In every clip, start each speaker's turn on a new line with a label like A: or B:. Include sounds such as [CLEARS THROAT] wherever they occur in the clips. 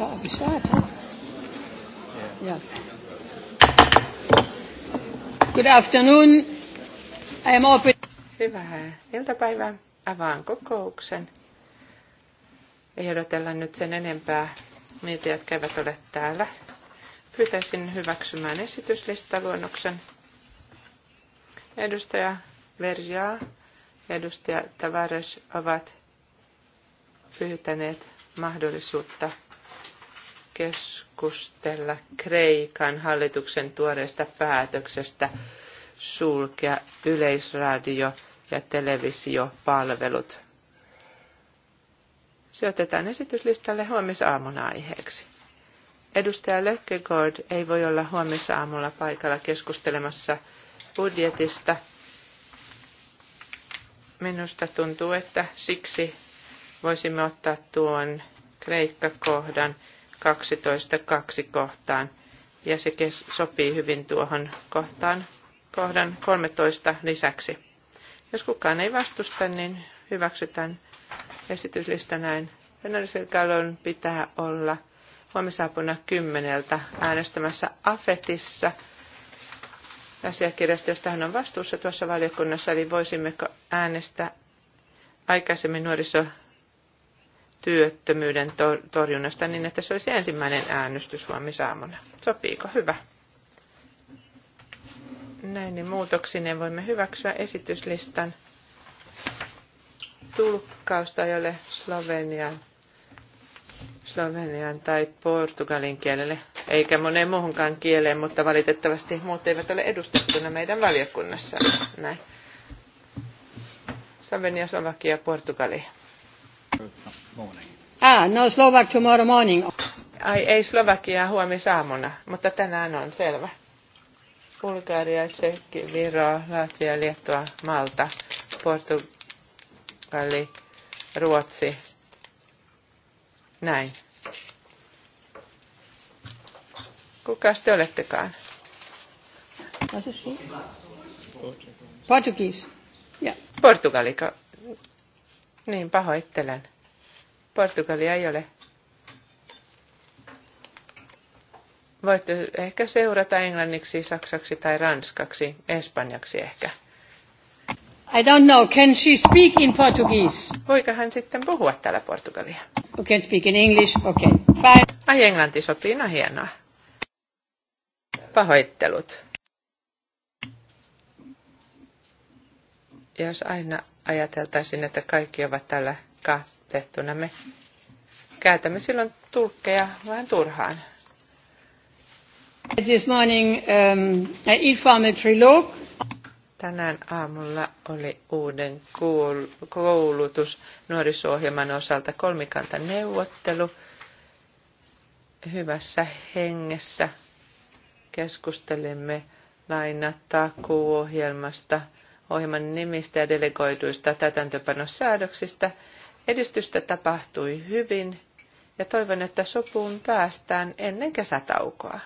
A: Have you Huh? Yeah. Good afternoon. I am
B: open. Hyvää iltapäivää. Avaan kokouksen. Ehdotella nyt sen enempää niitä, jotka eivät ole täällä. Pyytäisin hyväksymään esityslistaluonnoksen. Edustaja Verja ja edustaja Tavares ovat pyytäneet mahdollisuutta keskustella Kreikan hallituksen tuoreesta päätöksestä sulkea yleisradio ja televisiopalvelut. Se otetaan esityslistalle huomisaamun aiheeksi. Edustaja Lökkegaard ei voi olla huomisaamulla paikalla keskustelemassa budjetista. Minusta tuntuu, että siksi voisimme ottaa tuon Kreikka-kohdan 12.2 kohtaan. Ja se sopii hyvin tuohon kohtaan, kohdan 13 lisäksi. Jos kukaan ei vastusta, niin hyväksytään esityslista näin. Venäläisen pitää olla huomisaapuna kymmeneltä äänestämässä AFETissa asiakirjasta, josta hän on vastuussa tuossa valiokunnassa, eli voisimmeko äänestää aikaisemmin nuoriso- työttömyyden torjunnasta niin, että se olisi ensimmäinen äänestys huomisaamuna. Sopiiko? Hyvä. Näin niin muutoksineen voimme hyväksyä esityslistan tulkkausta, jolle Slovenian, Slovenian tai Portugalin kielelle, eikä moneen muuhunkaan kieleen, mutta valitettavasti muut eivät ole edustettuna meidän valiokunnassa. Näin. Slovenia, Slovakia ja Portugali
A: morning. Ah, no Slovak tomorrow morning.
B: Ai ei Slovakiaa huomisaamuna, mutta tänään on selvä. Bulgaria, Tsekki, Viro, Latvia, Liettua, Malta, Portugali, Ruotsi. Näin. Kukas te olettekaan? Portugis. Yeah. Portugaliko? Niin, pahoittelen. Portugalia ei ole. Voitte ehkä seurata englanniksi, saksaksi tai ranskaksi, espanjaksi ehkä.
A: I don't know. Can she speak in Portuguese?
B: Voiko hän sitten puhua täällä portugalia?
A: You can speak in English. Okay.
B: Bye. Ai englanti sopii, no hienoa. Pahoittelut. Jos aina ajateltaisiin, että kaikki ovat täällä kahta tehtynä. Me käytämme silloin tulkkeja vähän turhaan. This morning, um, informal trilogue. Tänään aamulla oli uuden koulutus nuorisohjelman osalta kolmikanta neuvottelu hyvässä hengessä. Keskustelimme lainatakuuohjelmasta, ohjelman nimistä ja delegoiduista täytäntöpanossäädöksistä – Edistystä tapahtui hyvin ja toivon, että sopuun päästään ennen kesätaukoa.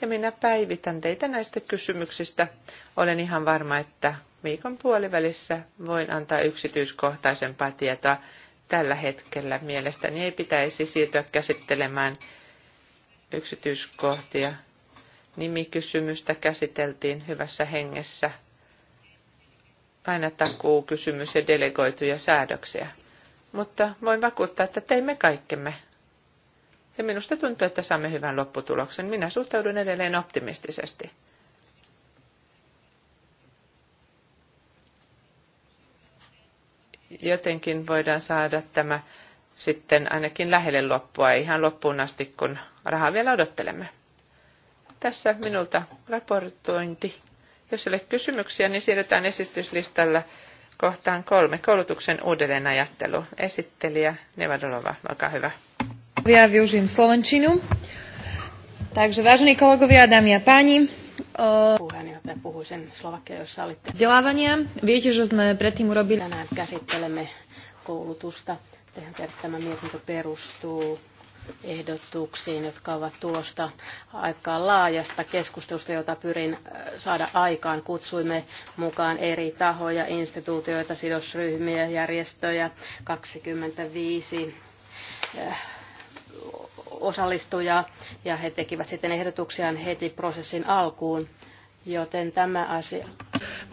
B: Ja minä päivitän teitä näistä kysymyksistä. Olen ihan varma, että viikon puolivälissä voin antaa yksityiskohtaisempaa tietoa. Tällä hetkellä mielestäni ei pitäisi siirtyä käsittelemään yksityiskohtia. Nimikysymystä käsiteltiin hyvässä hengessä. Aina takuu kysymys ja delegoituja säädöksiä mutta voin vakuuttaa, että teimme kaikkemme. Ja minusta tuntuu, että saamme hyvän lopputuloksen. Minä suhtaudun edelleen optimistisesti. Jotenkin voidaan saada tämä sitten ainakin lähelle loppua, ihan loppuun asti, kun rahaa vielä odottelemme. Tässä minulta raportointi. Jos ei ole kysymyksiä, niin siirretään esityslistalla kohtaan kolme. Koulutuksen uudelleen ajattelu. Esittelijä Neva Dolova, olkaa hyvä.
A: Ja viusin slovenčinu. Takže vážení kolegovia, dámy a páni, Vzdelávania. Viete, že sme predtým urobili... Tänään käsittelemme koulutusta. Tehän tiedät, tämä mietintö perustuu ehdotuksiin, jotka ovat tulosta aika laajasta keskustelusta, jota pyrin saada aikaan. Kutsuimme mukaan eri tahoja, instituutioita, sidosryhmiä, järjestöjä, 25 osallistujaa ja he tekivät sitten ehdotuksiaan heti prosessin alkuun. Joten tämä asia.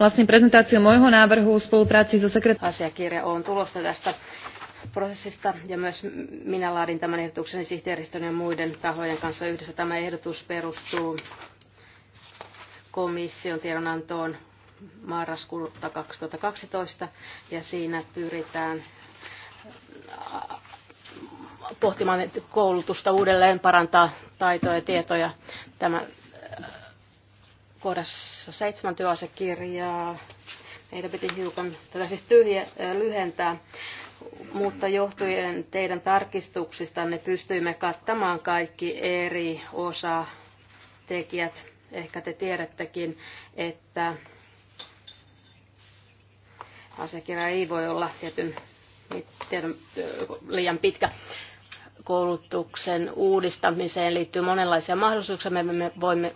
A: Vlastní prezentáciu môjho návrhu v spolupráci so sekret... Asiakirja on tulosta tästä prosessista ja myös minä laadin tämän ehdotuksen sihteeristön ja muiden tahojen kanssa yhdessä. Tämä ehdotus perustuu komission tiedonantoon marraskuuta 2012 ja siinä pyritään äh, pohtimaan koulutusta uudelleen, parantaa taitoja ja tietoja. Tämä äh, kohdassa seitsemän työasekirjaa. Meidän piti hiukan tätä siis tyhjä, äh, lyhentää mutta johtuen teidän tarkistuksistanne pystyimme kattamaan kaikki eri osatekijät. Ehkä te tiedättekin, että asiakirja ei voi olla tietyn, tietyn liian pitkä koulutuksen uudistamiseen liittyy monenlaisia mahdollisuuksia. Me voimme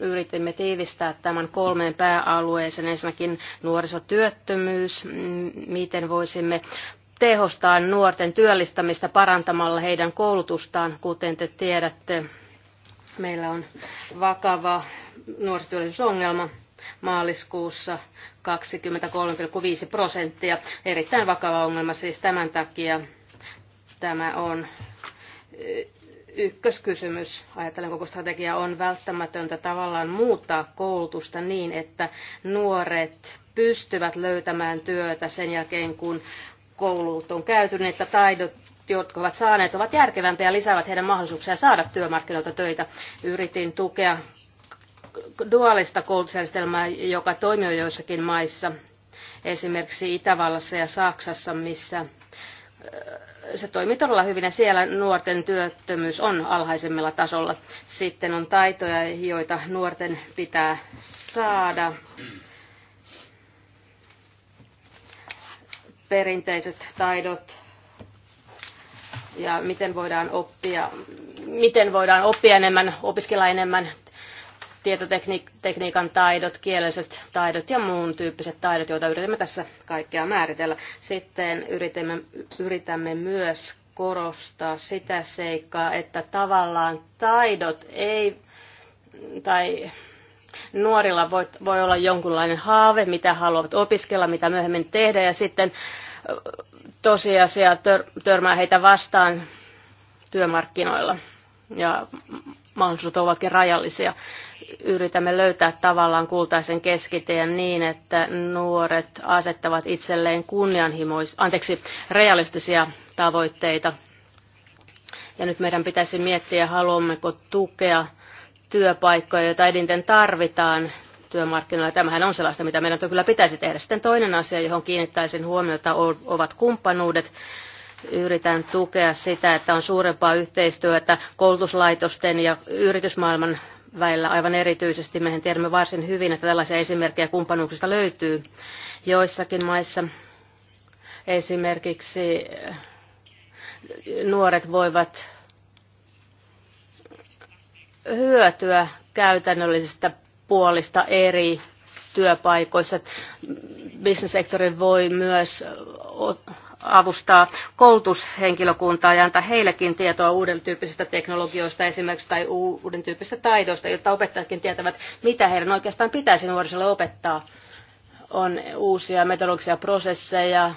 A: yritimme tiivistää tämän kolmeen pääalueeseen. Ensinnäkin nuorisotyöttömyys, miten voisimme tehostaa nuorten työllistämistä parantamalla heidän koulutustaan, kuten te tiedätte. Meillä on vakava nuorisotyöllisyysongelma maaliskuussa 23,5 prosenttia. Erittäin vakava ongelma siis tämän takia. Tämä on ykköskysymys, ajatellen koko strategia, on välttämätöntä tavallaan muuttaa koulutusta niin, että nuoret pystyvät löytämään työtä sen jälkeen, kun koulut on käyty, niin että taidot, jotka ovat saaneet, ovat järkevämpiä ja lisäävät heidän mahdollisuuksiaan saada työmarkkinoilta töitä. Yritin tukea duaalista koulutusjärjestelmää, joka toimii joissakin maissa, esimerkiksi Itävallassa ja Saksassa, missä se toimii todella hyvin ja siellä nuorten työttömyys on alhaisemmilla tasolla. Sitten on taitoja, joita nuorten pitää saada. Perinteiset taidot ja miten voidaan oppia, miten voidaan oppia enemmän, opiskella enemmän tietotekniikan taidot, kieliset taidot ja muun tyyppiset taidot, joita yritämme tässä kaikkea määritellä. Sitten yritämme, yritämme myös korostaa sitä seikkaa, että tavallaan taidot ei, tai nuorilla voi, voi olla jonkunlainen haave, mitä haluavat opiskella, mitä myöhemmin tehdä, ja sitten tosiasia tör, törmää heitä vastaan työmarkkinoilla ja mahdollisuudet ovatkin rajallisia. Yritämme löytää tavallaan kultaisen keskiteen niin, että nuoret asettavat itselleen kunnianhimoisia, anteeksi, realistisia tavoitteita. Ja nyt meidän pitäisi miettiä, haluammeko tukea työpaikkoja, joita edinten tarvitaan työmarkkinoilla. Tämähän on sellaista, mitä meidän kyllä pitäisi tehdä. Sitten toinen asia, johon kiinnittäisin huomiota, ovat kumppanuudet yritän tukea sitä, että on suurempaa yhteistyötä koulutuslaitosten ja yritysmaailman välillä aivan erityisesti. Mehän tiedämme varsin hyvin, että tällaisia esimerkkejä kumppanuuksista löytyy joissakin maissa. Esimerkiksi eh, nuoret voivat hyötyä käytännöllisistä puolista eri työpaikoissa. Bisnessektori voi myös avustaa koulutushenkilökuntaa ja antaa heillekin tietoa uuden tyyppisistä teknologioista esimerkiksi tai uuden tyyppisistä taidoista, jotta opettajatkin tietävät, mitä heidän oikeastaan pitäisi nuorisolle opettaa. On uusia metodologisia prosesseja,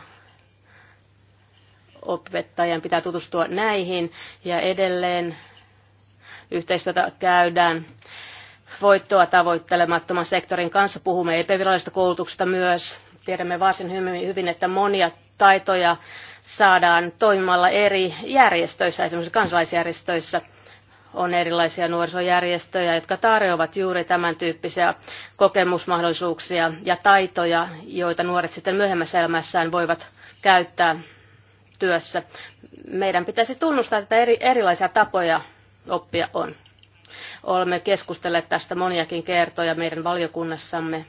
A: opettajien pitää tutustua näihin ja edelleen yhteistyötä käydään voittoa tavoittelemattoman sektorin kanssa. Puhumme epävirallisesta koulutuksesta myös. Tiedämme varsin hyvin, että monia taitoja saadaan toimimalla eri järjestöissä, esimerkiksi kansalaisjärjestöissä on erilaisia nuorisojärjestöjä, jotka tarjoavat juuri tämän tyyppisiä kokemusmahdollisuuksia ja taitoja, joita nuoret sitten myöhemmässä elämässään voivat käyttää työssä. Meidän pitäisi tunnustaa, että eri, erilaisia tapoja oppia on. Olemme keskustelleet tästä moniakin kertoja meidän valiokunnassamme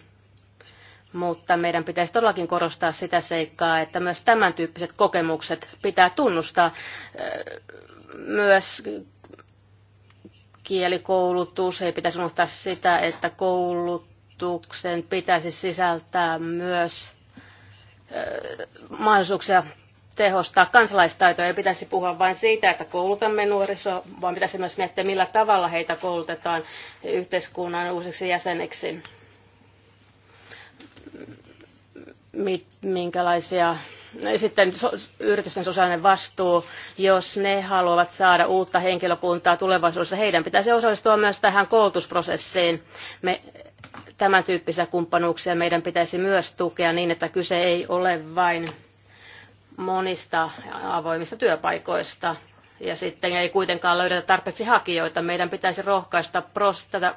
A: mutta meidän pitäisi todellakin korostaa sitä seikkaa, että myös tämän tyyppiset kokemukset pitää tunnustaa myös kielikoulutus, ei pitäisi unohtaa sitä, että koulutuksen pitäisi sisältää myös mahdollisuuksia tehostaa kansalaistaitoja. Ei pitäisi puhua vain siitä, että koulutamme nuoriso, vaan pitäisi myös miettiä, millä tavalla heitä koulutetaan yhteiskunnan uusiksi jäseniksi minkälaisia sitten so, yritysten sosiaalinen vastuu, jos ne haluavat saada uutta henkilökuntaa tulevaisuudessa, heidän pitäisi osallistua myös tähän koulutusprosessiin. Me, tämän tyyppisiä kumppanuuksia meidän pitäisi myös tukea niin, että kyse ei ole vain monista avoimista työpaikoista, ja sitten ei kuitenkaan löydetä tarpeeksi hakijoita. Meidän pitäisi rohkaista pros, tätä,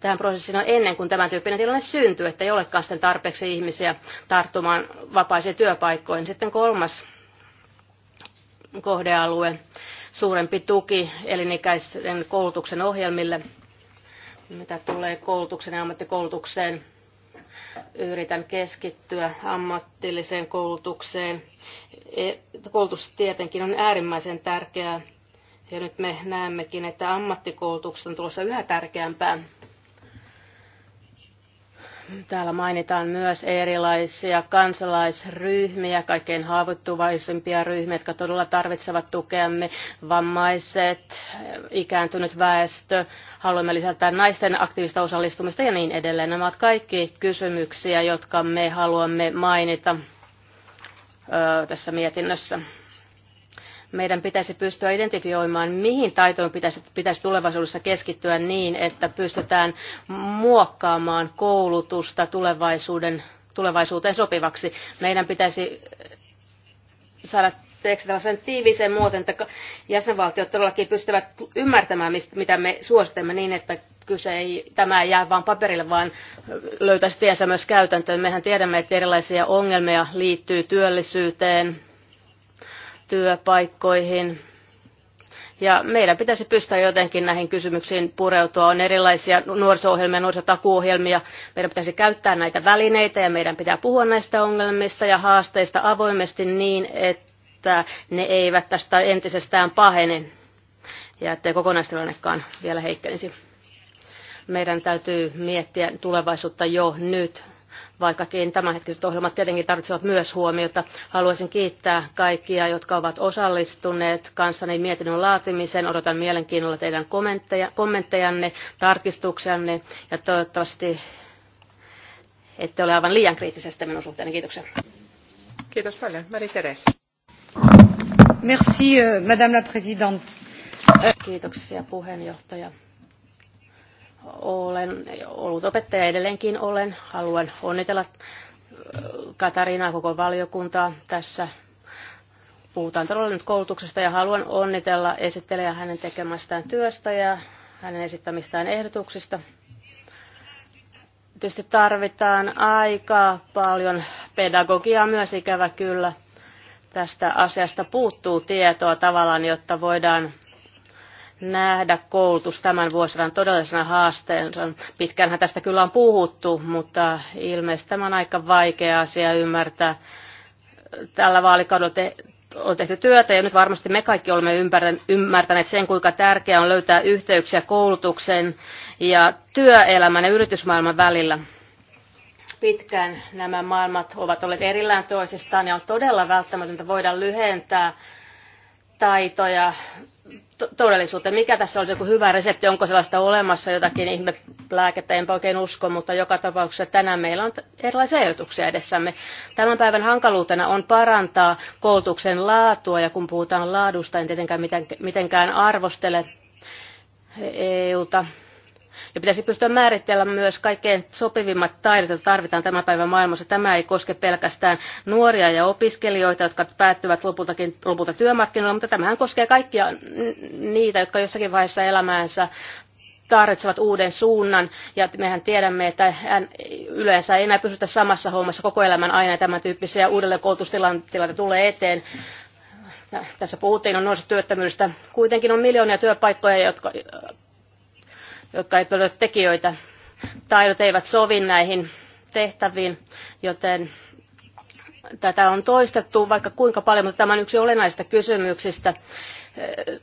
A: tähän prosessiin ennen kuin tämän tyyppinen tilanne syntyy, että ei olekaan sitten tarpeeksi ihmisiä tarttumaan vapaisiin työpaikkoihin. Sitten kolmas kohdealue, suurempi tuki elinikäisen koulutuksen ohjelmille, mitä tulee koulutuksen ja ammattikoulutukseen Yritän keskittyä ammatilliseen koulutukseen. E, koulutus tietenkin on äärimmäisen tärkeää ja nyt me näemmekin, että ammattikoulutuksesta on tulossa yhä tärkeämpää Täällä mainitaan myös erilaisia kansalaisryhmiä, kaikkein haavoittuvaisimpia ryhmiä, jotka todella tarvitsevat tukeamme, vammaiset, ikääntynyt väestö, haluamme lisätä naisten aktiivista osallistumista ja niin edelleen. Nämä ovat kaikki kysymyksiä, jotka me haluamme mainita ö, tässä mietinnössä meidän pitäisi pystyä identifioimaan, mihin taitoihin pitäisi, pitäisi tulevaisuudessa keskittyä niin, että pystytään muokkaamaan koulutusta tulevaisuuden, tulevaisuuteen sopivaksi. Meidän pitäisi saada teeksi tällaisen tiivisen muoton, että jäsenvaltiot todellakin pystyvät ymmärtämään, mitä me suositemme niin, että kyse ei, tämä ei jää vain paperille, vaan löytäisi tiensä myös käytäntöön. Mehän tiedämme, että erilaisia ongelmia liittyy työllisyyteen, työpaikkoihin. Ja meidän pitäisi pystyä jotenkin näihin kysymyksiin pureutua. On erilaisia nuoriso-ohjelmia, nuorisotakuohjelmia. Meidän pitäisi käyttää näitä välineitä ja meidän pitää puhua näistä ongelmista ja haasteista avoimesti niin, että ne eivät tästä entisestään pahene ja ettei kokonaistilannekaan vielä heikkenisi. Meidän täytyy miettiä tulevaisuutta jo nyt vaikkakin tämänhetkiset ohjelmat tietenkin tarvitsevat myös huomiota. Haluaisin kiittää kaikkia, jotka ovat osallistuneet kanssani mietinnön laatimiseen. Odotan mielenkiinnolla teidän kommenttejanne, tarkistuksianne ja toivottavasti ette ole aivan liian kriittisestä minun suhteeni. Kiitoksia. Kiitos paljon. marie Teres. Merci, euh, Madame la Présidente. Kiitoksia puheenjohtaja. Olen ollut opettaja edelleenkin olen. Haluan onnitella äh, Katariinaa koko valiokuntaa tässä. Puhutaan todella nyt koulutuksesta ja haluan onnitella esittelijä hänen tekemästään työstä ja hänen esittämistään ehdotuksista. Tietysti tarvitaan aika paljon pedagogiaa myös ikävä kyllä. Tästä asiasta puuttuu tietoa tavallaan, jotta voidaan nähdä koulutus tämän vuosisadan todellisena haasteensa. Pitkänhän tästä kyllä on puhuttu, mutta ilmeisesti tämä on aika vaikea asia ymmärtää. Tällä vaalikaudella te, on tehty työtä ja nyt varmasti me kaikki olemme ymmärtäneet sen, kuinka tärkeää on löytää yhteyksiä koulutuksen ja työelämän ja yritysmaailman välillä. Pitkään nämä maailmat ovat olleet erillään toisistaan ja on todella välttämätöntä voida lyhentää taitoja todellisuuteen. Mikä tässä olisi joku hyvä resepti? Onko sellaista olemassa jotakin ihme lääkettä? Enpä oikein usko, mutta joka tapauksessa tänään meillä on erilaisia ehdotuksia edessämme. Tämän päivän hankaluutena on parantaa koulutuksen laatua, ja kun puhutaan laadusta, en tietenkään mitenkään arvostele e- EUta Ja pitäisi pystyä määrittelemään myös kaikkein sopivimmat taidot, joita tarvitaan tämän päivän maailmassa. Tämä ei koske pelkästään nuoria ja opiskelijoita, jotka päättyvät lopultakin, lopulta työmarkkinoilla, mutta tämähän koskee kaikkia niitä, jotka jossakin vaiheessa elämäänsä tarvitsevat uuden suunnan. Ja mehän tiedämme, että yleensä ei enää pysytä samassa hommassa koko elämän aina tämän tyyppisiä uudelleenkoulutustilanteita tulee eteen. Ja Tässä puhuttiin on nuorisotyöttömyydestä. Kuitenkin on miljoonia työpaikkoja, jotka jotka eivät ole tekijöitä. Taidot eivät sovi näihin tehtäviin, joten tätä on toistettu vaikka kuinka paljon, mutta tämä on yksi olennaista kysymyksistä eh,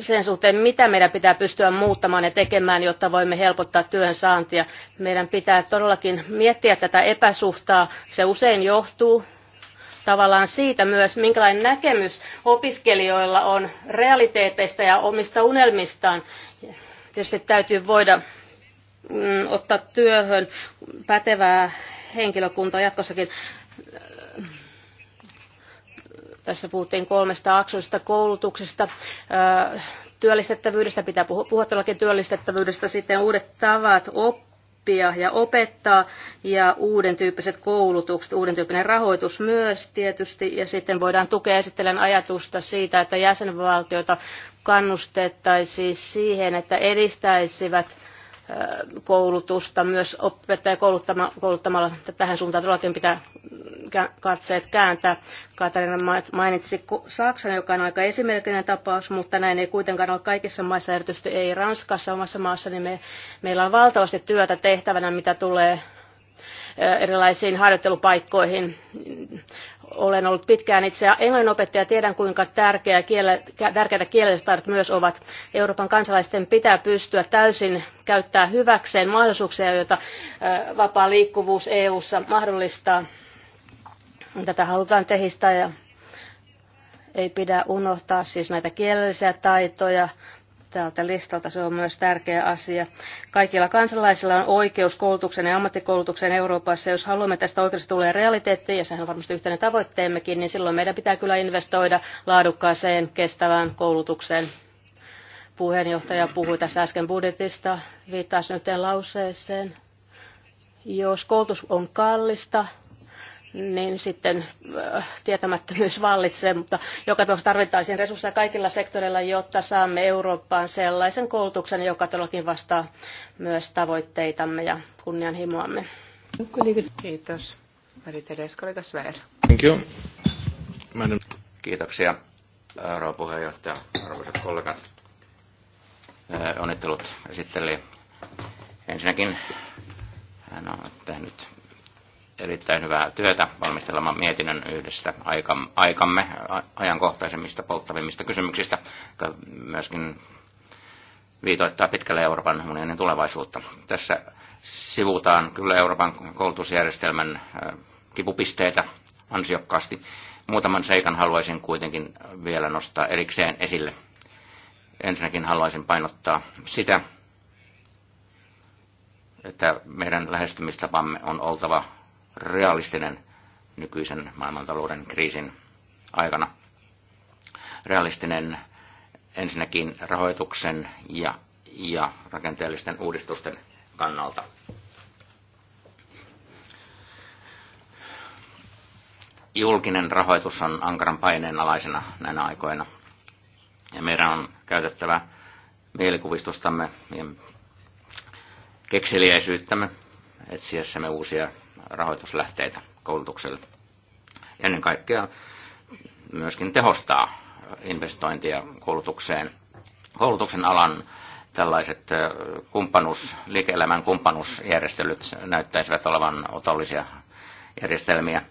A: sen suhteen, mitä meidän pitää pystyä muuttamaan ja tekemään, jotta voimme helpottaa työn saantia. Meidän pitää todellakin miettiä tätä epäsuhtaa. Se usein johtuu tavallaan siitä myös, minkälainen näkemys opiskelijoilla on realiteeteista ja omista unelmistaan tietysti täytyy voida mm, ottaa työhön pätevää henkilökuntaa jatkossakin. Tässä puhuttiin kolmesta aksoista koulutuksesta, äh, työllistettävyydestä, pitää puhua, puhua todellakin työllistettävyydestä, sitten uudet tavat oppia ja opettaa ja uuden tyyppiset koulutukset, uuden tyyppinen rahoitus myös tietysti ja sitten voidaan tukea esittelen ajatusta siitä, että jäsenvaltioita kannustettaisiin siihen, että edistäisivät koulutusta myös opettaja kouluttamalla. Tähän suuntaan todellakin pitää katseet kääntää. Katarina mainitsi Saksan, joka on aika esimerkillinen tapaus, mutta näin ei kuitenkaan ole kaikissa maissa, erityisesti ei Ranskassa omassa maassa, niin me, meillä on valtavasti työtä tehtävänä, mitä tulee Eh, erilaisiin harjoittelupaikkoihin. Olen ollut pitkään itse englanninopettaja, tiedän kuinka tärkeä kiele, tärkeitä kielelliset taidot myös ovat. Euroopan kansalaisten pitää pystyä täysin käyttää hyväkseen mahdollisuuksia, joita eh, vapaa liikkuvuus EU-ssa mahdollistaa. Tätä halutaan tehistää ja ei pidä unohtaa siis näitä kielellisiä taitoja, tältä listalta. Se on myös tärkeä asia. Kaikilla kansalaisilla on oikeus koulutukseen ja ammattikoulutukseen Euroopassa. Jos haluamme tästä oikeudesta tulee realiteetti, ja sehän on varmasti yhteinen tavoitteemmekin, niin silloin meidän pitää kyllä investoida laadukkaaseen, kestävään koulutukseen. Puheenjohtaja puhui tässä äsken budjetista, viittasi yhteen lauseeseen. Jos koulutus on kallista, niin sitten äh, tietämättömyys vallitsee, mutta joka tapauksessa tarvittaisiin resursseja kaikilla sektoreilla, jotta saamme Eurooppaan sellaisen koulutuksen, joka todellakin vastaa myös tavoitteitamme ja kunnianhimoamme. Kiitos. Thank
C: you. Kiitoksia, rouva puheenjohtaja, arvoisat kollegat. Äh, onnittelut esitteli. Ensinnäkin hän on tehnyt erittäin hyvää työtä valmistelemaan mietinnön yhdessä aikamme ajankohtaisemmista polttavimmista kysymyksistä, jotka myöskin viitoittaa pitkälle Euroopan unionin tulevaisuutta. Tässä sivutaan kyllä Euroopan koulutusjärjestelmän kipupisteitä ansiokkaasti. Muutaman seikan haluaisin kuitenkin vielä nostaa erikseen esille. Ensinnäkin haluaisin painottaa sitä, että meidän lähestymistapamme on oltava realistinen nykyisen maailmantalouden kriisin aikana. Realistinen ensinnäkin rahoituksen ja, ja rakenteellisten uudistusten kannalta. Julkinen rahoitus on ankaran paineen alaisena näinä aikoina. Ja meidän on käytettävä mielikuvistustamme ja kekseliäisyyttämme etsiessämme uusia rahoituslähteitä koulutukselle. Ennen kaikkea myöskin tehostaa investointia koulutukseen. Koulutuksen alan tällaiset kumppanuus, liike-elämän kumppanuusjärjestelyt näyttäisivät olevan otollisia järjestelmiä.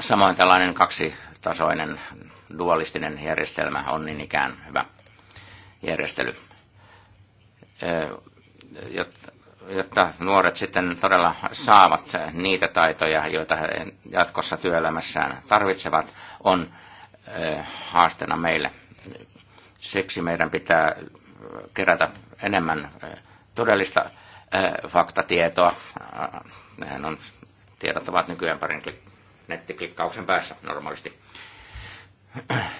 C: Samoin tällainen kaksitasoinen dualistinen järjestelmä on niin ikään hyvä järjestely jotta nuoret sitten todella saavat niitä taitoja, joita he jatkossa työelämässään tarvitsevat, on eh, haasteena meille. Siksi meidän pitää eh, kerätä enemmän eh, todellista faktatietoa. Nehän on, tiedot ovat nykyään parin nettiklikkauksen päässä normaalisti.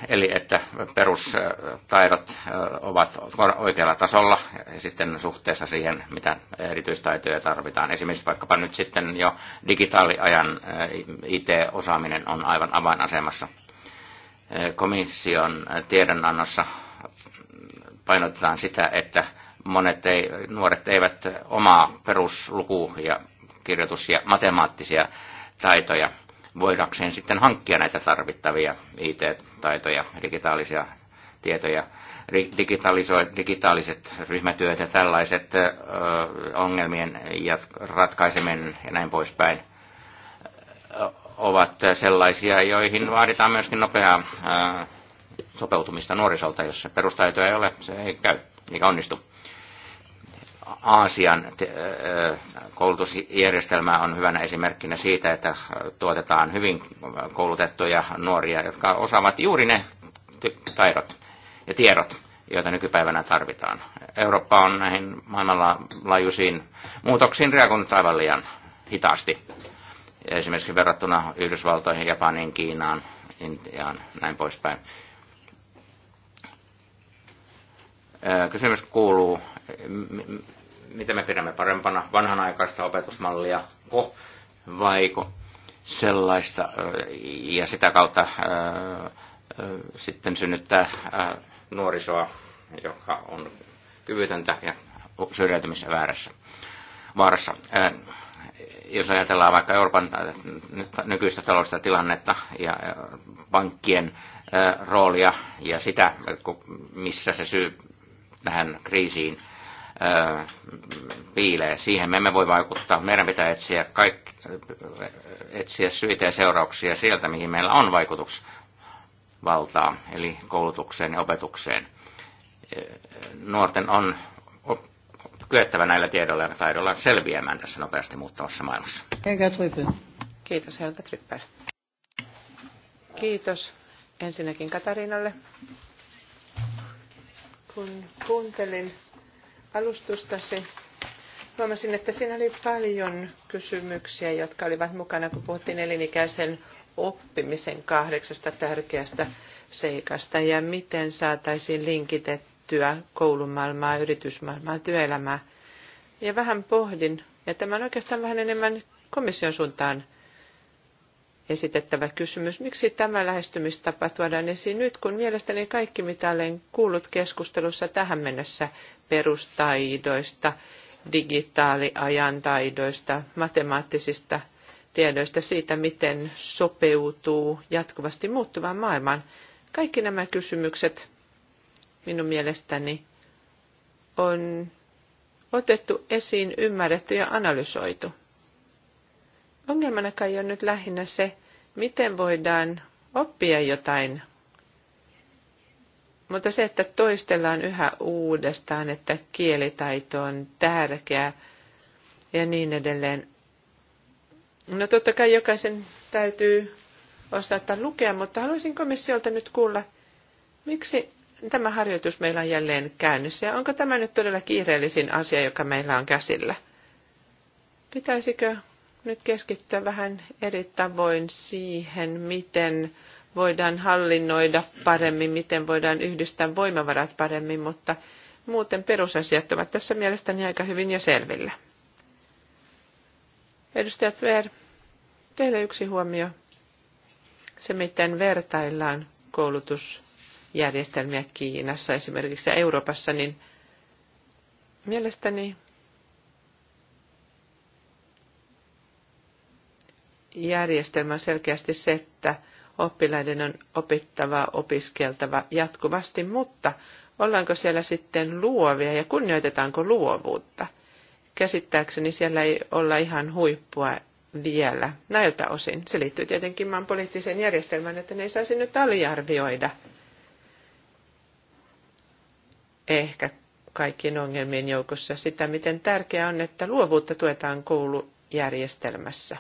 C: Eli että perustaidot ovat oikealla tasolla ja sitten suhteessa siihen, mitä erityistaitoja tarvitaan. Esimerkiksi vaikkapa nyt sitten jo digitaaliajan IT-osaaminen on aivan avainasemassa. Komission tiedonannossa painotetaan sitä, että monet ei, nuoret eivät omaa perusluku- ja kirjoitus- ja matemaattisia taitoja – voidakseen sitten hankkia näitä tarvittavia IT-taitoja, digitaalisia tietoja. Digitaaliset ryhmätyöt ja tällaiset ongelmien ratkaiseminen ja näin poispäin ovat sellaisia, joihin vaaditaan myöskin nopeaa sopeutumista nuorisolta. Jos perustaitoja ei ole, se ei käy eikä onnistu. Aasian koulutusjärjestelmä on hyvänä esimerkkinä siitä, että tuotetaan hyvin koulutettuja nuoria, jotka osaavat juuri ne taidot ja tiedot, joita nykypäivänä tarvitaan. Eurooppa on näihin maailmanlaajuisiin muutoksiin reagoinut aivan liian hitaasti. Esimerkiksi verrattuna Yhdysvaltoihin, Japaniin, Kiinaan, Intiaan, näin poispäin. Kysymys kuuluu, mitä me pidämme parempana, vanhanaikaista opetusmallia oh, vaiko sellaista, ja sitä kautta äh, sitten synnyttää äh, nuorisoa, joka on kyvytöntä ja syrjäytymisessä väärässä, vaarassa. Äh, jos ajatellaan vaikka Euroopan nykyistä taloudellista tilannetta ja pankkien roolia ja sitä, missä se syy tähän kriisiin piilee siihen. Me emme voi vaikuttaa. Meidän pitää etsiä, kaikki, etsiä syitä ja seurauksia sieltä, mihin meillä on vaikutusvaltaa, eli koulutukseen ja opetukseen. Nuorten on kyettävä näillä tiedoilla ja taidoilla selviämään tässä nopeasti muuttavassa maailmassa.
B: Kiitos Helga Tryppel. Kiitos ensinnäkin Katariinalle. Kun kuuntelin alustustasi. Huomasin, että siinä oli paljon kysymyksiä, jotka olivat mukana, kun puhuttiin elinikäisen oppimisen kahdeksasta tärkeästä seikasta ja miten saataisiin linkitettyä koulumaailmaa, yritysmaailmaa, työelämää. Ja vähän pohdin, ja tämä on oikeastaan vähän enemmän komission suuntaan esitettävä kysymys. Miksi tämä lähestymistapa tuodaan esiin nyt, kun mielestäni kaikki, mitä olen kuullut keskustelussa tähän mennessä perustaidoista, digitaaliajan taidoista, matemaattisista tiedoista, siitä, miten sopeutuu jatkuvasti muuttuvaan maailmaan. Kaikki nämä kysymykset minun mielestäni on otettu esiin, ymmärretty ja analysoitu. Ongelmana kai on nyt lähinnä se, miten voidaan oppia jotain. Mutta se, että toistellaan yhä uudestaan, että kielitaito on tärkeää ja niin edelleen. No totta kai jokaisen täytyy osata lukea, mutta haluaisin komissiolta nyt kuulla, miksi tämä harjoitus meillä on jälleen käynnissä ja onko tämä nyt todella kiireellisin asia, joka meillä on käsillä? Pitäisikö nyt keskittyä vähän eri tavoin siihen, miten voidaan hallinnoida paremmin, miten voidaan yhdistää voimavarat paremmin, mutta muuten perusasiat ovat tässä mielestäni aika hyvin jo selvillä. Edustaja Zver, teille yksi huomio. Se, miten vertaillaan koulutusjärjestelmiä Kiinassa esimerkiksi Euroopassa, niin mielestäni järjestelmä selkeästi se, että oppilaiden on opittava, opiskeltava jatkuvasti, mutta ollaanko siellä sitten luovia ja kunnioitetaanko luovuutta? Käsittääkseni siellä ei olla ihan huippua vielä näiltä osin. Se liittyy tietenkin maan poliittiseen järjestelmään, että ne ei saisi nyt aliarvioida ehkä kaikkien ongelmien joukossa sitä, miten tärkeää on, että luovuutta tuetaan koulujärjestelmässä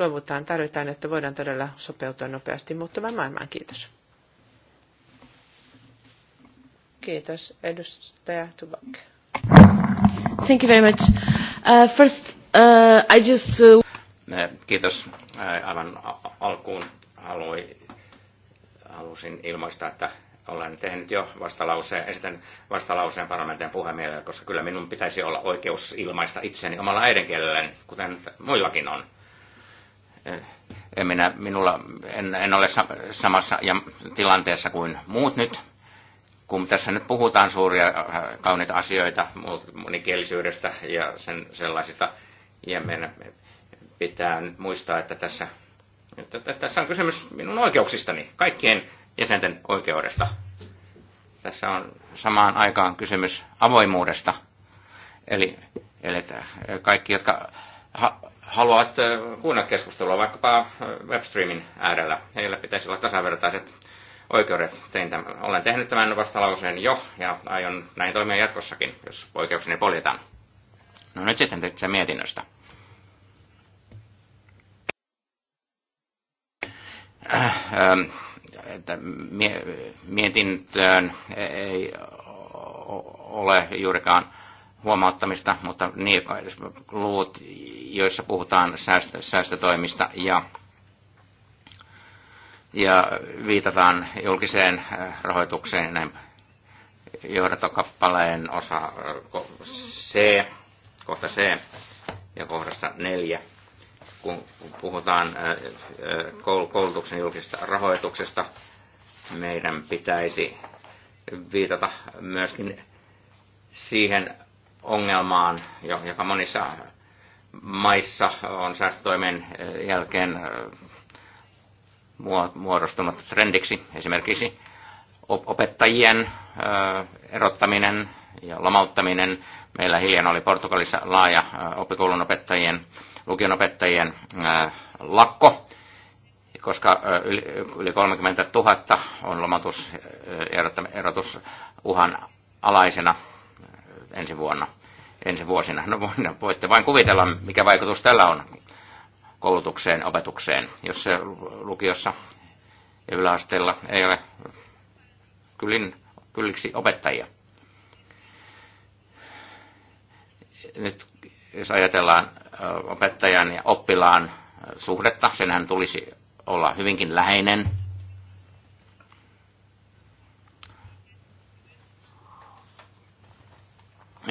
B: luovutaan. Tarvitaan, että voidaan todella sopeutua nopeasti muuttuvaan maailmaan. Kiitos. Kiitos. Edustaja Tubak.
A: Thank you very much. Uh, first, uh, I just... Uh...
C: Kiitos. Aivan eh, alkuun haluin, halusin ilmoista, että olen tehnyt jo vastalauseen, esitän vastalauseen parlamentin puhemiehelle, koska kyllä minun pitäisi olla oikeus ilmaista itseni omalla äidinkielelläni, kuten muillakin on. Eh, minä, minulla en, en ole samassa tilanteessa kuin muut nyt, kun tässä nyt puhutaan suuria äh, kauniita asioita monikielisyydestä ja sen sellaisista, ja meidän pitää nyt muistaa, että tässä, että tässä on kysymys minun oikeuksistani, kaikkien jäsenten oikeudesta. Tässä on samaan aikaan kysymys avoimuudesta. Eli, eli kaikki, jotka ha, haluavat kuunnella keskustelua vaikkapa webstreamin äärellä. Heillä pitäisi olla tasavertaiset oikeudet. Tein tämän. Olen tehnyt tämän vastalauseen jo ja aion näin toimia jatkossakin, jos oikeukseni poljetaan. No nyt sitten teitä mietinnöstä. Mietintöön ei ole juurikaan huomauttamista, mutta niin, luvut, joissa puhutaan säästö, säästötoimista ja, ja viitataan julkiseen äh, rahoitukseen, näin johdatokappaleen osa äh, C, kohta C ja kohdassa 4, kun puhutaan äh, koulutuksen julkisesta rahoituksesta, meidän pitäisi viitata myöskin siihen ongelmaan, joka monissa maissa on säästötoimen eh, jälkeen eh, muodostunut trendiksi, esimerkiksi opettajien eh, erottaminen ja lomauttaminen. Meillä hiljan oli Portugalissa laaja opikoulun opettajien, lukion opettajien lakko, koska yli 30 000 on lomautus uhan alaisena ensi vuonna, ensi vuosina. No voitte vain kuvitella, mikä vaikutus tällä on koulutukseen, opetukseen, jos se lukiossa ja yläasteella ei ole kyllin, kylliksi opettajia. Nyt jos ajatellaan opettajan ja oppilaan suhdetta, senhän tulisi olla hyvinkin läheinen.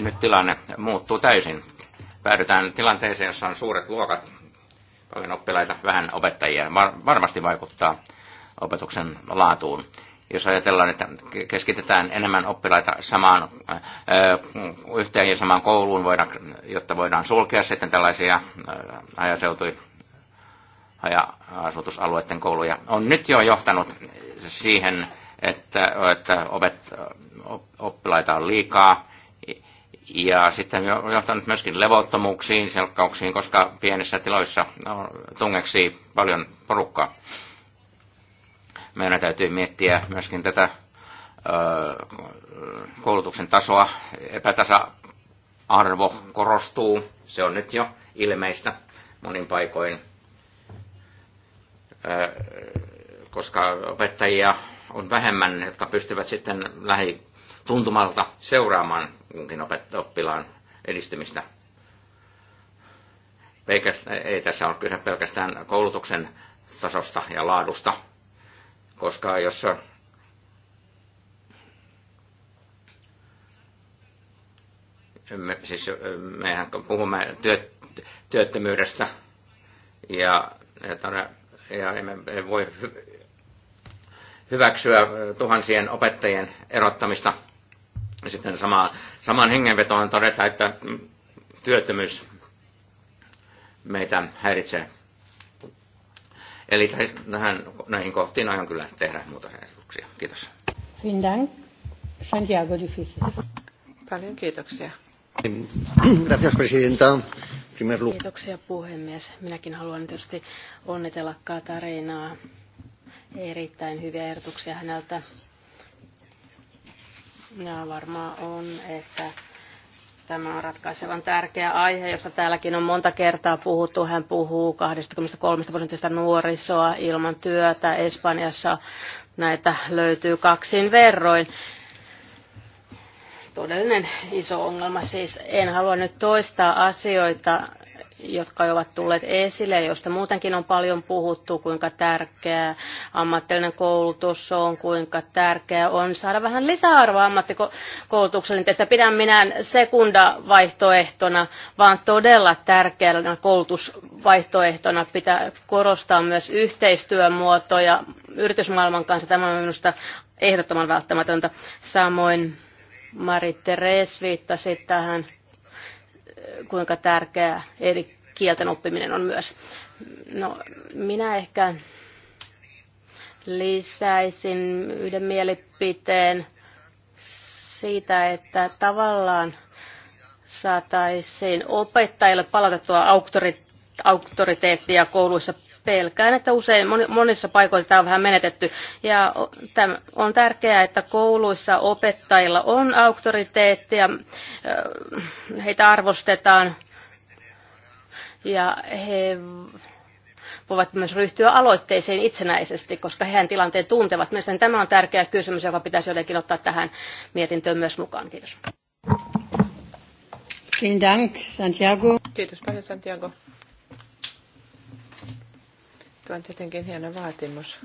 C: Nyt tilanne muuttuu täysin. Päädytään tilanteeseen, jossa on suuret luokat, paljon oppilaita, vähän opettajia. Varmasti vaikuttaa opetuksen laatuun. Jos ajatellaan, että keskitetään enemmän oppilaita samaan äh, yhteen ja samaan kouluun, voidaan, jotta voidaan sulkea sitten tällaisia äh, ajaseutuja haja-asutusalueiden kouluja, on nyt jo johtanut siihen, että, että opet, oppilaita on liikaa, ja sitten johtanut myöskin levottomuuksiin, selkkauksiin, koska pienissä tiloissa tungeksi paljon porukkaa. Meidän täytyy miettiä myöskin tätä koulutuksen tasoa. Epätasa-arvo korostuu, se on nyt jo ilmeistä monin paikoin, koska opettajia on vähemmän, jotka pystyvät sitten lähi tuntumalta seuraamaan kunkin oppilaan edistymistä. ei tässä ole kyse pelkästään koulutuksen tasosta ja laadusta, koska jos me, siis mehän puhumme työt, työttömyydestä ja, ja, ja emme voi hyväksyä tuhansien opettajien erottamista – Sitten sama, saman hengenvetoon todeta, että työttömyys meitä häiritsee. Eli tähän, näihin kohtiin aion kyllä tehdä muuta muutosehdotuksia. Kiitos.
B: Vielen Santiago Difícil. Paljon kiitoksia.
A: Gracias, presidenta. Kiitoksia puhemies. Minäkin haluan tietysti onnitella Katarinaa. Erittäin hyviä ehdotuksia häneltä. Ja varmaan on, että tämä on ratkaisevan tärkeä aihe, josta täälläkin on monta kertaa puhuttu. Hän puhuu 23 prosentista nuorisoa ilman työtä. Espanjassa näitä löytyy kaksin verroin. Todellinen iso ongelma siis. En halua nyt toistaa asioita, jotka ovat tulleet esille, joista muutenkin on paljon puhuttu, kuinka tärkeä ammatillinen koulutus on, kuinka tärkeä on saada vähän lisäarvoa ammattikoulutukselle. Tästä pidän minään sekundavaihtoehtona, vaan todella tärkeänä koulutusvaihtoehtona pitää korostaa myös yhteistyömuotoja yritysmaailman kanssa. Tämä on minusta ehdottoman välttämätöntä. Samoin Mari Teres viittasi tähän kuinka tärkeää eri kielten oppiminen on myös. No, minä ehkä lisäisin yhden mielipiteen siitä, että tavallaan saataisiin opettajille palautettua auktoriteettia kouluissa Pelkään, että usein monissa paikoissa tämä on vähän menetetty. Ja on tärkeää, että kouluissa opettajilla on auktoriteetti ja heitä arvostetaan ja he voivat myös ryhtyä aloitteisiin itsenäisesti, koska heidän tilanteen tuntevat. Mielestäni tämä on tärkeä kysymys, joka pitäisi jotenkin ottaa tähän mietintöön myös mukaan. Kiitos. Vielen Dank, Santiago. Kiitos
B: paljon, Santiago tuon tietenkin hieno vaatimus.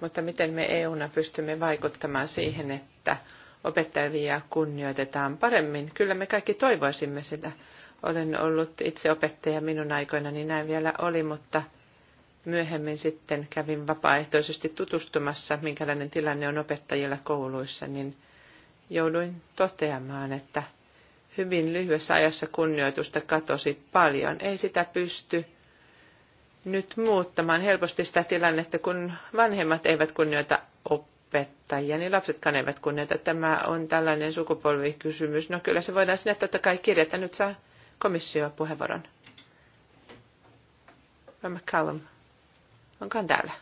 B: Mutta miten me EUna pystymme vaikuttamaan siihen, että opettajia kunnioitetaan paremmin? Kyllä me kaikki toivoisimme sitä. Olen ollut itse opettaja minun aikoina, niin näin vielä oli, mutta myöhemmin sitten kävin vapaaehtoisesti tutustumassa, minkälainen tilanne on opettajilla kouluissa, niin jouduin toteamaan, että hyvin lyhyessä ajassa kunnioitusta katosi paljon. Ei sitä pysty nyt muuttamaan helposti sitä tilannetta, kun vanhemmat eivät kunnioita opettajia, niin lapsetkaan eivät kunnioita. Tämä on tällainen sukupolvikysymys. No kyllä se voidaan sinne totta kai kirjata. Nyt saa komissio puheenvuoron. McCallum, onkaan täällä?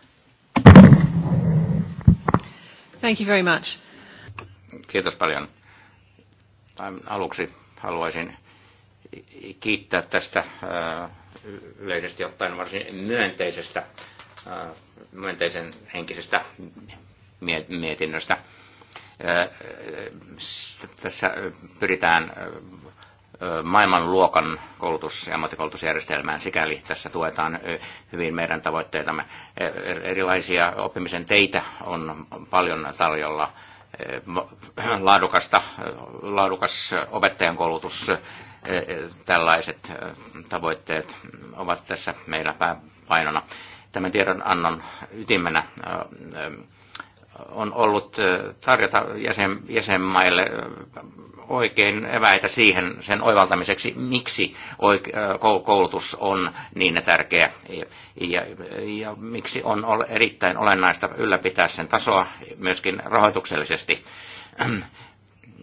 B: Thank you very
A: much.
C: Kiitos paljon. Aluksi haluaisin kiittää tästä yleisesti ottaen varsin myönteisestä, myönteisen henkisestä mietinnöstä. Tässä pyritään maailmanluokan koulutus- ja ammattikoulutusjärjestelmään. Sikäli tässä tuetaan hyvin meidän tavoitteitamme. Er-, erilaisia oppimisen teitä on paljon tarjolla laadukasta, laadukas koulutus, tällaiset tavoitteet ovat tässä meillä pääpainona. Tämän tiedonannon ytimenä on ollut tarjota jäsen, jäsenmaille oikein eväitä siihen sen oivaltamiseksi, miksi koulutus on niin tärkeä ja, ja miksi on erittäin olennaista ylläpitää sen tasoa myöskin rahoituksellisesti. [CLEARS THROAT]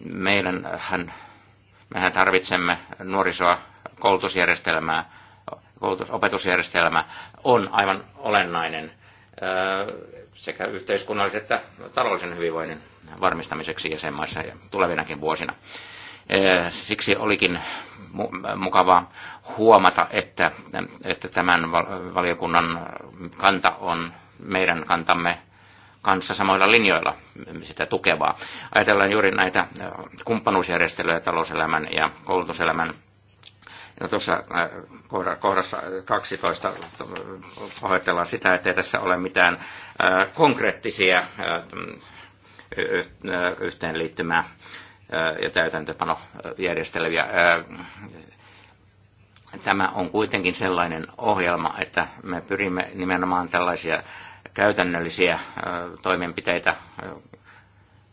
C: Meidän, hän, mehän tarvitsemme nuorisoa, koulutusjärjestelmää, koulutus, opetusjärjestelmä on aivan olennainen sekä yhteiskunnallisen että taloudellisen hyvinvoinnin varmistamiseksi jäsenmaissa ja tulevinakin vuosina. Siksi olikin mukavaa huomata, että, että tämän valiokunnan kanta on meidän kantamme kanssa samoilla linjoilla sitä tukevaa. Ajatellaan juuri näitä kumppanuusjärjestelyjä talouselämän ja koulutuselämän No tuossa eh, kohdassa 12 pahoitellaan sitä, ettei tässä ole mitään eh, konkreettisia yhteenliittymää eh, ja täytäntöpano järjesteleviä. Tämä on kuitenkin sellainen ohjelma, että me pyrimme nimenomaan tällaisia käytännöllisiä toimenpiteitä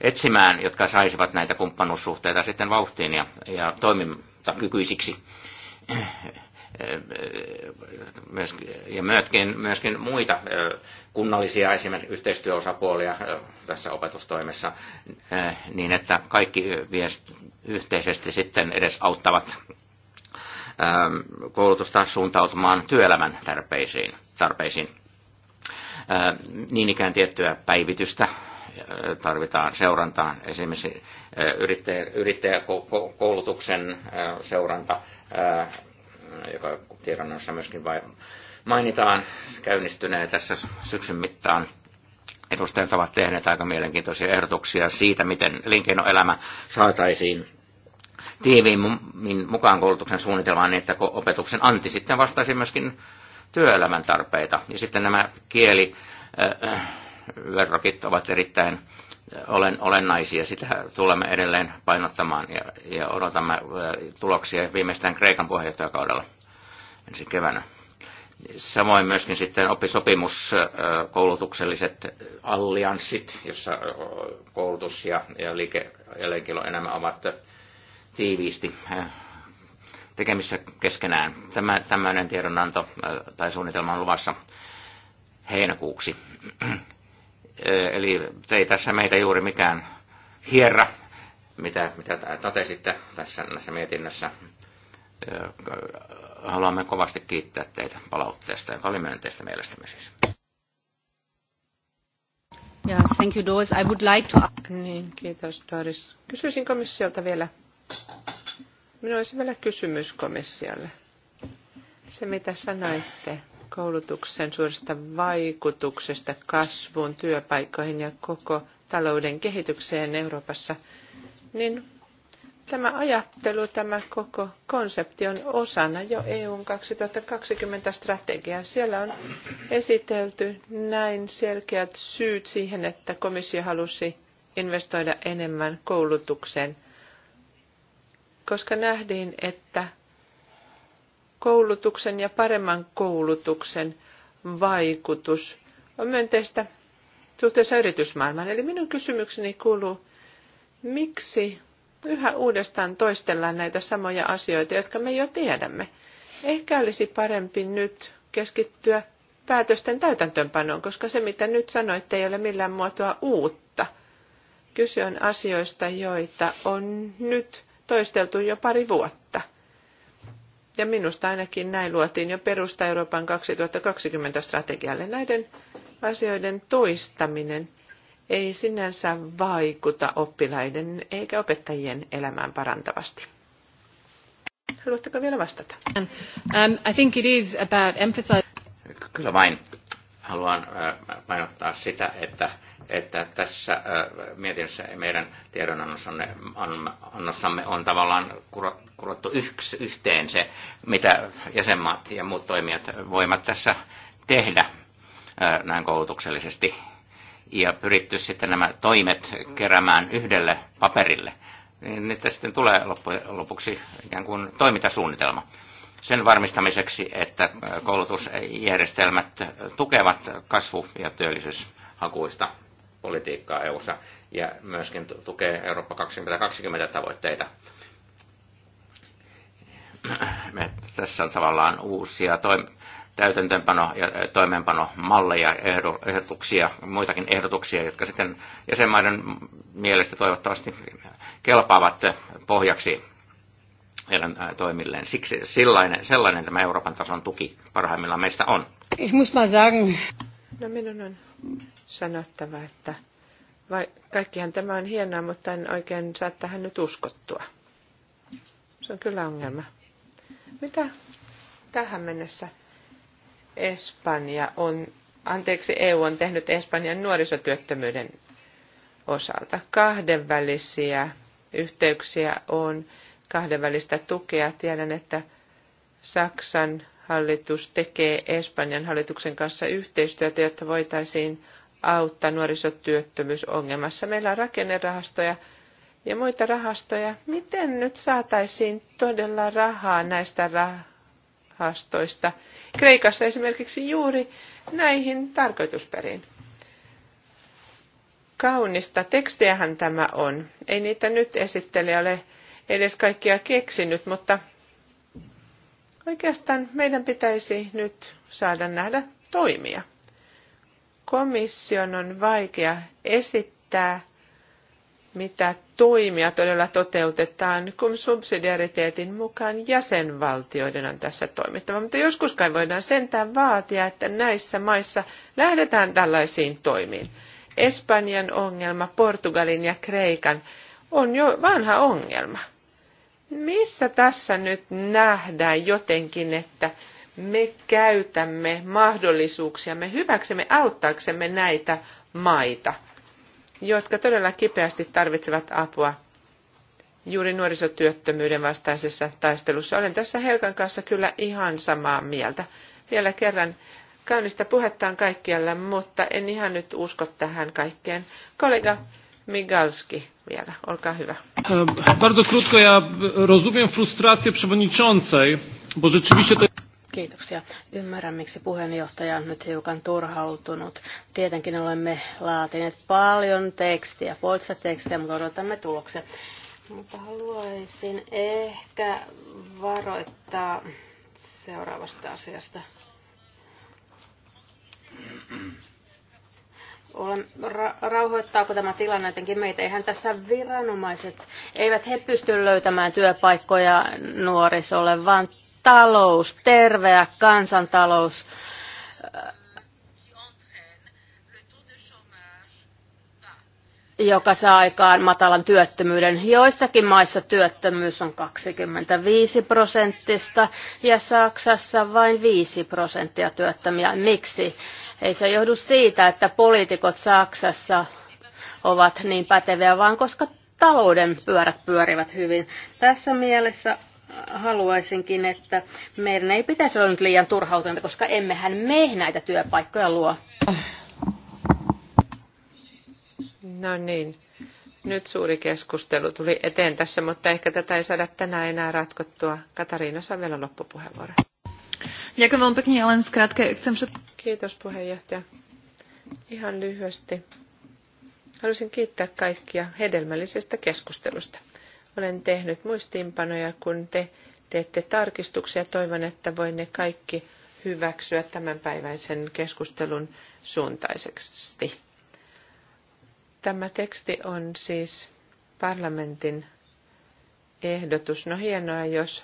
C: etsimään, jotka saisivat näitä kumppanuussuhteita sitten vauhtiin ja, ja toimintakykyisiksi myöskin, ja myöskin, myöskin muita kunnallisia esimerkiksi yhteistyöosapuolia tässä opetustoimessa, niin että kaikki yhteisesti sitten edes auttavat koulutusta suuntautumaan työelämän tarpeisiin. tarpeisiin. Niin ikään tiettyä päivitystä tarvitaan seurantaa, esimerkiksi eh, yrittäjäkoulutuksen eh, seuranta, eh, joka tiedonnossa myöskin mainitaan, käynnistyneen tässä syksyn mittaan. Edustajat ovat tehneet aika mielenkiintoisia ehdotuksia siitä, miten elinkeinoelämä saataisiin tiiviimmin mukaan koulutuksen suunnitelmaan niin, että opetuksen anti sitten vastaisi myöskin työelämän tarpeita. Ja sitten nämä kieli, verrokit ovat erittäin olen, olennaisia. Sitä tulemme edelleen painottamaan ja, ja odotamme tuloksia viimeistään Kreikan puheenjohtajakaudella ensi keväänä. Samoin myöskin sitten oppisopimuskoulutukselliset allianssit, jossa koulutus ja, ja liike ja enemmän ovat tiiviisti tekemissä keskenään. Tämä, tämmöinen tiedonanto tai suunnitelma on luvassa heinäkuuksi. Eh, eli te ei tässä meitä juuri mikään hierra, mitä, mitä totesitte tässä, näissä mietinnössä. Eh, haluamme kovasti kiittää teitä palautteesta, joka oli myönteistä mielestämme siis.
A: Yes, thank you, Doris. I
B: would like to... Niin, kiitos, Doris. Kysyisin komissiolta vielä. Minulla olisi vielä kysymys komissiolle. Se, mitä sanoitte koulutuksen suuresta vaikutuksesta kasvuun, työpaikkoihin ja koko talouden kehitykseen Euroopassa, niin tämä ajattelu, tämä koko konsepti on osana jo EUn 2020 strategiaa. Siellä on esitelty näin selkeät syyt siihen, että komissio halusi investoida enemmän koulutukseen, koska nähtiin, että koulutuksen ja paremman koulutuksen vaikutus on myönteistä suhteessa yritysmaailmaan. Eli minun kysymykseni kuuluu, miksi yhä uudestaan toistellaan näitä samoja asioita, jotka me jo tiedämme. Ehkä olisi parempi nyt keskittyä päätösten täytäntöönpanoon, koska se mitä nyt sanoitte ei ole millään muotoa uutta. Kyse on asioista, joita on nyt toisteltu jo pari vuotta – Ja minusta ainakin näin luotiin jo perusta Euroopan 2020 strategialle. Näiden asioiden toistaminen ei sinänsä vaikuta oppilaiden eikä opettajien elämään parantavasti. Haluatteko vielä vastata? Um, I think it is about emphasize...
C: Kyllä vain. Haluan äh, painottaa sitä, että että tässä mietinnössä meidän tiedonannossamme on annossamme on tavallaan kurottu yks, yhteen se, mitä jäsenmaat ja muut toimijat voivat tässä tehdä näin koulutuksellisesti. Ja pyritty sitten nämä toimet keräämään yhdelle paperille. Niin niistä sitten tulee loppujen lopuksi ikään kuin toimintasuunnitelma sen varmistamiseksi, että koulutusjärjestelmät tukevat kasvu- ja työllisyyshakuista politiikkaa EU:ssa ja myöskin tukee Eurooppa 2020 tavoitteita. Me tässä on tavallaan uusia toim- täytäntöönpano- ja toimeenpanomalleja, ehdotuksia, muitakin ehdotuksia, jotka sitten jäsenmaiden mielestä toivottavasti kelpaavat pohjaksi heidän toimilleen. Siksi sellainen, sellainen tämä Euroopan tason tuki parhaimmillaan meistä on.
B: Ich muss mal sagen. No minun on sanottava, että vai, kaikkihan tämä on hienoa, mutta en oikein saa tähän nyt uskottua. Se on kyllä ongelma. Mitä tähän mennessä Espanja on, anteeksi EU on tehnyt Espanjan nuorisotyöttömyyden osalta? Kahdenvälisiä yhteyksiä on, kahdenvälistä tukea. Tiedän, että Saksan hallitus tekee Espanjan hallituksen kanssa yhteistyötä, jotta voitaisiin auttaa nuorisotyöttömyysongelmassa. Meillä on rakennerahastoja ja muita rahastoja. Miten nyt saataisiin todella rahaa näistä rahastoista? Kreikassa esimerkiksi juuri näihin tarkoitusperiin. Kaunista tekstiähän tämä on. Ei niitä nyt esittelijä ole edes kaikkia keksinyt, mutta Oikeastaan meidän pitäisi nyt saada nähdä toimia. Komission on vaikea esittää, mitä toimia todella toteutetaan, kun subsidiariteetin mukaan jäsenvaltioiden on tässä toimittava. Mutta joskus kai voidaan sentään vaatia, että näissä maissa lähdetään tällaisiin toimiin. Espanjan ongelma, Portugalin ja Kreikan on jo vanha ongelma – Missä tässä nyt nähdään jotenkin, että me käytämme mahdollisuuksiamme hyväksemme auttaaksemme näitä maita, jotka todella kipeästi tarvitsevat apua juuri nuorisotyöttömyyden vastaisessa taistelussa. Olen tässä Helkan kanssa kyllä ihan samaa mieltä. Vielä kerran kaunista puhettaan kaikkialla, mutta en ihan nyt usko tähän kaikkeen. Kollega
A: Migalski vielä. Olkaa hyvä.
C: E, bardzo krótko, ja rozumiem frustrację przewodniczącej, bo rzeczywiście to...
A: Kiitoksia. Ymmärrän, miksi puheenjohtaja on nyt hiukan turhautunut. Tietenkin olemme laatineet paljon tekstiä, poissa tekstiä, mutta odotamme tuloksen. Mutta haluaisin ehkä varoittaa seuraavasta asiasta. Olen, ra, rauhoittaako tämä tilanne jotenkin meitä? Eihän tässä viranomaiset, eivät he pysty löytämään työpaikkoja nuorisolle, vaan talous, terveä kansantalous joka saa aikaan matalan työttömyyden. Joissakin maissa työttömyys on 25 prosenttista ja Saksassa vain 5 prosenttia työttömiä. Miksi? Ei se johdu siitä, että poliitikot Saksassa ovat niin päteviä, vaan koska talouden pyörät pyörivät hyvin. Tässä mielessä haluaisinkin, että meidän ei pitäisi olla nyt liian turhautuneita, koska emmehän me näitä työpaikkoja luo.
B: No niin, nyt suuri keskustelu tuli eteen tässä, mutta ehkä tätä ei saada tänään enää ratkottua. Katariina saa vielä loppupuheenvuoro. Kiitos puheenjohtaja. Ihan lyhyesti. Haluaisin kiittää kaikkia hedelmällisestä keskustelusta. Olen tehnyt muistiinpanoja, kun te teette tarkistuksia. Toivon, että voin ne kaikki hyväksyä tämänpäiväisen keskustelun suuntaiseksi. Tämä teksti on siis parlamentin ehdotus. No hienoa, jos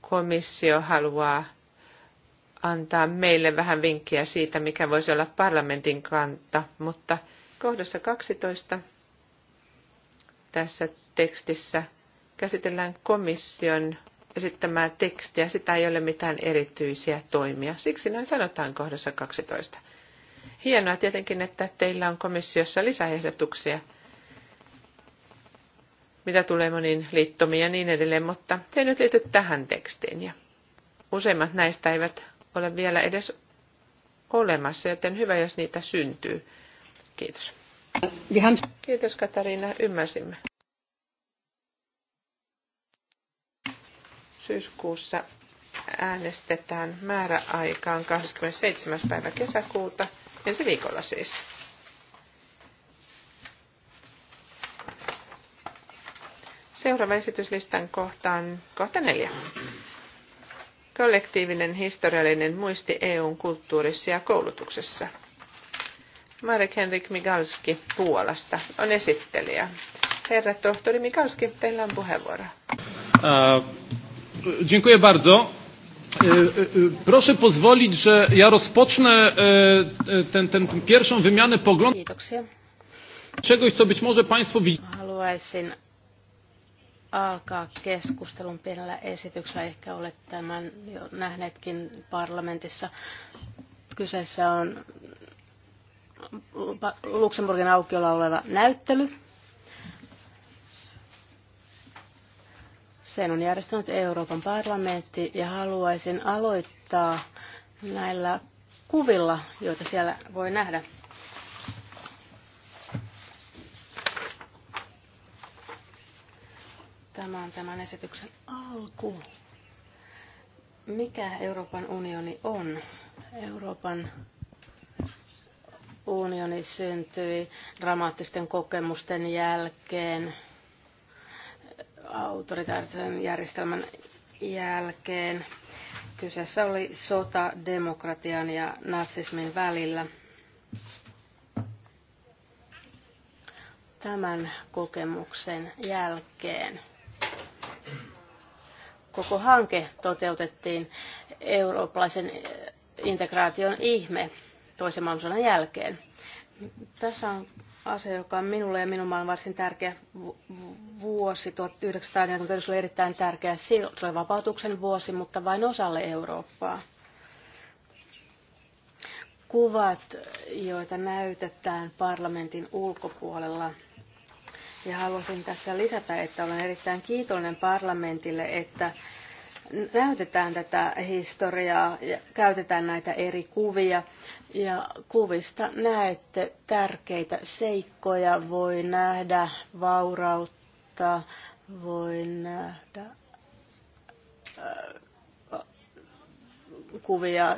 B: komissio haluaa antaa meille vähän vinkkiä siitä, mikä voisi olla parlamentin kanta, mutta kohdassa 12 tässä tekstissä käsitellään komission esittämää tekstiä, sitä ei ole mitään erityisiä toimia. Siksi näin sanotaan kohdassa 12. Hienoa tietenkin, että teillä on komissiossa lisäehdotuksia, mitä tulee moniin liittomiin ja niin edelleen, mutta te nyt liity tähän tekstiin. Ja useimmat näistä eivät ole vielä edes olemassa, joten hyvä, jos niitä syntyy. Kiitos. Kiitos Katariina, ymmärsimme. Syyskuussa äänestetään määräaikaan 27. päivä kesäkuuta – ensi viikolla siis. Seuraava esityslistan kohtaan kohta neljä. Kollektiivinen historiallinen muisti EUn kulttuurissa ja koulutuksessa. Marek Henrik Migalski Puolasta on esittelijä. Herra tohtori Migalski, teillä on puheenvuoro. Uh,
C: dziękuję bardzo. E, e, e, proszę pozwolić, że ja rozpocznę tę ten, ten, pierwszą wymianę poglądów czegoś, co być może Państwo widzieli.
A: Haluaisin alkaa keskustelun pienellä esityksellä. Ehkä olet tämän jo nähneetkin parlamentissa. Kyseessä on Luxemburgin aukiolla oleva näyttely, Sen on järjestänyt Euroopan parlamentti ja haluaisin aloittaa näillä kuvilla, joita siellä voi nähdä. Tämä on tämän esityksen alku. Mikä Euroopan unioni on? Euroopan unioni syntyi dramaattisten kokemusten jälkeen – autoritaarisen järjestelmän jälkeen. Kyseessä oli sota demokratian ja natsismin välillä. Tämän kokemuksen jälkeen koko hanke toteutettiin eurooppalaisen integraation ihme toisen maailmansodan jälkeen. Tässä on asia, joka on minulle ja minun maailman varsin tärkeä vuosi 1940 oli erittäin tärkeä. Se oli vapautuksen vuosi, mutta vain osalle Eurooppaa. Kuvat, joita näytetään parlamentin ulkopuolella. Ja haluaisin tässä lisätä, että olen erittäin kiitollinen parlamentille, että näytetään tätä historiaa ja käytetään näitä eri kuvia. Ja kuvista näette tärkeitä seikkoja, voi nähdä vaurautta jotta voin nähdä kuvia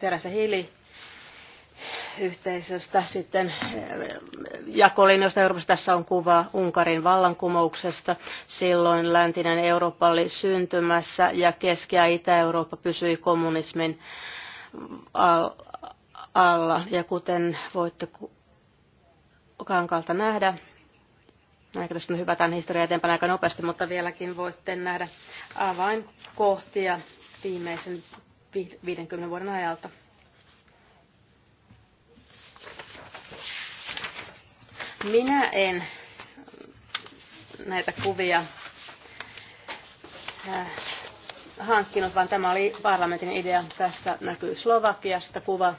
A: terässä hiili yhteisöstä sitten jakolinjoista Euroopassa. Tässä on kuva Unkarin vallankumouksesta. Silloin läntinen Eurooppa oli syntymässä ja Keski- ja Itä-Eurooppa pysyi kommunismin alla. Ja kuten voitte kankalta nähdä, Ehkä tässä on hyvä tämän historian eteenpäin aika nopeasti, mutta vieläkin voitte nähdä avainkohtia viimeisen 50 vuoden ajalta. Minä en näitä kuvia äh, hankkinut, vaan tämä oli parlamentin idea. Tässä näkyy Slovakiasta kuva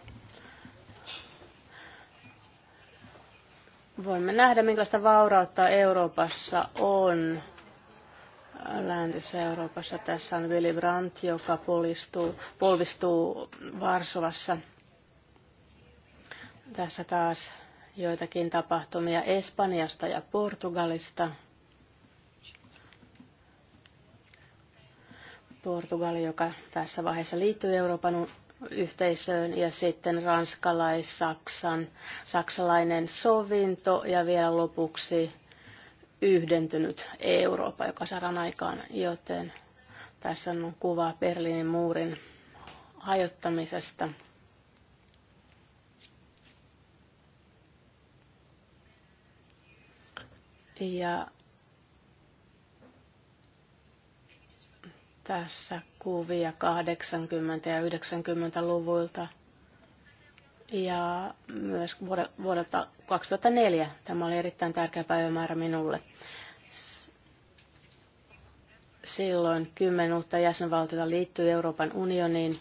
A: voimme nähdä, minkälaista vaurautta Euroopassa on. Läntisessä Euroopassa tässä on Willy Brandt, joka polistuu, polvistuu Varsovassa. Tässä taas joitakin tapahtumia Espanjasta ja Portugalista. Portugali, joka tässä vaiheessa liittyy Euroopan yhteisöön ja sitten ranskalais-saksan, saksalainen sovinto ja vielä lopuksi yhdentynyt Eurooppa, joka saadaan aikaan, joten tässä on kuva Berliinin muurin hajottamisesta. Ja Tässä kuvia 80- ja 90-luvulta ja myös vuodelta 2004. Tämä oli erittäin tärkeä päivämäärä minulle. Silloin kymmen uutta jäsenvaltiota liittyi Euroopan unioniin.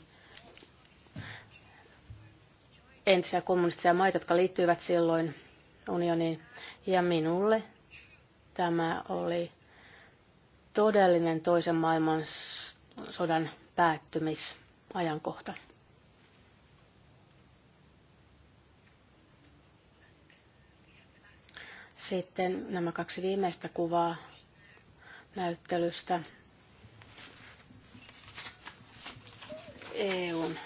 A: Entisiä kommunistisia maita, jotka liittyivät silloin unioniin. Ja minulle tämä oli todellinen toisen maailman sodan päättymisajankohta. Sitten nämä kaksi viimeistä kuvaa näyttelystä. EUn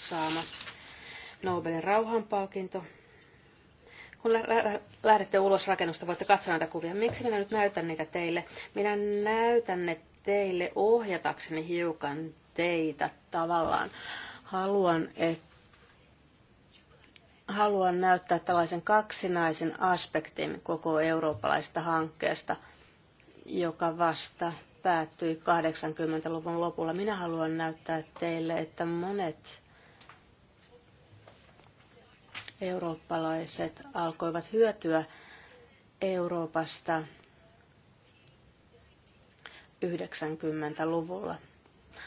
A: saama Nobelin rauhanpalkinto kun lähdette ulos rakennusta, voitte katsoa näitä kuvia. Miksi minä nyt näytän niitä teille? Minä näytän ne teille ohjatakseni hiukan teitä tavallaan. Haluan, että haluan näyttää tällaisen kaksinaisen aspektin koko eurooppalaisesta hankkeesta, joka vasta päättyi 80-luvun lopulla. Minä haluan näyttää teille, että monet eurooppalaiset alkoivat hyötyä Euroopasta 90-luvulla.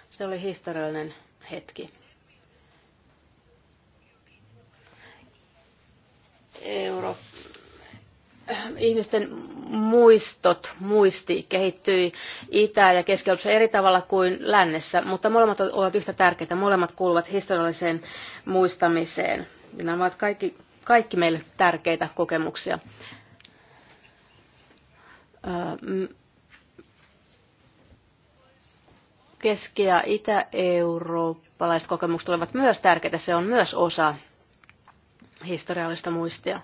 A: Se oli historiallinen hetki. Euro... Ihmisten muistot, muisti kehittyi Itä- ja keski eri tavalla kuin lännessä, mutta molemmat ovat yhtä tärkeitä. Molemmat kuuluvat historialliseen muistamiseen. Nämä ovat kaikki, kaikki meille tärkeitä kokemuksia. Keski- ja Itä-eurooppalaiset kokemukset olivat myös tärkeitä. Se on myös osa historiallista muistia.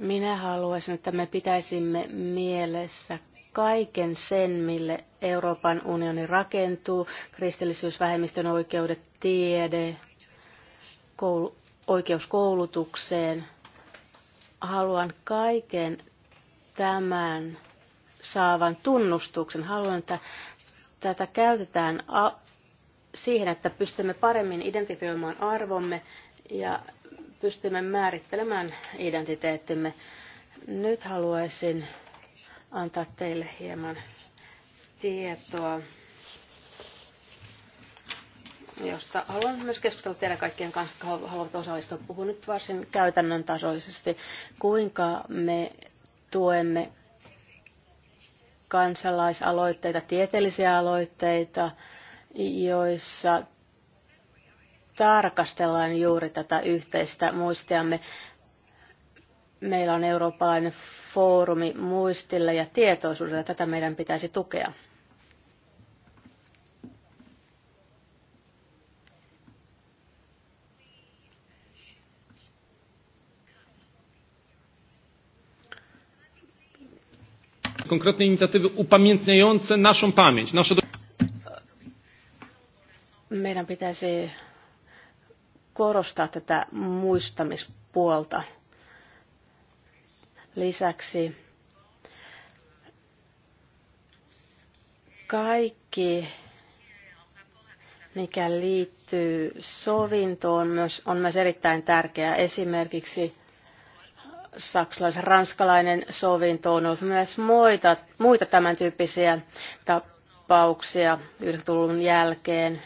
A: Minä haluaisin, että me pitäisimme mielessä kaiken sen, mille Euroopan unioni rakentuu, kristillisyys, vähemmistön oikeudet, tiede, koulu, oikeus koulutukseen. Haluan kaiken tämän saavan tunnustuksen. Haluan, että tätä käytetään siihen, että pystymme paremmin identifioimaan arvomme ja pystymme määrittelemään identiteettimme. Nyt haluaisin antaa teille hieman tietoa, josta haluan myös keskustella teidän kaikkien kanssa, jotka haluavat osallistua. Puhun nyt varsin käytännön tasoisesti, kuinka me tuemme kansalaisaloitteita, tieteellisiä aloitteita, joissa tarkastellaan juuri tätä yhteistä muistiamme. Meillä on eurooppalainen foorumi muistille ja tietoisuudelle. Tätä meidän pitäisi tukea.
C: konkretne inicjatywy upamiętniające naszą pamięć. Nasze do...
A: Meidän pitäisi korostaa tätä muistamispuolta. Lisäksi kaikki, mikä liittyy sovintoon, myös, on myös erittäin tärkeää. Esimerkiksi saksalais ranskalainen sovinto on ollut myös muita, muita tämän tyyppisiä tapauksia 90-luvun jälkeen.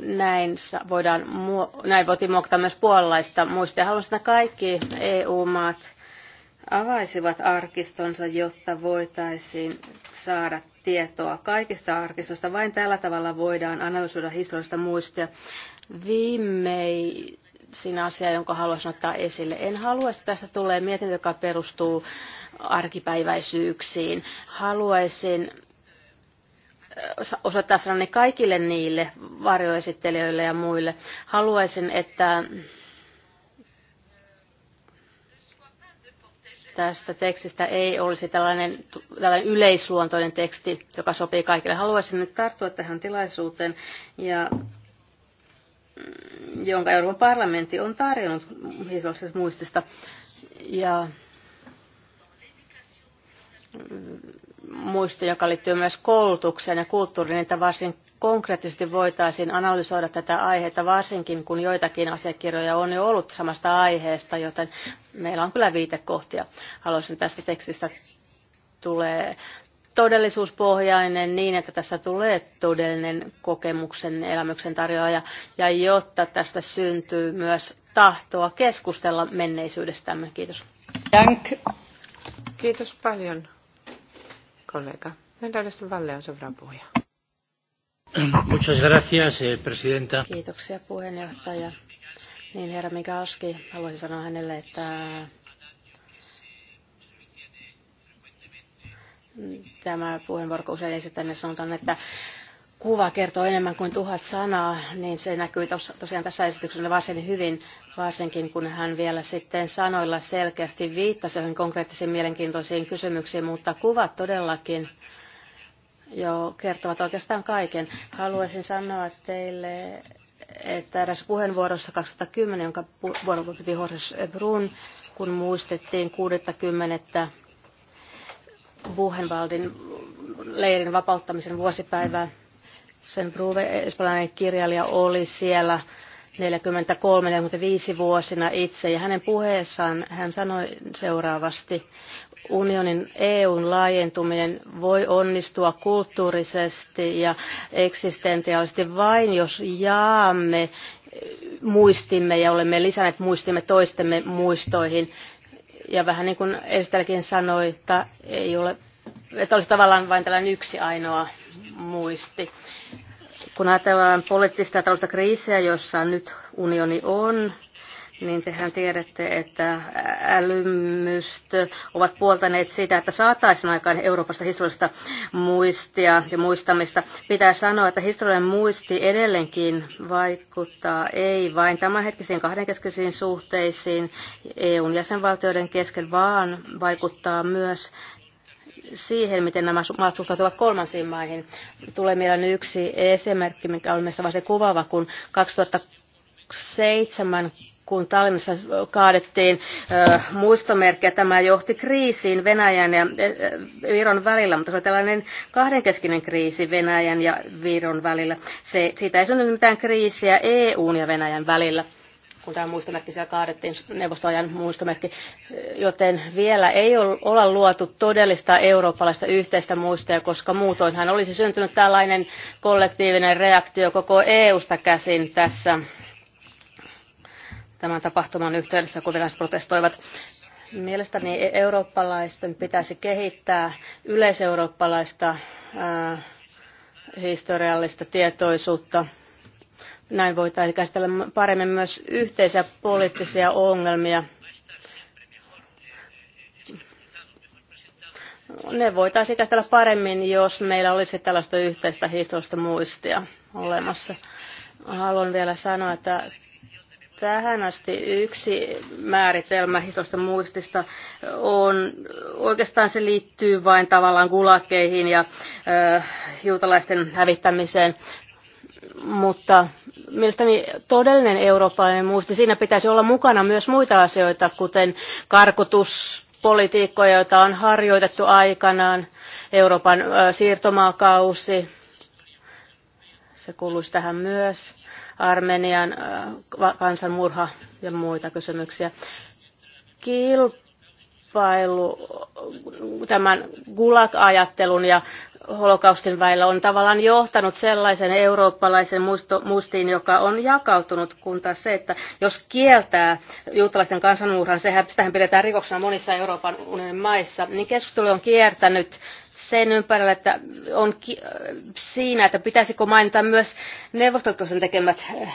A: näin voidaan, näin voitiin muokata myös puolalaista muistia. Haluaisin, että kaikki EU-maat avaisivat arkistonsa, jotta voitaisiin saada tietoa kaikista arkistosta. Vain tällä tavalla voidaan analysoida historiallista muistia. Viimeisin asia, jonka haluaisin ottaa esille. En halua, että tästä tulee mietintö, joka perustuu arkipäiväisyyksiin. Haluaisin osoittaa sanani kaikille niille varjoesittelijöille ja muille. Haluaisin, että tästä tekstistä ei olisi tällainen, tällainen yleisluontoinen teksti, joka sopii kaikille. Haluaisin nyt tarttua tähän tilaisuuteen, ja, mm, jonka Euroopan parlamentti on tarjonnut historiallisesta muistista. Ja mm, muisto, joka liittyy myös koulutukseen ja kulttuuriin, että varsin konkreettisesti voitaisiin analysoida tätä aihetta, varsinkin kun joitakin asiakirjoja on jo ollut samasta aiheesta, joten meillä on kyllä viitekohtia. Haluaisin tästä tekstistä tulee todellisuuspohjainen niin, että tästä tulee todellinen kokemuksen elämyksen tarjoaja ja jotta tästä syntyy myös tahtoa keskustella menneisyydestämme. Kiitos. Dank. Kiitos paljon kolega. Mendoles Valle on seuraavan Muchas gracias, eh, presidenta. Kiitoksia puheenjohtaja. Niin herra Mikalski, haluaisin sanoa hänelle, että tämä puheenvuoro, kun usein esittää, niin sanotaan, että kuva kertoo enemmän kuin tuhat sanaa, niin se näkyy tosiaan tässä esityksessä varsin hyvin, varsinkin kun hän vielä sitten sanoilla selkeästi viittasi johon konkreettisiin mielenkiintoisiin kysymyksiin, mutta kuvat todellakin jo kertovat oikeastaan kaiken. Haluaisin sanoa teille, että eräs puheenvuorossa 2010, jonka vuoro piti Horses Brun, kun muistettiin 60. Buchenwaldin leirin vapauttamisen vuosipäivää, Sen Bruve, espanjalainen kirjailija, oli siellä 43-45 vuosina itse, ja hänen puheessaan hän sanoi seuraavasti, unionin EUn laajentuminen voi onnistua kulttuurisesti ja eksistentiaalisesti vain, jos jaamme muistimme ja olemme lisänneet muistimme toistemme muistoihin. Ja vähän niin kuin Estelkin sanoi, että ei ole, että olisi tavallaan vain tällainen yksi ainoa muisti. Kun ajatellaan poliittista ja taloudellista kriisiä, jossa nyt unioni on, niin tehän tiedätte, että älymyst ovat puoltaneet sitä, että saataisiin aikaan Euroopasta historiallista muistia ja muistamista. Pitää sanoa, että historiallinen muisti edelleenkin vaikuttaa ei vain tämänhetkisiin kahdenkeskeisiin suhteisiin EUn jäsenvaltioiden kesken, vaan vaikuttaa myös siihen, miten nämä maat suhtautuvat kolmansiin maihin. Tulee mieleen yksi esimerkki, mikä on mielestäni varsin kuvaava, kun 2007 kun Tallinnassa kaadettiin äh, muistomerkkiä, Tämä johti kriisiin Venäjän ja Viron välillä, mutta se oli tällainen kahdenkeskinen kriisi Venäjän ja Viron välillä. Se, siitä ei syntynyt mitään kriisiä EUn ja Venäjän välillä kun tämä muistomerkki siellä kaadettiin, neuvostoajan muistomerkki, joten vielä ei olla luotu todellista eurooppalaista yhteistä muistia, koska muutoinhan olisi syntynyt tällainen kollektiivinen reaktio koko EUsta käsin tässä tämän tapahtuman yhteydessä, kun venäläiset protestoivat. Mielestäni eurooppalaisten pitäisi kehittää yleiseurooppalaista ää, historiallista tietoisuutta Näin voitaisiin käsitellä paremmin myös yhteisiä poliittisia ongelmia. Ne voitaisiin käsitellä paremmin, jos meillä olisi tällaista yhteistä historiallista muistia olemassa. Haluan vielä sanoa, että tähän asti yksi määritelmä historiallisesta muistista on, oikeastaan se liittyy vain tavallaan gulakeihin ja ö, juutalaisten hävittämiseen mutta mielestäni todellinen eurooppalainen muisti, siinä pitäisi olla mukana myös muita asioita, kuten karkotus, politiikkoja, joita on harjoitettu aikanaan, Euroopan siirtomaakausi, se kuuluisi tähän myös, Armenian kansanmurha ja muita kysymyksiä. Kilp- kamppailu tämän gulag-ajattelun ja holokaustin väillä on tavallaan johtanut sellaisen eurooppalaisen mustiin, joka on jakautunut, kun taas se, että jos kieltää juutalaisten kansanmurhan, sehän sitähän pidetään rikoksena monissa Euroopan unionin maissa, niin keskustelu on kiertänyt sen ympärillä, että on ki- siinä, että pitäisikö mainita myös neuvostoliittoisen tekemät eh,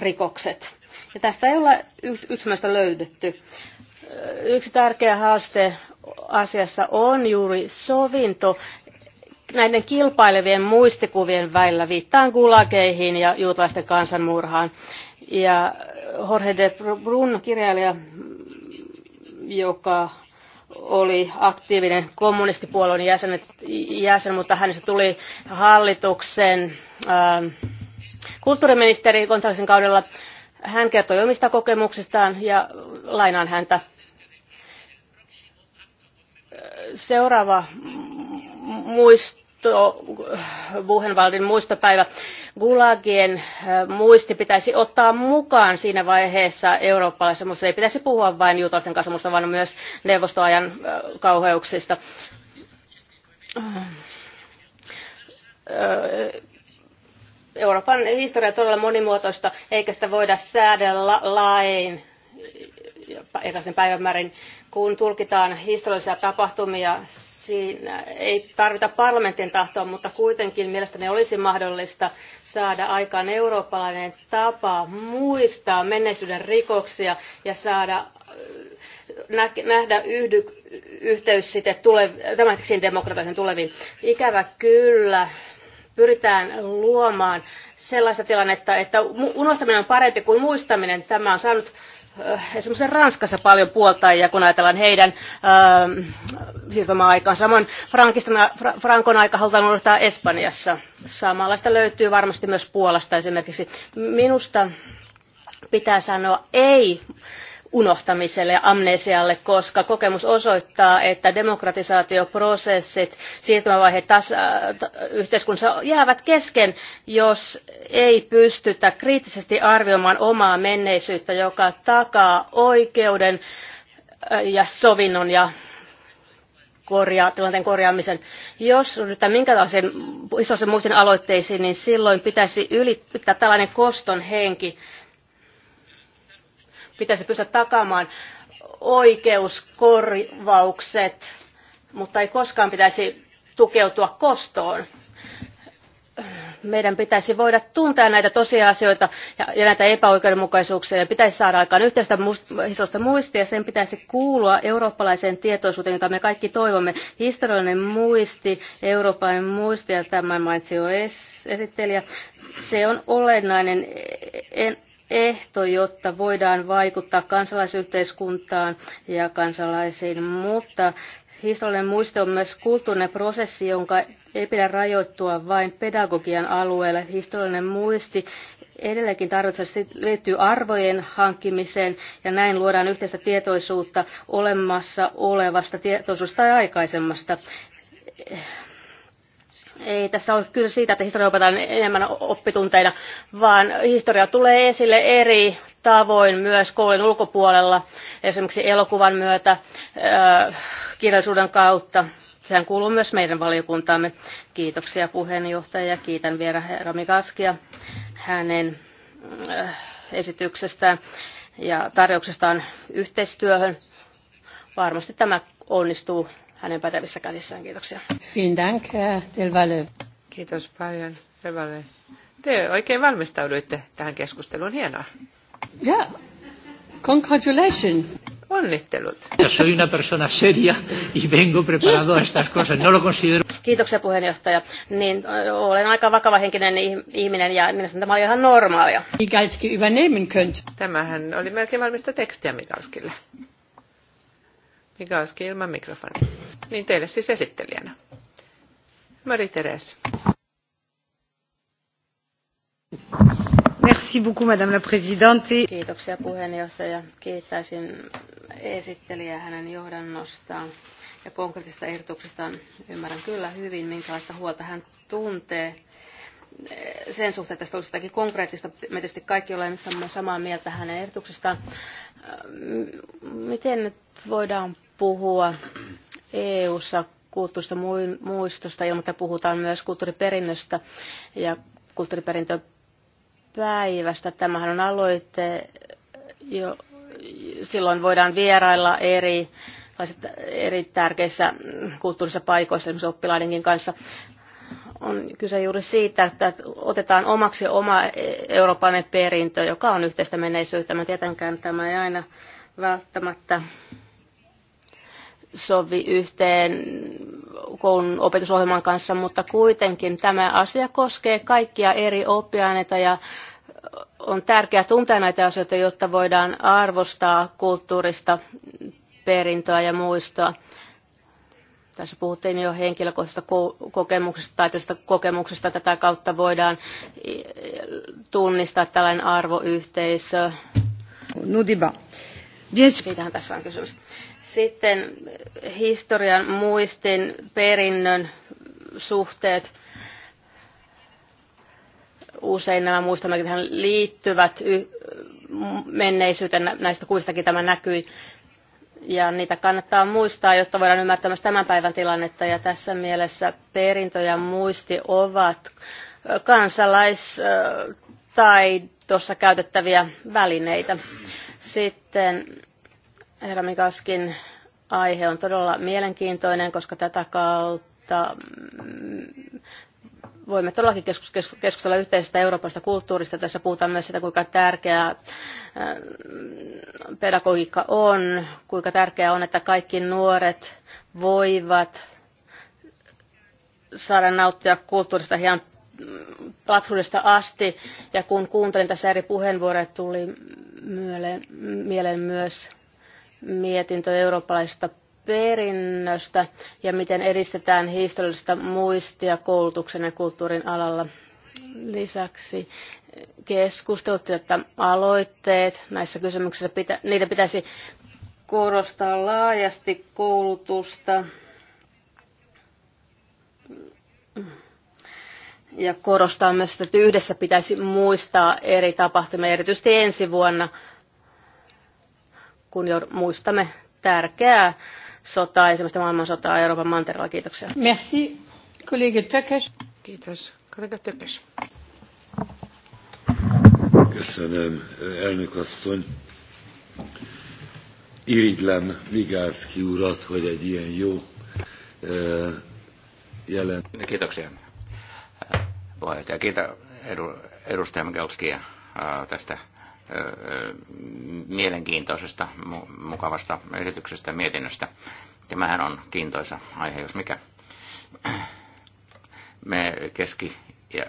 A: rikokset. Ja tästä ei ole yksimielistä löydetty yksi tärkeä haaste asiassa on juuri sovinto näiden kilpailevien muistikuvien välillä. Viittaan gulageihin ja juutalaisten kansanmurhaan. Ja Jorge de Brun, kirjailija, joka oli aktiivinen kommunistipuolueen jäsen, jäsen, mutta hänestä tuli hallituksen ää, ähm, kulttuuriministeri Gonsalsin kaudella. Hän kertoi omista kokemuksistaan ja lainaan häntä. Seuraava muisto, Buchenwaldin muistopäivä. Gulagien äh, muisti pitäisi ottaa mukaan siinä vaiheessa eurooppalaisessa muistossa. Ei pitäisi puhua vain juutalaisten kasvamusta, vaan myös neuvostoajan äh, kauheuksista äh, Euroopan historia on todella monimuotoista, eikä sitä voida säädellä lain erilaisen päivämäärin, kun tulkitaan historiallisia tapahtumia. Siinä ei tarvita parlamentin tahtoa, mutta kuitenkin mielestäni olisi mahdollista saada aikaan eurooppalainen tapa muistaa menneisyyden rikoksia ja saada äh, nähdä yhdy, yhteys sitten tule, tämänhetkisiin demokratian tuleviin. Ikävä kyllä, pyritään luomaan sellaista tilannetta, että unohtaminen on parempi kuin muistaminen. Tämä on saanut Äh, esimerkiksi Ranskassa paljon puoltajia, kun ajatellaan heidän ähm, siirtomaa-aikaan. Samoin Fra, Frankon aika halutaan noudattaa Espanjassa. Samanlaista löytyy varmasti myös Puolasta esimerkiksi. Minusta pitää sanoa ei unohtamiselle, amnesialle, koska kokemus osoittaa, että demokratisaatioprosessit, siirtymävaiheet yhteiskunnassa jäävät kesken, jos ei pystytä kriittisesti arvioimaan omaa menneisyyttä, joka takaa oikeuden äh, ja sovinnon ja korjaa, tilanteen korjaamisen. Jos ryhdytään minkälaisiin isoisen muistin aloitteisiin, niin silloin pitäisi ylittää tällainen koston henki pitäisi pystyä takaamaan oikeuskorvaukset, mutta ei koskaan pitäisi tukeutua kostoon. Meidän pitäisi voida tuntea näitä tosiasioita ja, ja näitä epäoikeudenmukaisuuksia ja pitäisi saada aikaan yhteistä historiallista muistia. Sen pitäisi kuulua eurooppalaiseen tietoisuuteen, jota me kaikki toivomme. Historiallinen muisti, eurooppalainen muisti, ja tämän mainitsi jo es, esittelijä, se on olennainen en, ehto, jotta voidaan vaikuttaa kansalaisyhteiskuntaan ja kansalaisiin, mutta historiallinen muisto on myös kulttuurinen prosessi, jonka ei pidä rajoittua vain pedagogian alueelle. Historiallinen muisti edelleenkin tarvitsee liittyy arvojen hankkimiseen ja näin luodaan yhteistä tietoisuutta olemassa olevasta tietoisuudesta tai aikaisemmasta ei tässä ole kyse siitä, että historia opetetaan enemmän oppitunteina, vaan historia tulee esille eri tavoin myös koulun ulkopuolella, esimerkiksi elokuvan myötä, äh, kirjallisuuden kautta. Sehän kuuluu myös meidän valiokuntaamme. Kiitoksia puheenjohtaja ja kiitän vielä herra Mikaskia hänen äh, esityksestään ja tarjouksestaan yhteistyöhön. Varmasti tämä onnistuu hänen pätevissä käsissään. Kiitoksia. Dank, Kiitos paljon,
B: Te oikein valmistauduitte tähän keskusteluun. Hienoa.
A: Yeah. Congratulations. Onnittelut.
B: Soy una persona seria y vengo
A: preparado a estas cosas. No lo considero... Kiitoksia puheenjohtaja. Niin, olen aika henkinen ihminen ja mielestäni tämä oli ihan normaalia. Tämähän oli
B: melkein valmista tekstiä Mikalskille. Migalski ilman mikrofonia. Niin teille siis esittelijänä. Mari Teres.
A: Merci beaucoup, Madame la Présidente. Kiitoksia puheenjohtaja. Kiittäisin esittelijää hänen johdannostaan ja konkreettista ehdotuksistaan. Ymmärrän kyllä hyvin, minkälaista huolta hän tuntee sen suhteen, että tästä olisi jotakin konkreettista. Me tietysti kaikki olemme samaa mieltä hänen ehdotuksistaan. Miten nyt voidaan puhua EU-ssa kulttuurista muistosta, ilman että puhutaan myös kulttuuriperinnöstä ja kulttuuriperintöpäivästä. Tämähän on aloite, jo, silloin voidaan vierailla eri, eri tärkeissä kulttuurissa paikoissa, esimerkiksi oppilaidenkin kanssa on kyse juuri siitä, että otetaan omaksi oma eurooppalainen perintö, joka on yhteistä menneisyyttä. Mä tietenkään tämä ei aina välttämättä sovi yhteen koulun opetusohjelman kanssa, mutta kuitenkin tämä asia koskee kaikkia eri oppiaineita ja on tärkeää tuntea näitä asioita, jotta voidaan arvostaa kulttuurista perintöä ja muistoa. Tässä puhuttiin jo henkilökohtaisesta kokemuksesta tai tästä kokemuksesta. Tätä kautta voidaan tunnistaa tällainen arvoyhteisö. Nudiba. Siitähän tässä on kysymys. Sitten historian muistin perinnön suhteet. Usein nämä muistamme, tähän liittyvät menneisyyteen, näistä kuistakin tämä näkyi. Ja niitä kannattaa muistaa, jotta voidaan ymmärtää myös tämän päivän tilannetta. Ja tässä mielessä perintö ja muisti ovat kansalaistaidossa käytettäviä välineitä. Sitten Herra Mikaskin aihe on todella mielenkiintoinen, koska tätä kautta mm, voimme todellakin keskustella yhteisestä Euroopasta kulttuurista. Tässä puhutaan myös siitä, kuinka tärkeää mm, pedagogiikka on, kuinka tärkeää on, että kaikki nuoret voivat saada nauttia kulttuurista ihan mm, lapsuudesta asti. Ja kun kuuntelin tässä eri puheenvuoroja, tuli mieleen myös mietintö eurooppalaisesta perinnöstä ja miten edistetään historiallista muistia koulutuksen ja kulttuurin alalla. Lisäksi keskustelut, ja aloitteet näissä kysymyksissä, pitä, niitä pitäisi korostaa laajasti koulutusta ja korostaa myös, että yhdessä pitäisi muistaa eri tapahtumia, erityisesti ensi vuonna kun jo muistamme tärkeää sotaa, esimerkiksi maailmansotaa Euroopan mantereella. Kiitoksia. Merci,
B: kollega Tökes. Kiitos, kollega Tökes.
A: Köszönöm, elnök asszony. Irigylem Vigászki urat, hogy egy ilyen jó
C: jelent. Kiitoksia. Puheenjohtaja, kiitän edustaja Mikalskia tästä mielenkiintoisesta, mukavasta esityksestä mietinnöstä. Tämähän on kiintoisa aihe, jos mikä. Me keski- ja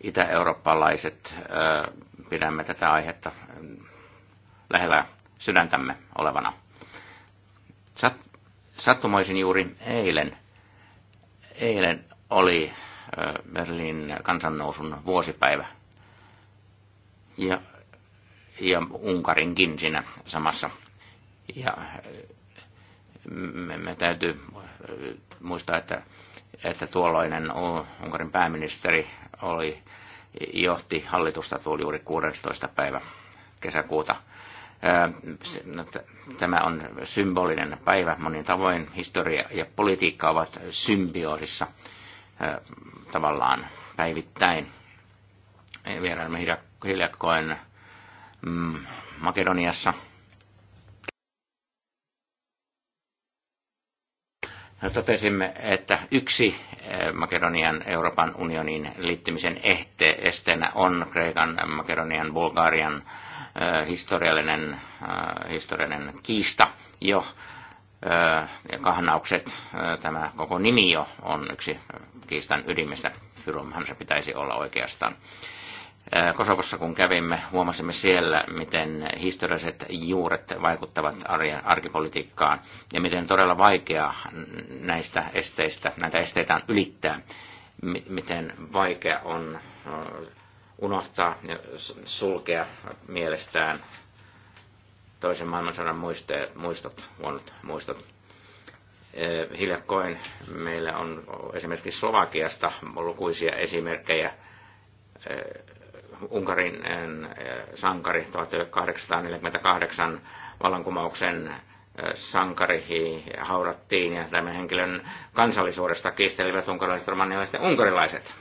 C: itä-eurooppalaiset pidämme tätä aihetta lähellä sydäntämme olevana. Sattumoisin juuri eilen, eilen oli Berliin kansannousun vuosipäivä. Ja ja Unkarinkin siinä samassa. Ja me, me täytyy äh, muistaa, että, että tuolloinen Unkarin pääministeri oli, johti hallitusta tuli juuri 16. päivä kesäkuuta. Äh, tämä on symbolinen päivä monin tavoin. Historia ja politiikka ovat symbioosissa äh, tavallaan päivittäin. Vierailemme hiljakkoin Mm, Makedoniassa. Totesimme, että yksi eh, Makedonian Euroopan unionin liittymisen ehte, esteenä on Kreikan, Makedonian, Bulgarian eh, historiallinen, eh, historiallinen kiista jo ja kahnaukset, tämä koko nimi jo on yksi kiistan ydimistä. Fyrumhan se pitäisi olla oikeastaan. Kosovossa kävimme, huomasimme siellä, miten historialliset juuret vaikuttavat arjen arkipolitiikkaan ja miten todella vaikea näistä esteistä, näitä esteitä on ylittää, miten vaikea on unohtaa ja sulkea mielestään toisen maailmansodan muisteet, muistot, huonot muistot. Hiljakkoin meillä on esimerkiksi Slovakiasta lukuisia esimerkkejä Unkarin eh, sankari 1848 vallankumouksen eh, sankari haudattiin ja tämän henkilön kansallisuudesta kiistelivät unkarilaiset, romanialaiset ja unkarilaiset.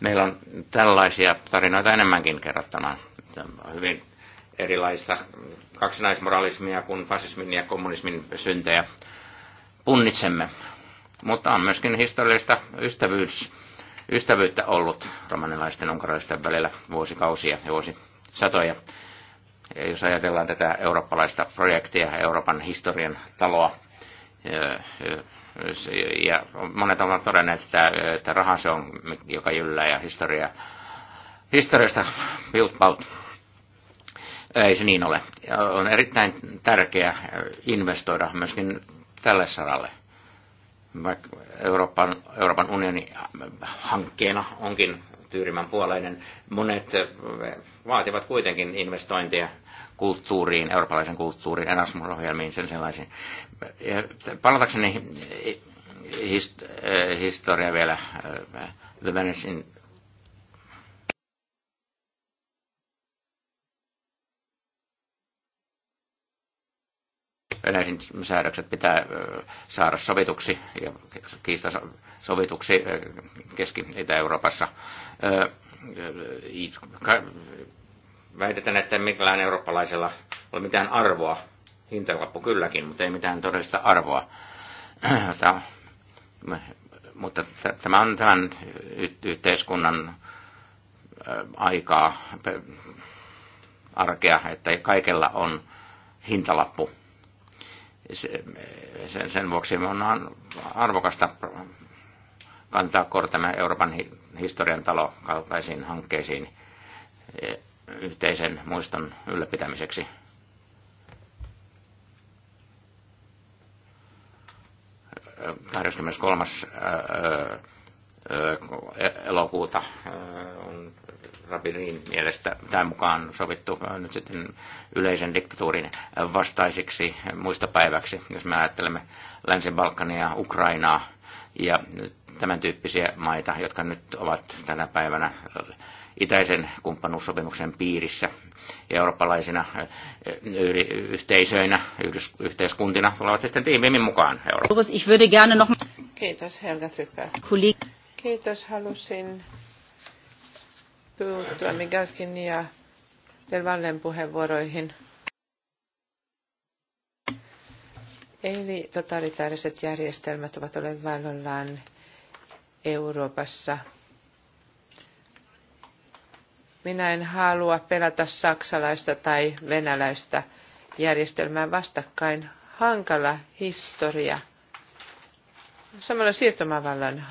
C: Meillä on tällaisia tarinoita enemmänkin kerrottuna. Hyvin erilaista kaksinaismoralismia kuin fasismin ja kommunismin syntejä punnitsemme. Mutta on myöskin historiallista ystävyys ystävyyttä ollut romanilaisten ja välillä vuosikausia ja vuosisatoja. Ja jos ajatellaan tätä eurooppalaista projektia, Euroopan historian taloa, ja monet ovat todenneet, että, että raha se on, joka yllää ja historia, historiasta piutpaut. Ei se niin ole. On erittäin tärkeää investoida myöskin tälle saralle – vaikka Euroopan, Euroopan unionin hankkeena onkin tyyrimän puoleinen, monet eh, vaativat kuitenkin investointeja kulttuuriin, eurooppalaisen kulttuuriin, Erasmus-ohjelmiin, sen sellaisiin. Palatakseni eh, historia vielä eh, The in yleisin säädökset pitää saada sovituksi ja kiista sovituksi Keski-Itä-Euroopassa. Väitetään, että millään eurooppalaisella ole mitään arvoa. Hintalappu kylläkin, mutta ei mitään todellista arvoa. [CLEARS THROAT] mutta tämä on tämän yhteiskunnan aikaa, arkea, että kaikella on hintalappu sen, sen vuoksi on arvokasta kantaa kortamme Euroopan historian talo kaltaisiin hankkeisiin e, yhteisen muiston ylläpitämiseksi. kolmas elokuuta on Rabilin mielestä tämän mukaan sovittu äh, nyt sitten yleisen diktatuurin vastaiseksi muista päiväksi, jos me ajattelemme Länsi-Balkania, Ukrainaa ja tämän tyyppisiä maita, jotka nyt ovat tänä päivänä itäisen kumppanuussopimuksen piirissä ja eurooppalaisina äh, yhteisöinä, yhteiskuntina tulevat sitten tiiviimmin mukaan
B: Eurooppaan. Kiitos Helga Trypper. Kiitos, halusin puuttua Migaskin ja Del puheenvuoroihin. Eli totalitaariset järjestelmät ovat olleet vallollaan Euroopassa. Minä en halua pelata saksalaista tai venäläistä järjestelmää vastakkain. Hankala historia. Samalla siirtomavallan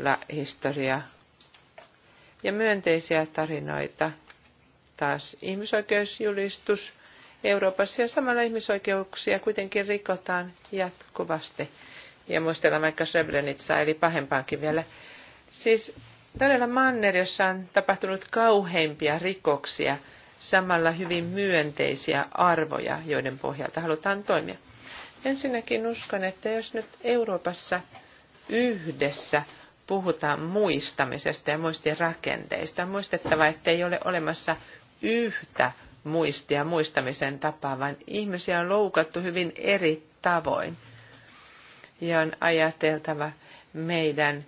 B: la historia ja myönteisiä tarinoita. Taas ihmisoikeusjulistus Euroopassa ja samalla ihmisoikeuksia kuitenkin rikotaan jatkuvasti. Ja muistellaan vaikka Srebrenica, eli pahempaankin vielä. Siis todella manner, jossa on tapahtunut kauheimpia rikoksia, samalla hyvin myönteisiä arvoja, joiden pohjalta halutaan toimia. Ensinnäkin uskon, että jos nyt Euroopassa yhdessä puhutaan muistamisesta ja rakenteista. On muistettava, että ei ole olemassa yhtä muistia muistamisen tapaa, vaan ihmisiä on loukattu hyvin eri tavoin. Ja on ajateltava meidän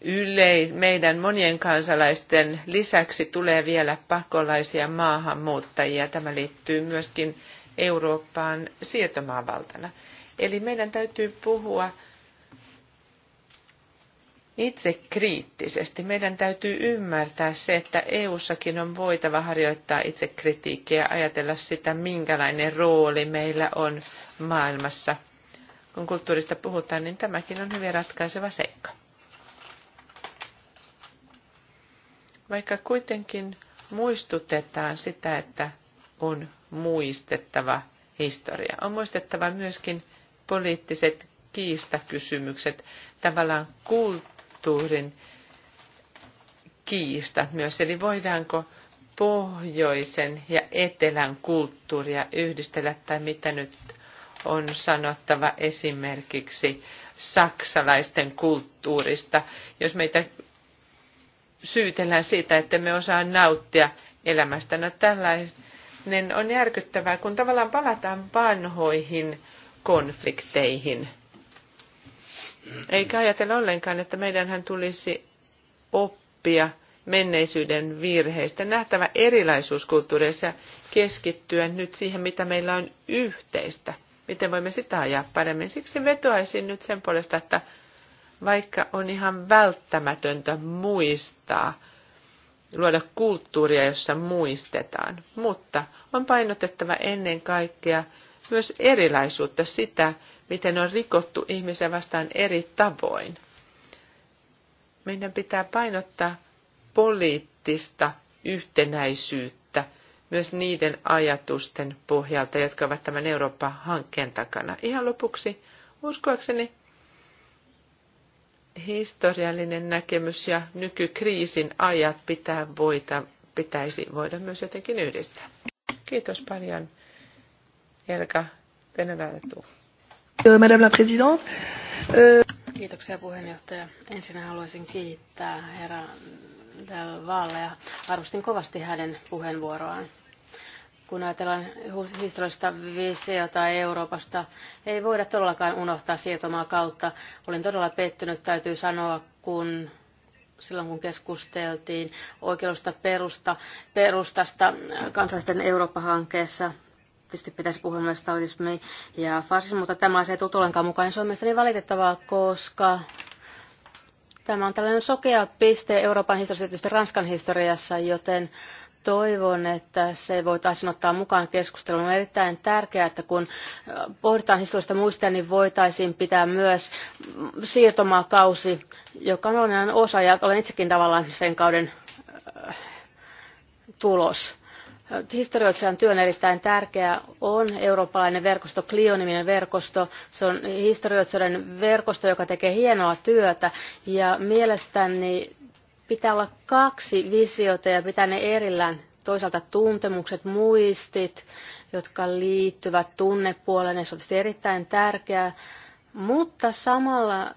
B: yleis, meidän monien kansalaisten lisäksi tulee vielä pakolaisia maahanmuuttajia. Tämä liittyy myöskin Eurooppaan siirtomaavaltana. Eli meidän täytyy puhua itse kriittisesti. Meidän täytyy ymmärtää se, että EU-sakin on voitava harjoittaa itse kritiikkiä ja ajatella sitä, minkälainen rooli meillä on maailmassa. Kun kulttuurista puhutaan, niin tämäkin on hyvin ratkaiseva seikka. Vaikka kuitenkin muistutetaan sitä, että on muistettava historia. On muistettava myöskin poliittiset kiistakysymykset, tavallaan kulttuuri kulttuurin kiistat myös. Eli voidaanko pohjoisen ja etelän kulttuuria yhdistellä tai mitä nyt on sanottava esimerkiksi saksalaisten kulttuurista. Jos meitä syytellään siitä, että me osaa nauttia elämästä, no tällainen on järkyttävää, kun tavallaan palataan vanhoihin konflikteihin – Eikä ajatella ollenkaan, että meidänhän tulisi oppia menneisyyden virheistä, nähtävä erilaisuus kulttuureissa ja keskittyä nyt siihen, mitä meillä on yhteistä. Miten voimme sitä ajaa paremmin? Siksi vetoaisin nyt sen puolesta, että vaikka on ihan välttämätöntä muistaa, luoda kulttuuria, jossa muistetaan, mutta on painotettava ennen kaikkea myös erilaisuutta sitä, miten on rikottu ihmisen vastaan eri tavoin. Meidän pitää painottaa poliittista yhtenäisyyttä myös niiden ajatusten pohjalta, jotka ovat tämän Eurooppa-hankkeen takana. Ihan lopuksi, uskoakseni historiallinen näkemys ja nykykriisin ajat pitää voita, pitäisi voida myös jotenkin yhdistää. Kiitos paljon, Elka Venäläinen
A: Euh, euh, Kiitoksia puheenjohtaja. Ensin haluaisin kiittää herra Del Valle ja arvostin kovasti hänen puheenvuoroaan. Kun ajatellaan historiallista visiota Euroopasta, ei voida todellakaan unohtaa siirtomaa kautta. Olin todella pettynyt, täytyy sanoa, kun silloin kun keskusteltiin oikeudesta perusta, perustasta äh, kansallisten Eurooppa-hankkeessa tietysti pitäisi puhua myös taudismi ja farsismi, mutta tämä asia ei tule ollenkaan mukaan. Se on mielestäni valitettavaa, koska tämä on tällainen sokea piste Euroopan historiassa, tietysti Ranskan historiassa, joten toivon, että se voitaisiin ottaa mukaan keskusteluun. On erittäin tärkeää, että kun pohditaan historiallista muistia, niin voitaisiin pitää myös siirtomaakausi, joka on osa, ja olen itsekin tavallaan sen kauden tulos historiallisen työn erittäin tärkeä on eurooppalainen verkosto clio niminen verkosto. se on historioitsijoiden verkosto joka tekee hienoa työtä ja mielestäni pitää olla kaksi visiota ja pitää ne erillään toisaalta tuntemukset muistit jotka liittyvät tunnepuoleen ja se on tietysti erittäin tärkeää mutta samalla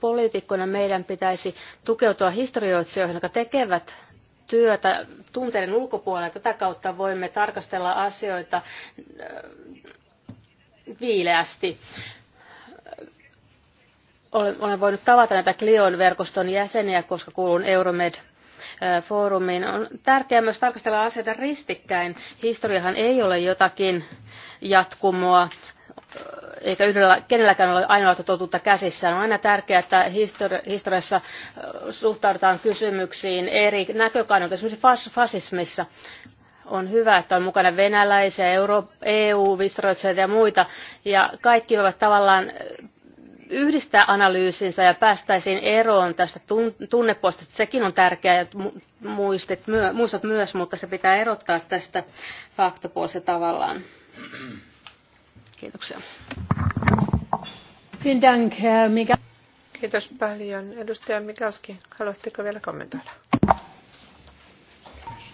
A: poliitikkoina meidän pitäisi tukeutua historioitsijoihin jotka tekevät työtä tunteiden ulkopuolella. Tätä kautta voimme tarkastella asioita äh, viileästi. Olen, olen voinut tavata näitä Clion verkoston jäseniä, koska kuulun Euromed äh, foorumiin. On tärkeää myös tarkastella asioita ristikkäin. Historiahan ei ole jotakin jatkumoa, eikä yhdellä, kenelläkään ole ainoa totuutta käsissään. On aina tärkeää, että histori- historiassa suhtaudutaan kysymyksiin eri näkökannalta. Esimerkiksi fas- fasismissa on hyvä, että on mukana venäläisiä, Euro- EU-historioitsijoita ja muita. Ja kaikki voivat tavallaan yhdistää analyysinsä ja päästäisiin eroon tästä tunnepuolesta. Sekin on tärkeää ja muistit, myös, mutta se pitää erottaa tästä faktapuolesta tavallaan. Kiitoksia. Kiitos paljon. Edustaja Mikalski, haluatteko vielä kommentoida?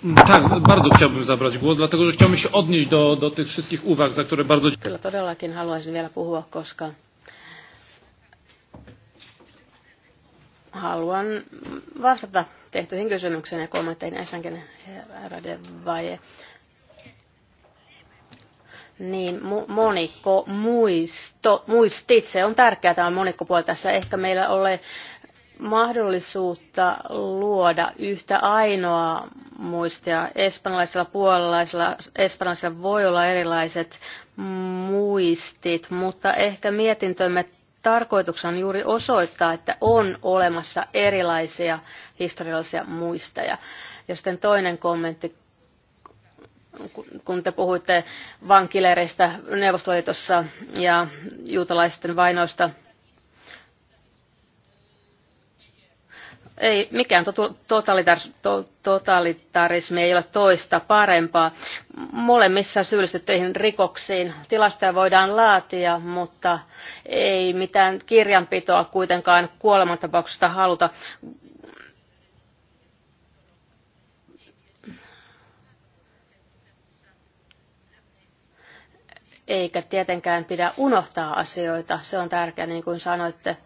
B: Mm, tak, bardzo chciałbym zabrać
C: głos, dlatego że chciałbym się odnieść do, do tych wszystkich uwag, za które bardzo dziękuję. Kyllä
A: todellakin haluaisin vielä puhua, koska haluan vastata tehtyihin kysymykseen ja kommentteihin ensinnäkin herra Vaje niin monikko muisto, muistit, se on tärkeää tämä monikkopuoli tässä. Ehkä meillä ole mahdollisuutta luoda yhtä ainoa muistia. Espanjalaisella puolalaisella, espanjalaisella voi olla erilaiset muistit, mutta ehkä mietintömme tarkoituksena on juuri osoittaa, että on olemassa erilaisia historiallisia muisteja. Ja sitten toinen kommentti kun te puhuitte vankileireistä Neuvostoliitossa ja juutalaisten vainoista. Ei, mikään totalitar, to, totalitarismi ei ole toista parempaa. Molemmissa syyllistettyihin rikoksiin tilastoja voidaan laatia, mutta ei mitään kirjanpitoa kuitenkaan kuolemantapauksesta haluta. eikä tietenkään pidä unohtaa asioita. Se on tärkeää, niin kuin sanoitte.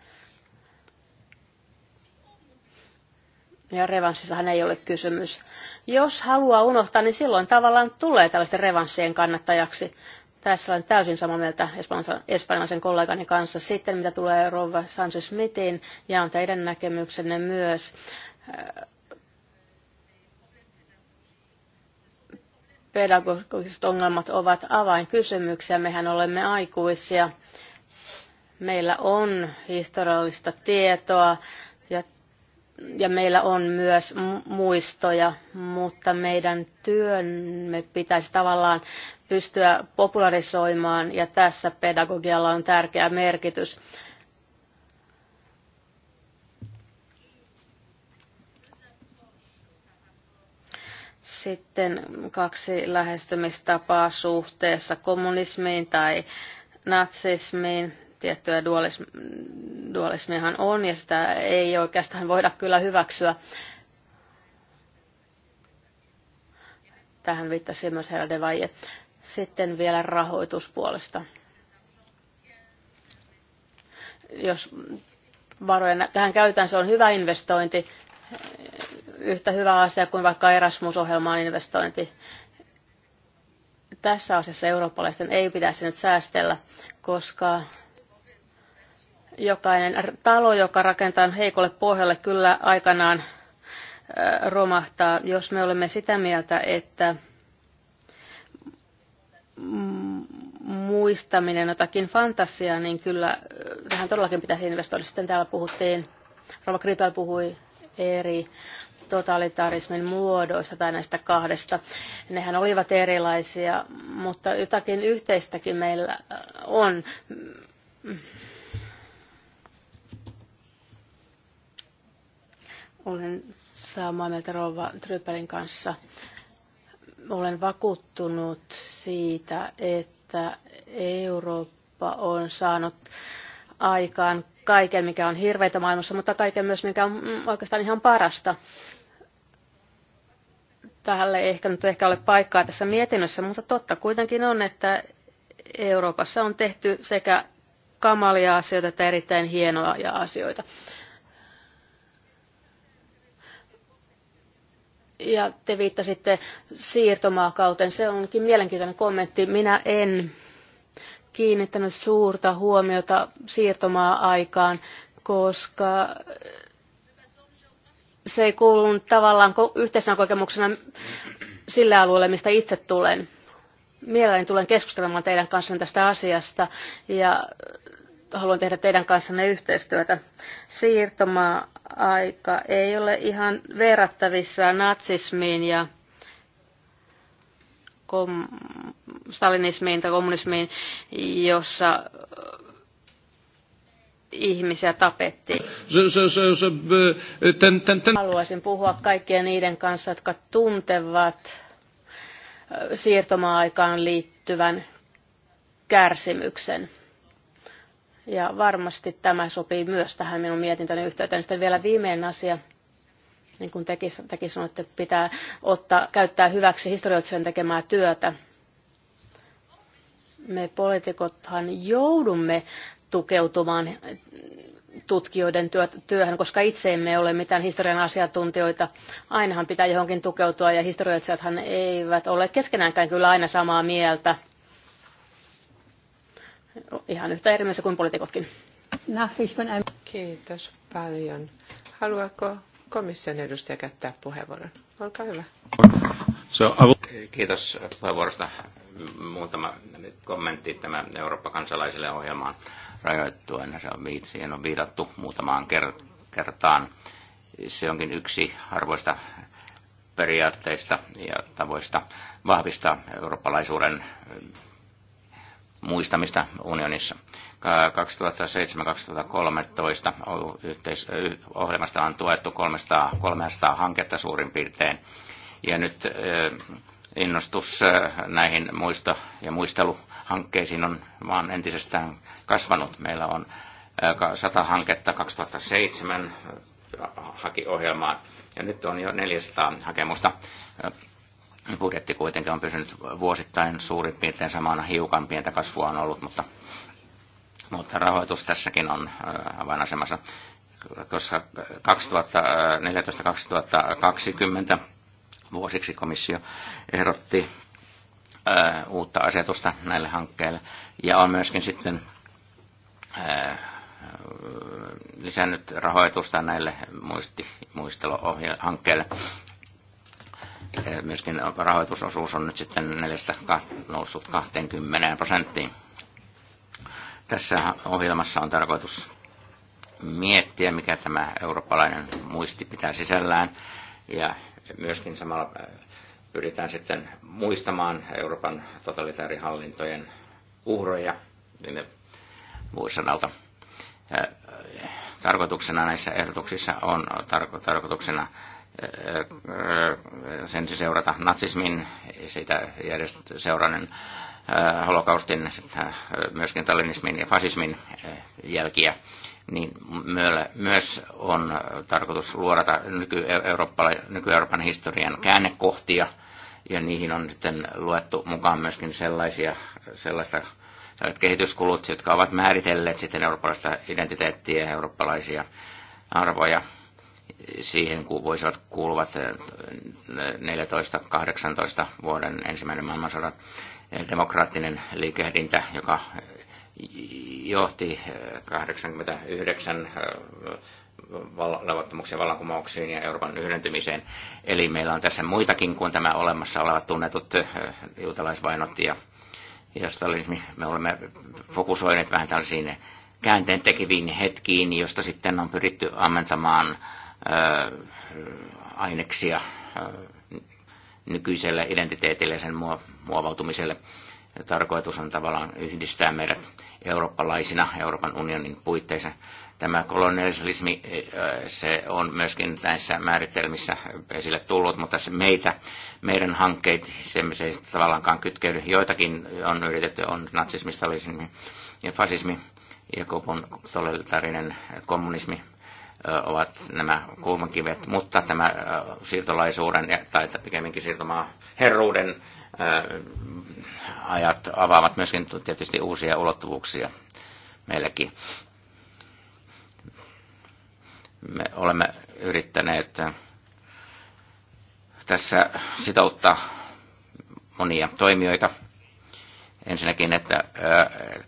A: Ja revanssissahan ei ole kysymys. Jos haluaa unohtaa, niin silloin tavallaan tulee tällaisten revanssien kannattajaksi. Tässä olen täysin samaa mieltä espanjalaisen kollegani kanssa. Sitten mitä tulee Rova sanchez smithiin ja on teidän näkemyksenne myös pedagogiset ongelmat ovat avainkysymyksiä. Mehän olemme aikuisia. Meillä on historiallista tietoa ja, ja meillä on myös muistoja, mutta meidän työmme pitäisi tavallaan pystyä popularisoimaan ja tässä pedagogialla on tärkeä merkitys. Sitten kaksi lähestymistapaa suhteessa kommunismiin tai natsismiin. Tiettyä dualismiahan on ja sitä ei oikeastaan voida kyllä hyväksyä. Tähän viittasi myös Herra de Valle. Sitten vielä rahoituspuolesta. Jos varoja tähän käytetään, se on hyvä investointi yhtä hyvä asia kuin vaikka Erasmus-ohjelmaan investointi. Tässä asiassa eurooppalaisten ei pitäisi nyt säästellä, koska jokainen talo, joka rakentaa heikolle pohjalle, kyllä aikanaan romahtaa, jos me olemme sitä mieltä, että muistaminen jotakin fantasiaa, niin kyllä tähän todellakin pitäisi investoida. Sitten täällä puhuttiin, Rova Kripel puhui eri totalitarismin muodoista tai näistä kahdesta. Nehän olivat erilaisia, mutta jotakin yhteistäkin meillä äh, on. Olen samaa mieltä Rova Trypelin kanssa. Olen vakuuttunut siitä, että Eurooppa on saanut aikaan kaiken, mikä on hirveitä maailmassa, mutta kaiken myös, mikä on mm, oikeastaan ihan parasta tähälle ei ehkä nyt ehkä ole paikkaa tässä mietinnössä, mutta totta kuitenkin on, että Euroopassa on tehty sekä kamalia asioita että erittäin hienoja ja asioita. Ja te viittasitte siirtomaakauteen. Se onkin mielenkiintoinen kommentti. Minä en kiinnittänyt suurta huomiota siirtomaa-aikaan, koska se ei kuulu tavallaan yhteisenä kokemuksena sille alueelle, mistä itse tulen. Mielelläni tulen keskustelemaan teidän kanssanne tästä asiasta ja haluan tehdä teidän kanssanne yhteistyötä. Siirtoma-aika ei ole ihan verrattavissa natsismiin ja kom- stalinismiin tai kommunismiin, jossa ihmisiä tapettiin. Haluaisin puhua kaikkien niiden kanssa, jotka tuntevat siirtomaaikaan liittyvän kärsimyksen. Ja varmasti tämä sopii myös tähän minun mietintöni yhteyteen. Sitten vielä viimeinen asia, niin kuin tekin, tekin sanoitte, pitää ottaa, käyttää hyväksi historioitsijan tekemää työtä. Me poliitikothan joudumme tukeutumaan tutkijoiden työhön, koska itse emme ole mitään historian asiantuntijoita. Ainahan pitää johonkin tukeutua ja historiallisethan eivät ole keskenäänkään kyllä aina samaa mieltä. Ihan yhtä eri mieltä kuin poliitikotkin.
B: Kiitos paljon. Haluaako komission edustaja käyttää puheenvuoron? Olkaa hyvä.
C: Kiitos puheenvuorosta. Muutama kommentti tämä Eurooppa kansalaisille ohjelmaan rajoittuen. Se on, siihen on viitattu muutamaan kertaan. Se onkin yksi harvoista periaatteista ja tavoista vahvistaa eurooppalaisuuden eh, muistamista unionissa. 2007-2013 eh, ohjelmasta on tuettu 300, 300 hanketta suurin piirtein. Ja nyt eh, innostus näihin muisto- ja muistelu hankkeisiin on vaan entisestään kasvanut. Meillä on 100 hanketta 2007 haki ja nyt on jo 400 hakemusta. Budjetti kuitenkin on pysynyt vuosittain suurin piirtein samana, hiukan pientä kasvua on ollut, mutta, mutta rahoitus tässäkin on avainasemassa, koska 2014-2020 vuosiksi komissio ehdotti uutta asetusta näille hankkeille. Ja on myöskin sitten lisännyt rahoitusta näille muisti, muisteluhankkeille. Myöskin rahoitusosuus on nyt sitten neljästä noussut 20 prosenttiin. Tässä ohjelmassa on tarkoitus miettiä, mikä tämä eurooppalainen muisti pitää sisällään ja myöskin samalla pyritään sitten muistamaan Euroopan totalitaarihallintojen uhroja niin vuosisadalta. Tarkoituksena näissä ehdotuksissa on tarko- tarkoituksena sen seurata natsismin, ja siitä järjest- seurannen holokaustin, myöskin talinismin ja fasismin jälkiä niin myös on tarkoitus luodata nyky-Euroopan historian käännekohtia, ja niihin on sitten luettu mukaan myöskin sellaisia, sellaista, sellaiset kehityskulut, jotka ovat määritelleet sitten eurooppalaista identiteettiä ja eurooppalaisia arvoja. Siihen kun voisivat kuuluvat 14-18 vuoden ensimmäinen maailmansodan demokraattinen liikehdintä, joka johti 89 levottomuuksien vallankumouksiin ja Euroopan yhdentymiseen. Eli meillä on tässä muitakin kuin tämä olemassa olevat tunnetut eh, juutalaisvainot ja, ja stalinismi. Me olemme fokusoineet vähän tällaisiin käänteen tekeviin hetkiin, josta sitten on pyritty ammentamaan ö, eh, aineksia eh, nykyiselle identiteetille ja sen muovautumiselle tarkoitus on tavallaan yhdistää meidät eurooppalaisina Euroopan unionin puitteissa. Tämä kolonialismi, eh, se on myöskin näissä määritelmissä esille tullut, mutta se meitä, meidän hankkeet, se, se ei tavallaankaan kytkeydy. Joitakin on yritetty, on natsismi, stalinismi ja fasismi ja kopon totalitaarinen kommunismi eh, ovat nämä kulmakivet, mutta tämä eh, siirtolaisuuden tai pikemminkin siirtomaa herruuden ajat avaavat myöskin tietysti uusia ulottuvuuksia meillekin. Me olemme yrittäneet tässä sitouttaa monia toimijoita. Ensinnäkin, että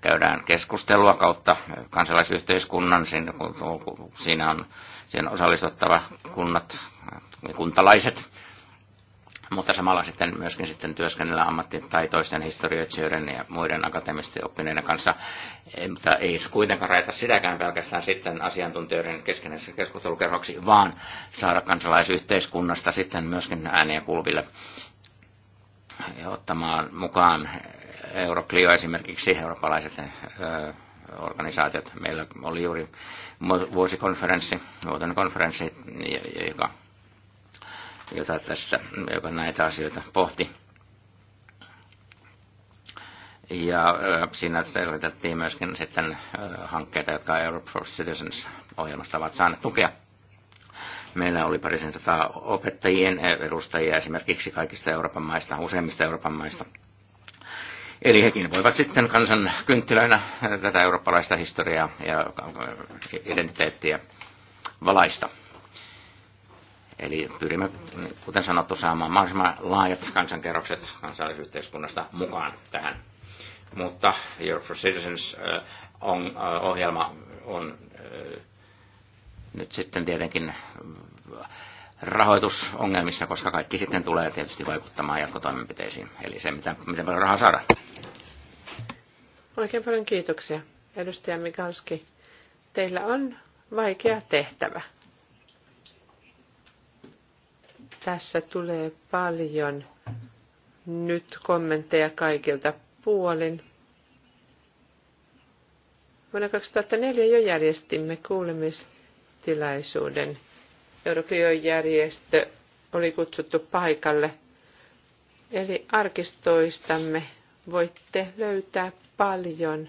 C: käydään keskustelua kautta kansalaisyhteiskunnan, siinä on, siinä on osallistuttava kunnat, kuntalaiset, mutta samalla sitten myöskin sitten työskennellä ammattitaitoisten historioitsijoiden ja muiden akateemisten oppineiden kanssa, Ei, mutta ei kuitenkaan rajata sitäkään pelkästään sitten asiantuntijoiden keskenäisessä keskustelukerroksi, vaan saada kansalaisyhteiskunnasta sitten myöskin ääniä kulville ja ottamaan mukaan Euroclio esimerkiksi eurooppalaiset ö, organisaatiot. Meillä oli juuri vuosikonferenssi, vuotoinen konferenssi, joka jota tässä, joka näitä asioita pohti. Ja äh, siinä selvitettiin myöskin sitten äh, hankkeita, jotka Europe for Citizens-ohjelmasta ovat saaneet tukea. Meillä oli parisen sataa tota opettajien äh, edustajia esimerkiksi kaikista Euroopan maista, useimmista Euroopan maista. Eli hekin voivat sitten kansan kynttilöinä tätä eurooppalaista historiaa ja identiteettiä valaista. Eli pyrimme, kuten sanottu, saamaan mahdollisimman laajat kansankerrokset kansallisyhteiskunnasta mukaan tähän. Mutta Europe for Citizens äh, on, äh, ohjelma on äh, nyt sitten tietenkin äh, rahoitusongelmissa, koska kaikki sitten tulee tietysti vaikuttamaan jatkotoimenpiteisiin. Eli se, mitä, miten paljon rahaa saadaan.
B: Oikein paljon kiitoksia. Edustaja Mikalski, teillä on vaikea tehtävä. Tässä tulee paljon nyt kommentteja kaikilta puolin. Vuonna 2004 jo järjestimme kuulemistilaisuuden. Eurokio-järjestö oli kutsuttu paikalle. Eli arkistoistamme voitte löytää paljon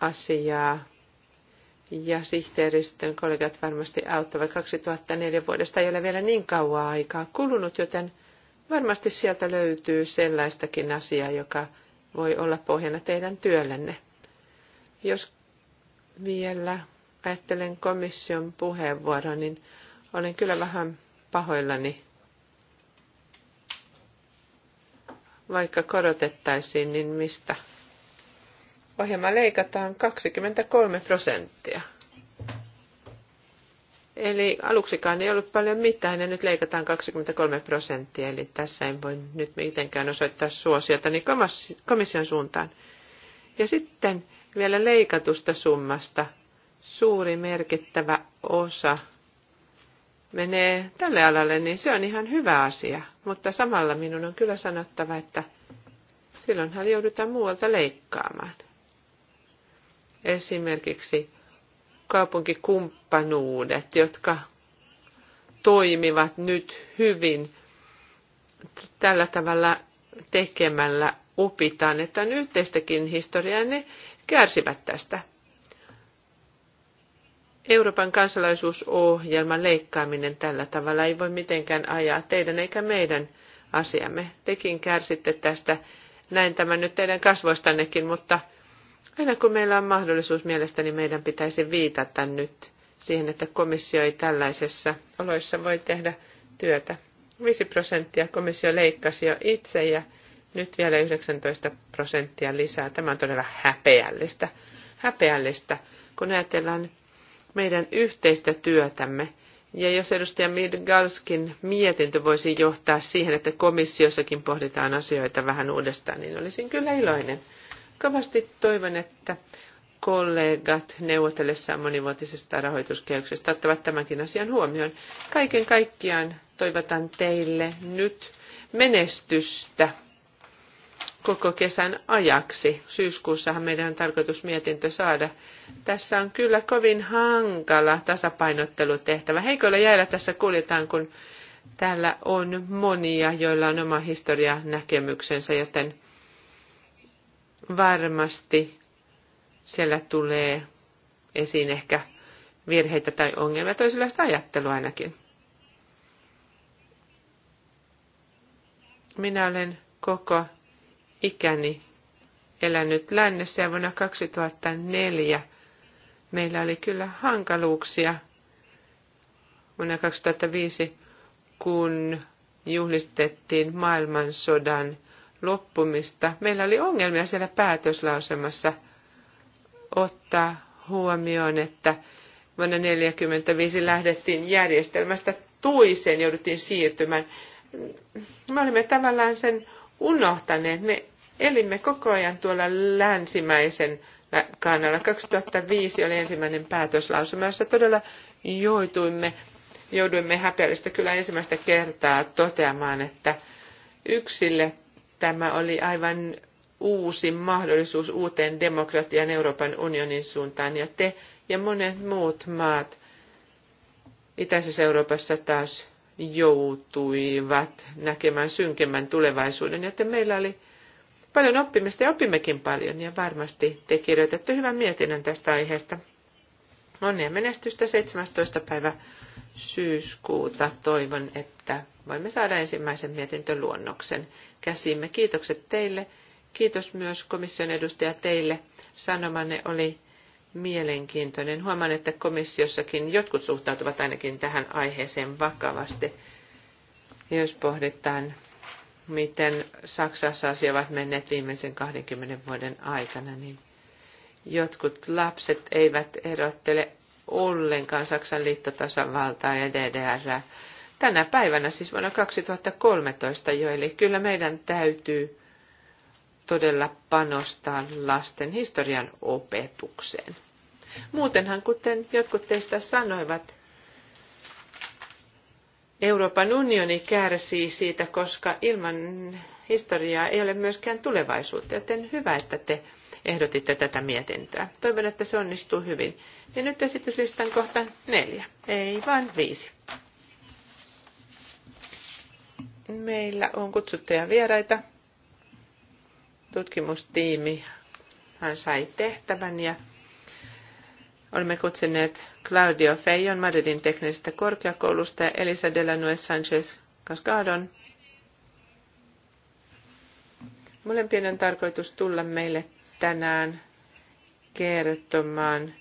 B: asiaa ja sihteeristön kollegat varmasti auttavat. 2004 vuodesta ei ole vielä niin kauan aikaa kulunut, joten varmasti sieltä löytyy sellaistakin asiaa, joka voi olla pohjana teidän työllenne. Jos vielä ajattelen komission puheenvuoroa, niin olen kyllä vähän pahoillani. Vaikka korotettaisiin, niin mistä ohjelma leikataan 23 prosenttia. Eli aluksikaan ei ollut paljon mitään ja nyt leikataan 23 prosenttia, eli tässä en voi nyt mitenkään osoittaa suosiota niin komission suuntaan. Ja sitten vielä leikatusta summasta suuri merkittävä osa menee tälle alalle, niin se on ihan hyvä asia. Mutta samalla minun on kyllä sanottava, että silloinhan joudutaan muualta leikkaamaan. Esimerkiksi kaupunkikumppanuudet, jotka toimivat nyt hyvin tällä tavalla tekemällä opitaan, että on yhteistäkin historiaa, ne kärsivät tästä. Euroopan kansalaisuusohjelman leikkaaminen tällä tavalla ei voi mitenkään ajaa teidän eikä meidän asiamme. Tekin kärsitte tästä, näin tämän nyt teidän kasvoistannekin, mutta – Aina kun meillä on mahdollisuus, mielestäni meidän pitäisi viitata nyt siihen, että komissio ei tällaisessa oloissa voi tehdä työtä. 5 prosenttia komissio leikkasi jo itse ja nyt vielä 19 prosenttia lisää. Tämä on todella häpeällistä. Häpeällistä, kun ajatellaan meidän yhteistä työtämme. Ja jos edustaja Midgalskin mietintö voisi johtaa siihen, että komissiossakin pohditaan asioita vähän uudestaan, niin olisin kyllä iloinen. Kovasti toivon, että kollegat neuvotellessaan monivuotisesta rahoituskehyksestä ottavat tämänkin asian huomioon. Kaiken kaikkiaan toivotan teille nyt menestystä koko kesän ajaksi. Syyskuussahan meidän on tarkoitus mietintö saada. Tässä on kyllä kovin hankala tasapainottelutehtävä. Heikoilla jäillä tässä kuljetaan, kun täällä on monia, joilla on oma historia näkemyksensä, joten varmasti siellä tulee esiin ehkä virheitä tai ongelmia, toisenlaista ajattelua ainakin. Minä olen koko ikäni elänyt lännessä ja vuonna 2004 meillä oli kyllä hankaluuksia vuonna 2005, kun juhlistettiin maailmansodan loppumista. Meillä oli ongelmia siellä päätöslausemassa ottaa huomioon, että vuonna 1945 lähdettiin järjestelmästä tuiseen, jouduttiin siirtymään. Me olimme tavallaan sen unohtaneet. Me elimme koko ajan tuolla länsimäisen kannalla. 2005 oli ensimmäinen päätöslausuma, jossa todella joutuimme, jouduimme häpeällistä kyllä ensimmäistä kertaa toteamaan, että yksille tämä oli aivan uusi mahdollisuus uuteen demokratian Euroopan unionin suuntaan. Ja te ja monet muut maat Itäisessä Euroopassa taas joutuivat näkemään synkemmän tulevaisuuden, joten meillä oli paljon oppimista ja opimmekin paljon ja varmasti te kirjoitatte hyvän mietinnön tästä aiheesta. Onnea menestystä 17. päivä syyskuuta. Toivon, että voimme saada ensimmäisen mietintöluonnoksen käsimme. Kiitokset teille. Kiitos myös komission edustaja teille. Sanomanne oli mielenkiintoinen. Huomaan, että komissiossakin jotkut suhtautuvat ainakin tähän aiheeseen vakavasti. Jos pohditaan, miten Saksassa asiat ovat menneet viimeisen 20 vuoden aikana, niin jotkut lapset eivät erottele ollenkaan Saksan liittotasavaltaa ja DDR tänä päivänä, siis vuonna 2013 jo, eli kyllä meidän täytyy todella panostaa lasten historian opetukseen. Muutenhan, kuten jotkut teistä sanoivat, Euroopan unioni kärsii siitä, koska ilman historiaa ei ole myöskään tulevaisuutta, joten hyvä, että te ehdotitte tätä mietintöä. Toivon, että se onnistuu hyvin. Ja nyt esityslistan kohta neljä, ei vaan viisi. Meillä on kutsuttuja vieraita. Tutkimustiimi hän sai tehtävän ja olemme kutsuneet Claudio Feijon Madridin teknisestä korkeakoulusta ja Elisa Delanue Sanchez Cascadon. Molempien on tarkoitus tulla meille tänään kertomaan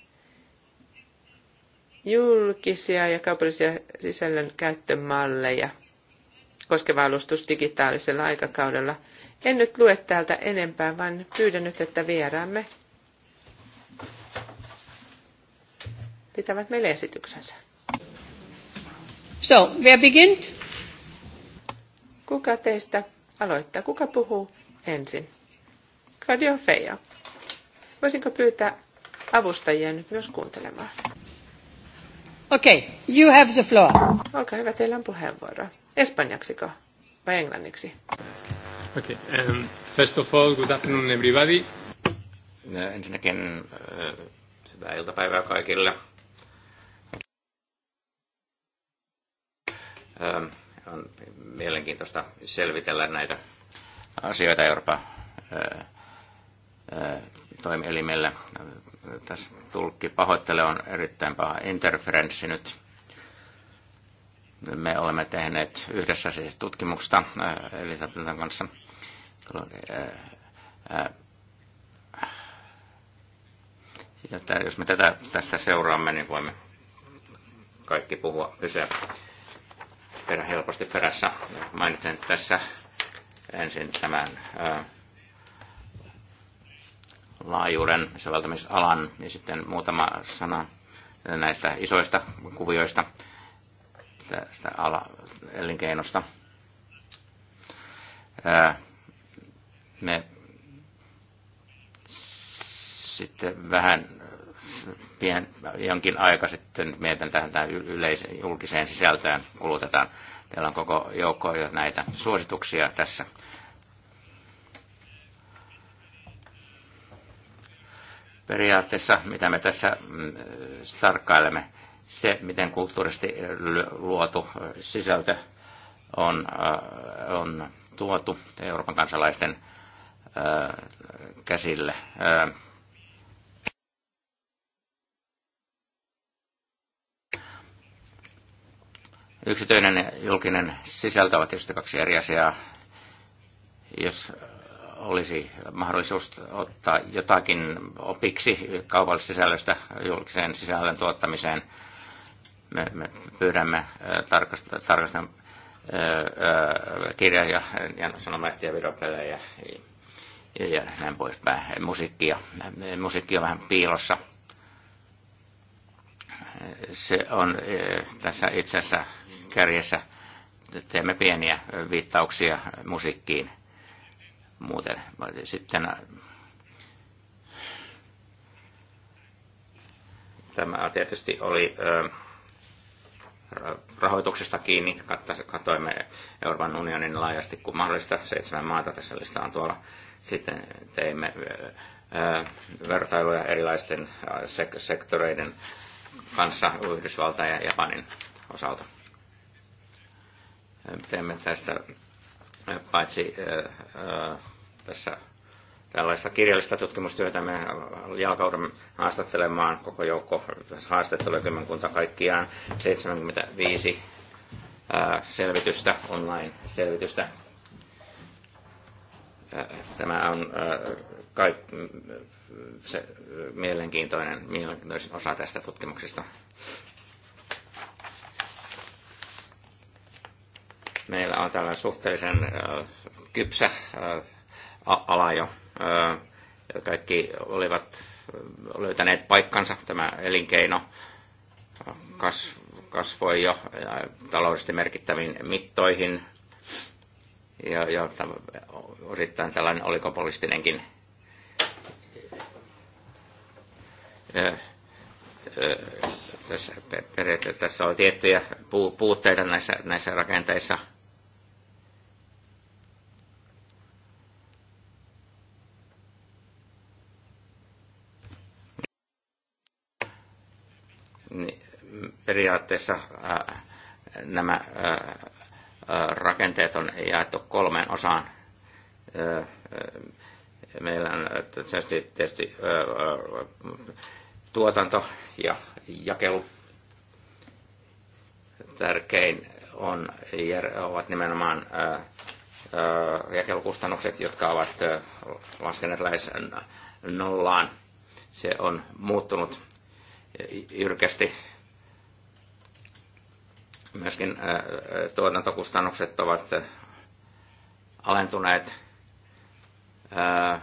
B: julkisia ja kaupallisia sisällön käyttömalleja – koskeva alustus digitaalisella aikakaudella. En nyt lue täältä enempää, vaan pyydän nyt, että vieraamme pitävät meille esityksensä. So, where begin? Kuka teistä aloittaa? Kuka puhuu ensin? Claudio Feija. Voisinko pyytää avustajia nyt myös kuuntelemaan?
A: Okay, you have the floor. Olkaa
B: hyvä, teillä on puheenvuoro. Espanjaksiko vai englanniksi?
C: Okay. Um, first of all, good afternoon everybody. No, ensinnäkin uh, hyvää iltapäivää kaikille. Um, on mielenkiintoista selvitellä näitä asioita Euroopan uh, toimielimelle. Tässä tulkki pahoittele on erittäin paha interferenssi nyt me olemme tehneet yhdessä siis tutkimusta Elisabetan kanssa. Ja jos me tätä tässä seuraamme, niin voimme kaikki puhua pysyä perä, helposti perässä. Mainitsen tässä ensin tämän ää, laajuuden, soveltamisalan ja sitten muutama sana näistä isoista kuvioista sitä ala, elinkeinosta. Me sitten vähän pien, jonkin aika sitten mietin tähän tähän yleiseen julkiseen sisältöön kulutetaan. Teillä on koko joukko jo näitä suosituksia tässä. Periaatteessa, mitä me tässä mm, tarkkailemme, se, miten kulttuurisesti luotu sisältö on, äh, on tuotu Euroopan kansalaisten äh, käsille. Äh, yksityinen ja julkinen sisältö ovat tietysti kaksi eri asiaa. Jos olisi mahdollisuus ottaa jotakin opiksi kaupallisesta sisällöstä julkiseen sisällön tuottamiseen, me, me pyydämme tarkastamaan kirjoja, sanomaisia videopelejä ja, ja näin poispäin. Musiikkia. Musiikki on vähän eh, piilossa. Se on tässä itse asiassa kärjessä. Teemme pieniä viittauksia musiikkiin muuten. Sitten tämä tietysti oli... Ö, eh, rahoituksesta kiinni. Katsoimme Euroopan unionin laajasti kuin mahdollista. Seitsemän maata tässä lista on tuolla. Sitten teimme vertailuja erilaisten sektoreiden kanssa Yhdysvaltain ja Japanin osalta. Teemme tästä paitsi tässä tällaista kirjallista tutkimustyötä me jalkaudun haastattelemaan koko joukko haastattelua kymmenkunta kaikkiaan 75 selvitystä, online-selvitystä. Tämä on kaik, se mielenkiintoinen, mielenkiintoinen osa tästä tutkimuksesta. Meillä on tällainen suhteellisen kypsä ala jo Kaikki olivat löytäneet paikkansa. Tämä elinkeino kasvoi jo taloudellisesti merkittäviin mittoihin. Ja, ja osittain tällainen olikopolistinenkin tässä, tässä oli tiettyjä puutteita näissä, näissä rakenteissa – periaatteessa nämä rakenteet on jaettu kolmeen osaan. Meillä on tietysti, tietysti tuotanto ja jakelu tärkein on, ovat nimenomaan jakelukustannukset, jotka ovat laskeneet lähes nollaan. Se on muuttunut jyrkästi myöskin eh, eh, tuotantokustannukset ovat eh, alentuneet,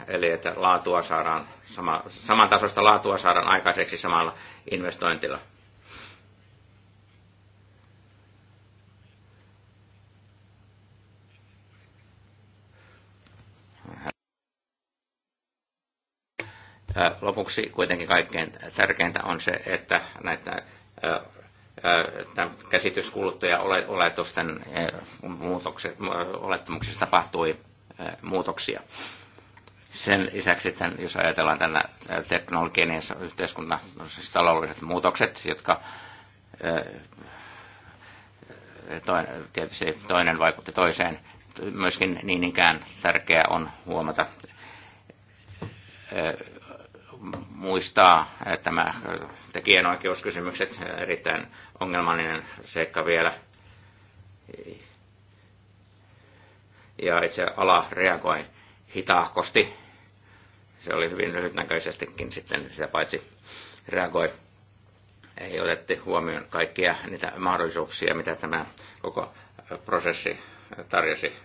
C: eli että laatua saadaan, sama, samantasoista laatua saadaan aikaiseksi samalla investointilla. Lopuksi kuitenkin kaikkein tärkeintä on se, että näitä käsitys kuluttaja-oletusten olettamuksissa tapahtui muutoksia. Sen lisäksi, että jos ajatellaan tänä teknologian ja yhteiskunnan siis taloudelliset muutokset, jotka tietysti toinen vaikutti toiseen, myöskin niin ikään tärkeää on huomata muistaa tämä tekijänoikeuskysymykset, erittäin ongelmallinen seikka vielä. Ja itse ala reagoi hitaakosti. Se oli hyvin lyhytnäköisestikin sitten sitä paitsi reagoi. Ei otettu huomioon kaikkia niitä mahdollisuuksia, mitä tämä koko prosessi tarjosi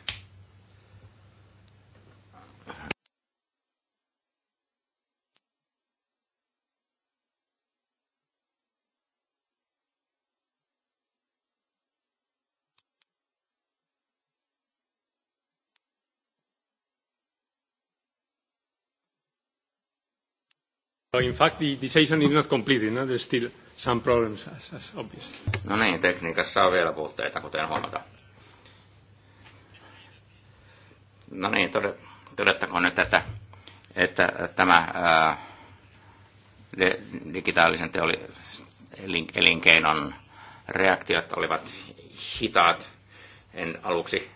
C: In fact, the decision is not completed. No? There's still some problems, as, as obvious. No niin, tekniikassa on vielä puutteita, kuten huomata. No niin, todettakoon nyt, että, että tämä ää, digitaalisen teoli, elin, elinkeinon reaktiot olivat hitaat en aluksi.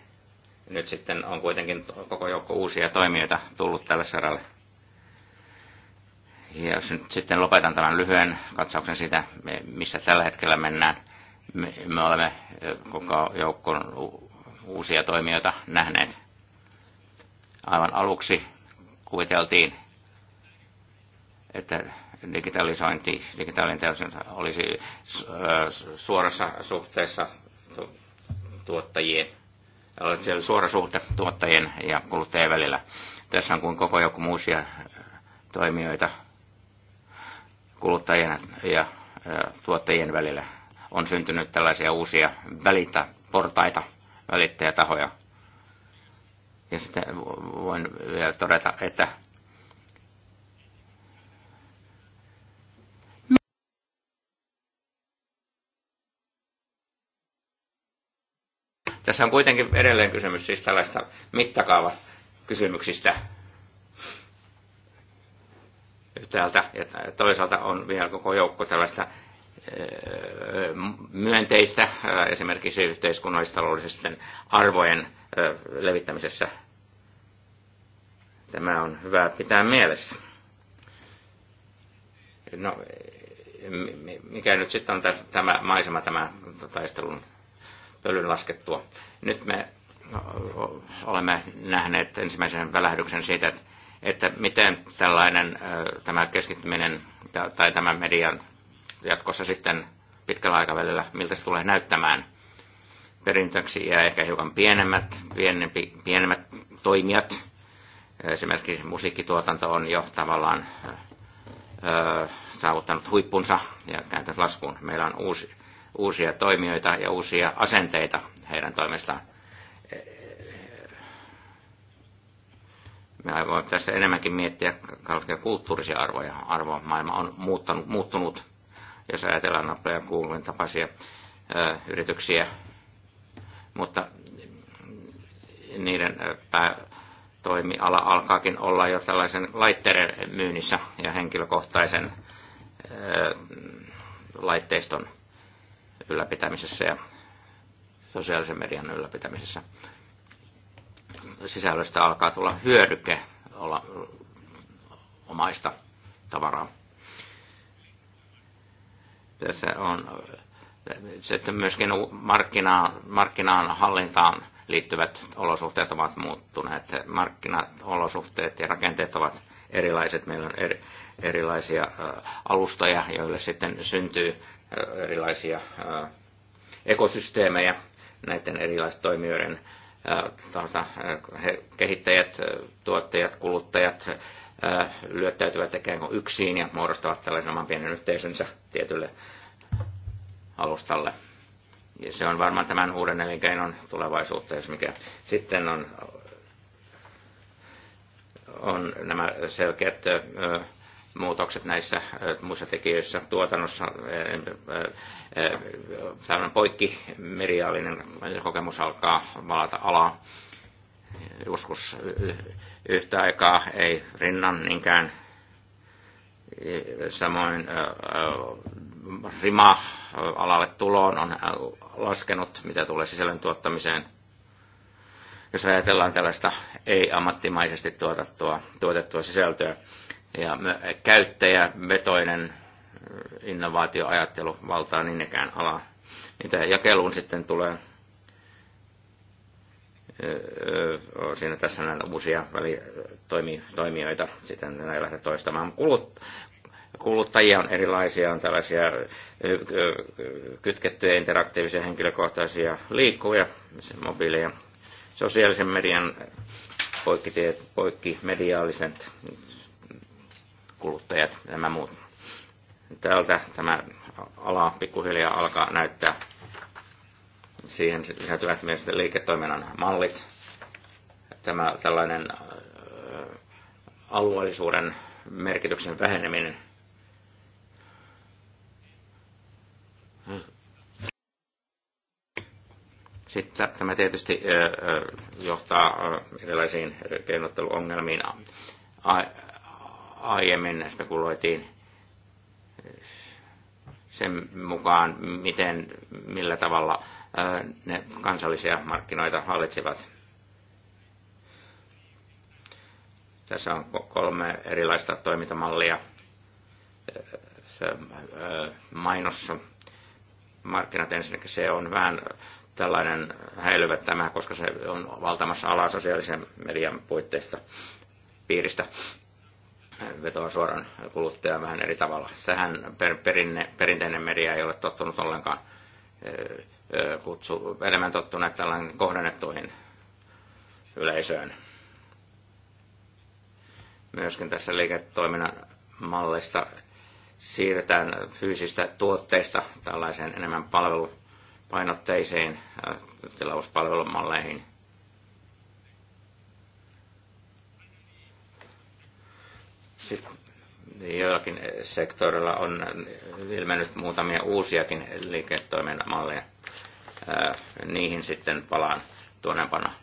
C: Nyt sitten on kuitenkin koko joukko uusia toimijoita tullut tälle saralle jos nyt sitten lopetan tämän lyhyen katsauksen siitä, missä tällä hetkellä mennään. Me, me olemme koko joukkoon uusia toimijoita nähneet. Aivan aluksi kuviteltiin, että digitalisointi, digitaalinen teollisuus olisi suorassa suhteessa tuottajien, se suora suhde tuottajien ja kuluttajien välillä. Tässä on kuin koko joku uusia toimijoita kuluttajien ja tuottajien välillä on syntynyt tällaisia uusia välitä, portaita, välittäjätahoja. Ja sitten voin vielä todeta, että Tässä on kuitenkin edelleen kysymys siis tällaista mittakaava kysymyksistä, yhtäältä ja toisaalta on vielä koko joukko tällaista eh, myönteistä eh, esimerkiksi yhteiskunnallistaloudellisten arvojen eh, levittämisessä. Tämä on hyvä pitää mielessä. No, mikä nyt sitten on tämä maisema tämän taistelun pölyn laskettua. Nyt me olemme nähneet ensimmäisen välähdyksen siitä, että että miten tällainen tämä keskittyminen tai tämä median jatkossa sitten pitkällä aikavälillä, miltä se tulee näyttämään. Perintöksi ja ehkä hiukan pienemmät, pienempi, pienemmät toimijat. Esimerkiksi musiikkituotanto on jo tavallaan ö, saavuttanut huippunsa ja kääntänyt laskuun. Meillä on uusi, uusia toimijoita ja uusia asenteita heidän toimestaan tässä enemmänkin miettiä kulttuurisia arvoja. maailma on muuttanut, muuttunut, jos ajatellaan Apple ja Googlen tapaisia ö, yrityksiä, mutta niiden päätoimiala alkaakin olla jo tällaisen laitteiden myynnissä ja henkilökohtaisen ö, laitteiston ylläpitämisessä ja sosiaalisen median ylläpitämisessä sisällöstä alkaa tulla hyödyke olla omaista tavaraa. Tässä on sitten myöskin markkinaan, markkinaan hallintaan liittyvät olosuhteet ovat muuttuneet. Markkinat, olosuhteet ja rakenteet ovat erilaiset. Meillä on eri, erilaisia alustoja, joille sitten syntyy erilaisia ekosysteemejä näiden erilaisten toimijoiden kehittäjät, tuottajat, kuluttajat lyöttäytyvät ikään kuin yksin ja muodostavat tällaisen oman pienen yhteisönsä tietylle alustalle. Ja se on varmaan tämän uuden elinkeinon tulevaisuutta, jos mikä. Sitten on, on nämä selkeät muutokset näissä muissa tekijöissä tuotannossa, Tällainen poikki meriaalinen kokemus alkaa valata alaa. Joskus yhtä aikaa ei rinnan niinkään samoin rima alalle tuloon on laskenut, mitä tulee sisällön tuottamiseen. Jos ajatellaan tällaista ei-ammattimaisesti tuotettua, tuotettua sisältöä, ja käyttäjä vetoinen eh, innovaatioajattelu valtaa niin ikään alaa. Mitä jakeluun sitten tulee, eh, eh, siinä tässä näitä uusia välitoimijoita, sitten en lähde toistamaan. Kulut, kuluttajia on erilaisia, on tällaisia kytkettyjä interaktiivisia henkilökohtaisia liikkuja, mobiileja, sosiaalisen median poikkimediaaliset kuluttajat nämä muut. Tältä tämä ala pikkuhiljaa alkaa näyttää. Siihen sisältyvät myös liiketoiminnan mallit. Tämä tällainen alueellisuuden merkityksen väheneminen Sitten tämä tietysti johtaa erilaisiin keinotteluongelmiin aiemmin spekuloitiin eh, sen mukaan, miten, millä tavalla eh, ne kansallisia markkinoita hallitsevat. Tässä on kolme erilaista toimintamallia. Eh, se mainos, markkinat ensinnäkin, se on vähän tällainen häilyvä tämä, koska se on valtamassa alaa sosiaalisen median puitteista piiristä suoraan kuluttaja vähän eri tavalla. Sehän per, perinne, perinteinen media ei ole tottunut ollenkaan kutsu, enemmän tottuneet tällainen kohdennettuihin yleisöön. Myöskin tässä liiketoiminnan mallista siirretään fyysistä tuotteista tällaiseen enemmän palvelupainotteisiin tilauspalvelumalleihin – Sitten joillakin sektorilla on ilmennyt muutamia uusiakin liiketoiminnan malleja. Niihin sitten palaan tuonnepana.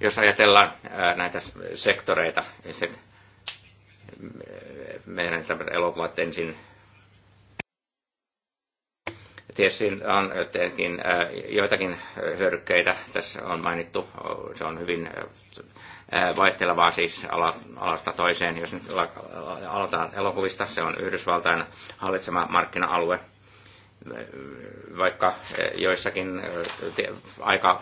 C: Jos ajatellaan näitä sektoreita, niin meidän elokuvat ensin Tietysti on jotenkin, joitakin hyödykkeitä tässä on mainittu. Se on hyvin vaihtelevaa siis alasta toiseen. Jos nyt aloitetaan elokuvista, se on Yhdysvaltain hallitsema markkina-alue. Vaikka joissakin aika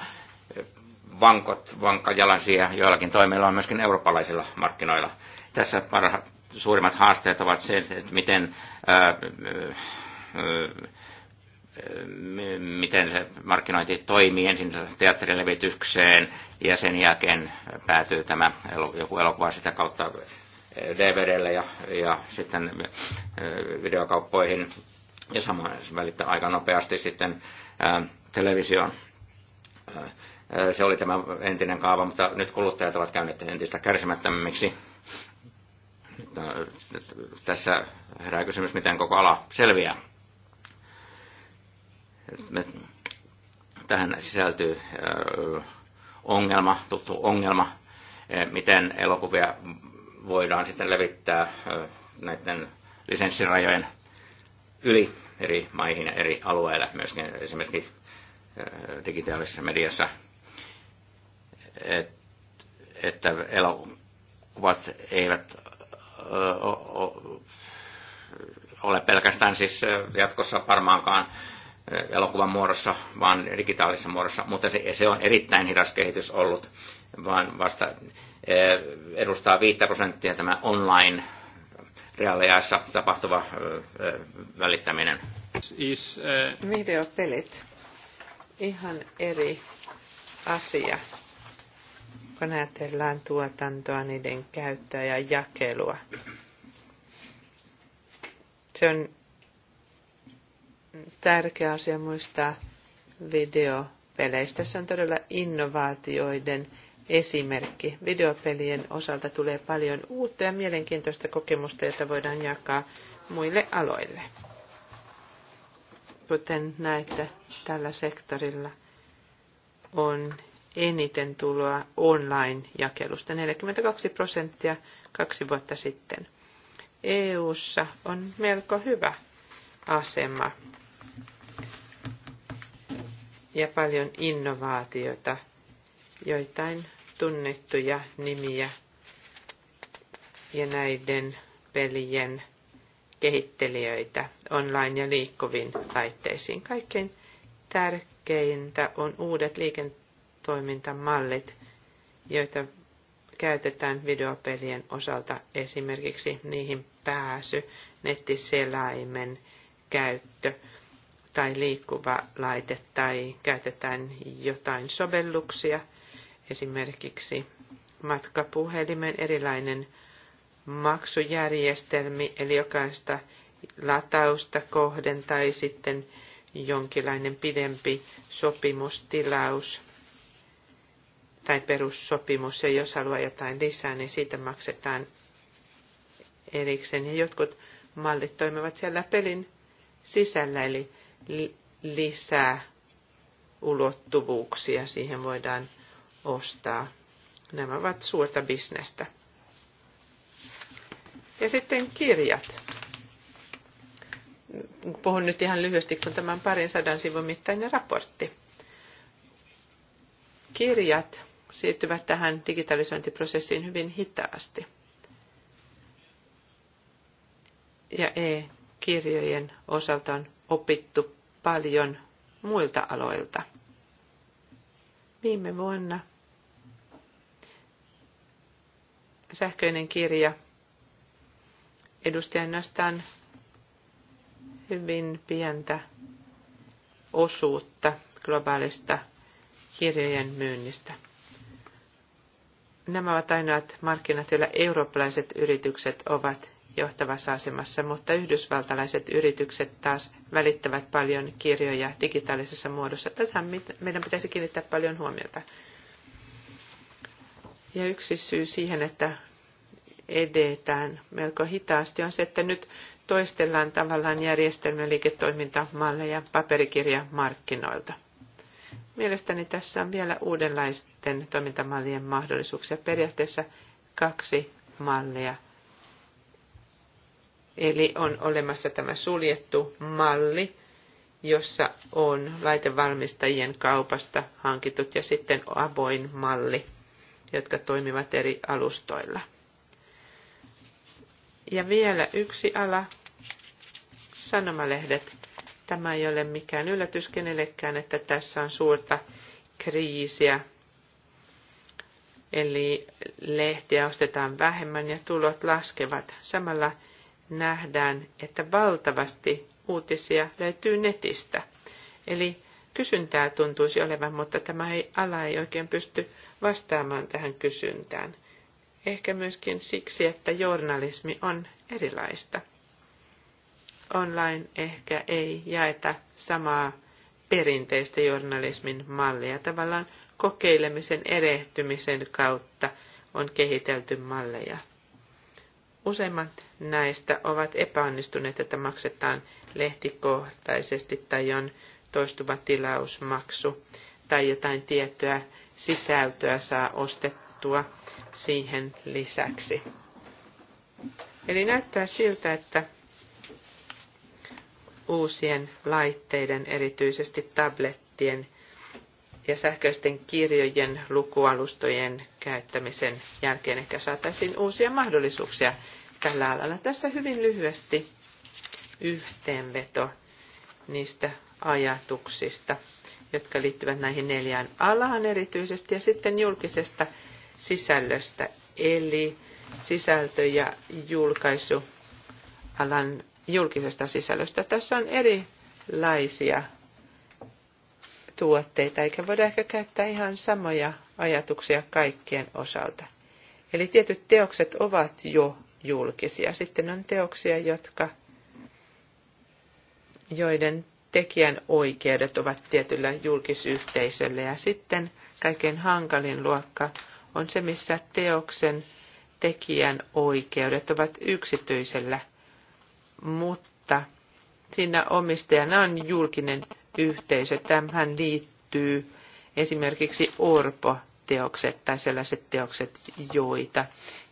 C: vankot, vankka jalansija joillakin toimilla on myöskin eurooppalaisilla markkinoilla. Tässä parha, suurimmat haasteet ovat se, että miten ää, ää, miten se markkinointi toimii ensin teatterilevitykseen ja sen jälkeen päätyy tämä joku elokuva sitä kautta eh, DVDlle ja, ja sitten eh, videokauppoihin ja samoin välittää aika nopeasti sitten eh, televisioon. se oli tämä entinen kaava, mutta nyt kuluttajat ovat käyneet entistä kärsimättömmiksi. tässä herää kysymys, miten koko ala selviää tähän sisältyy ongelma, tuttu ongelma, miten elokuvia voidaan sitten levittää näiden lisenssirajojen yli eri maihin ja eri alueille, myöskin esimerkiksi digitaalisessa mediassa, että elokuvat eivät ole pelkästään siis jatkossa varmaankaan Eh, elokuvan muodossa, vaan digitaalisessa muodossa, mutta se, se on erittäin hidas kehitys ollut, vaan vasta eh, edustaa 5 prosenttia tämä online reaaliajassa tapahtuva eh, välittäminen.
B: Is, uh... Videopelit. Ihan eri asia, kun ajatellaan tuotantoa, niiden käyttöä ja jakelua. Se on tärkeä asia muistaa videopeleistä. Tässä on todella innovaatioiden esimerkki. Videopelien osalta tulee paljon uutta ja mielenkiintoista kokemusta, jota voidaan jakaa muille aloille. Kuten näette, tällä sektorilla on eniten tuloa online-jakelusta, 42 prosenttia kaksi vuotta sitten. EU-ssa on melko hyvä asema ja paljon innovaatioita, joitain tunnettuja nimiä ja näiden pelien kehittelijöitä online ja liikkuviin laitteisiin. Kaikkein tärkeintä on uudet liiketoimintamallit, joita käytetään videopelien osalta esimerkiksi niihin pääsy, nettiselaimen käyttö, tai liikkuva laite tai käytetään jotain sovelluksia, esimerkiksi matkapuhelimen erilainen maksujärjestelmi, eli jokaista latausta kohden tai sitten jonkinlainen pidempi sopimustilaus tai perussopimus, ja jos haluaa jotain lisää, niin siitä maksetaan erikseen. Ja jotkut mallit toimivat siellä pelin sisällä, eli lisää ulottuvuuksia siihen voidaan ostaa. Nämä ovat suurta bisnestä. Ja sitten kirjat. Puhun nyt ihan lyhyesti, kun tämän parin sadan sivun mittainen raportti. Kirjat siirtyvät tähän digitalisointiprosessiin hyvin hitaasti. Ja e-kirjojen osalta on opittu paljon muilta aloilta. Viime vuonna sähköinen kirja edusti ainoastaan hyvin pientä osuutta globaalista kirjojen myynnistä. Nämä ovat ainoat markkinat, joilla eurooppalaiset yritykset ovat johtavassa asemassa, mutta yhdysvaltalaiset yritykset taas välittävät paljon kirjoja digitaalisessa muodossa. Tähän meidän pitäisi kiinnittää paljon huomiota. Ja yksi syy siihen, että edetään melko hitaasti, on se, että nyt toistellaan tavallaan järjestelmän liiketoimintamalleja paperikirjamarkkinoilta. Mielestäni tässä on vielä uudenlaisten toimintamallien mahdollisuuksia. Periaatteessa kaksi mallia Eli on olemassa tämä suljettu malli, jossa on laitevalmistajien kaupasta hankitut ja sitten avoin malli, jotka toimivat eri alustoilla. Ja vielä yksi ala, sanomalehdet. Tämä ei ole mikään yllätys kenellekään, että tässä on suurta kriisiä. Eli lehtiä ostetaan vähemmän ja tulot laskevat. Samalla nähdään, että valtavasti uutisia löytyy netistä. Eli kysyntää tuntuisi olevan, mutta tämä ei, ala ei oikein pysty vastaamaan tähän kysyntään. Ehkä myöskin siksi, että journalismi on erilaista. Online ehkä ei jaeta samaa perinteistä journalismin mallia. Tavallaan kokeilemisen erehtymisen kautta on kehitelty malleja. Useimmat näistä ovat epäonnistuneet, että maksetaan lehtikohtaisesti tai on toistuva tilausmaksu tai jotain tiettyä sisältöä saa ostettua siihen lisäksi. Eli näyttää siltä, että uusien laitteiden, erityisesti tablettien ja sähköisten kirjojen lukualustojen käyttämisen jälkeen ehkä saataisiin uusia mahdollisuuksia tällä alalla. Tässä hyvin lyhyesti yhteenveto niistä ajatuksista, jotka liittyvät näihin neljään alaan erityisesti, ja sitten julkisesta sisällöstä, eli sisältö- ja julkaisualan julkisesta sisällöstä. Tässä on erilaisia tuotteita, eikä voida ehkä käyttää ihan samoja ajatuksia kaikkien osalta. Eli tietyt teokset ovat jo julkisia. Sitten on teoksia, jotka, joiden tekijän oikeudet ovat tietyllä julkisyhteisöllä. Ja sitten kaiken hankalin luokka on se, missä teoksen tekijän oikeudet ovat yksityisellä, mutta Siinä omistajana on julkinen yhteisö. Tämähän liittyy esimerkiksi Orpo-teokset tai sellaiset teokset, joita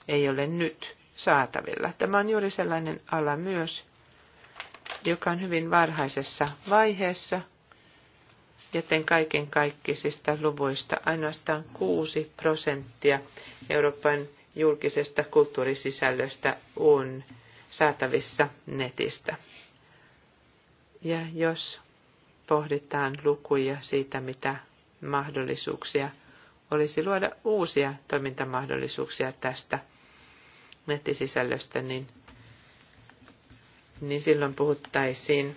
B: ei ole nyt saatavilla. Tämä on juuri sellainen ala myös, joka on hyvin varhaisessa vaiheessa, joten kaiken kaikkisista luvuista ainoastaan 6 prosenttia Euroopan julkisesta kulttuurisisällöstä on saatavissa netistä. Ja jos pohditaan lukuja siitä, mitä mahdollisuuksia olisi luoda uusia toimintamahdollisuuksia tästä nettisisällöstä, niin, niin silloin puhuttaisiin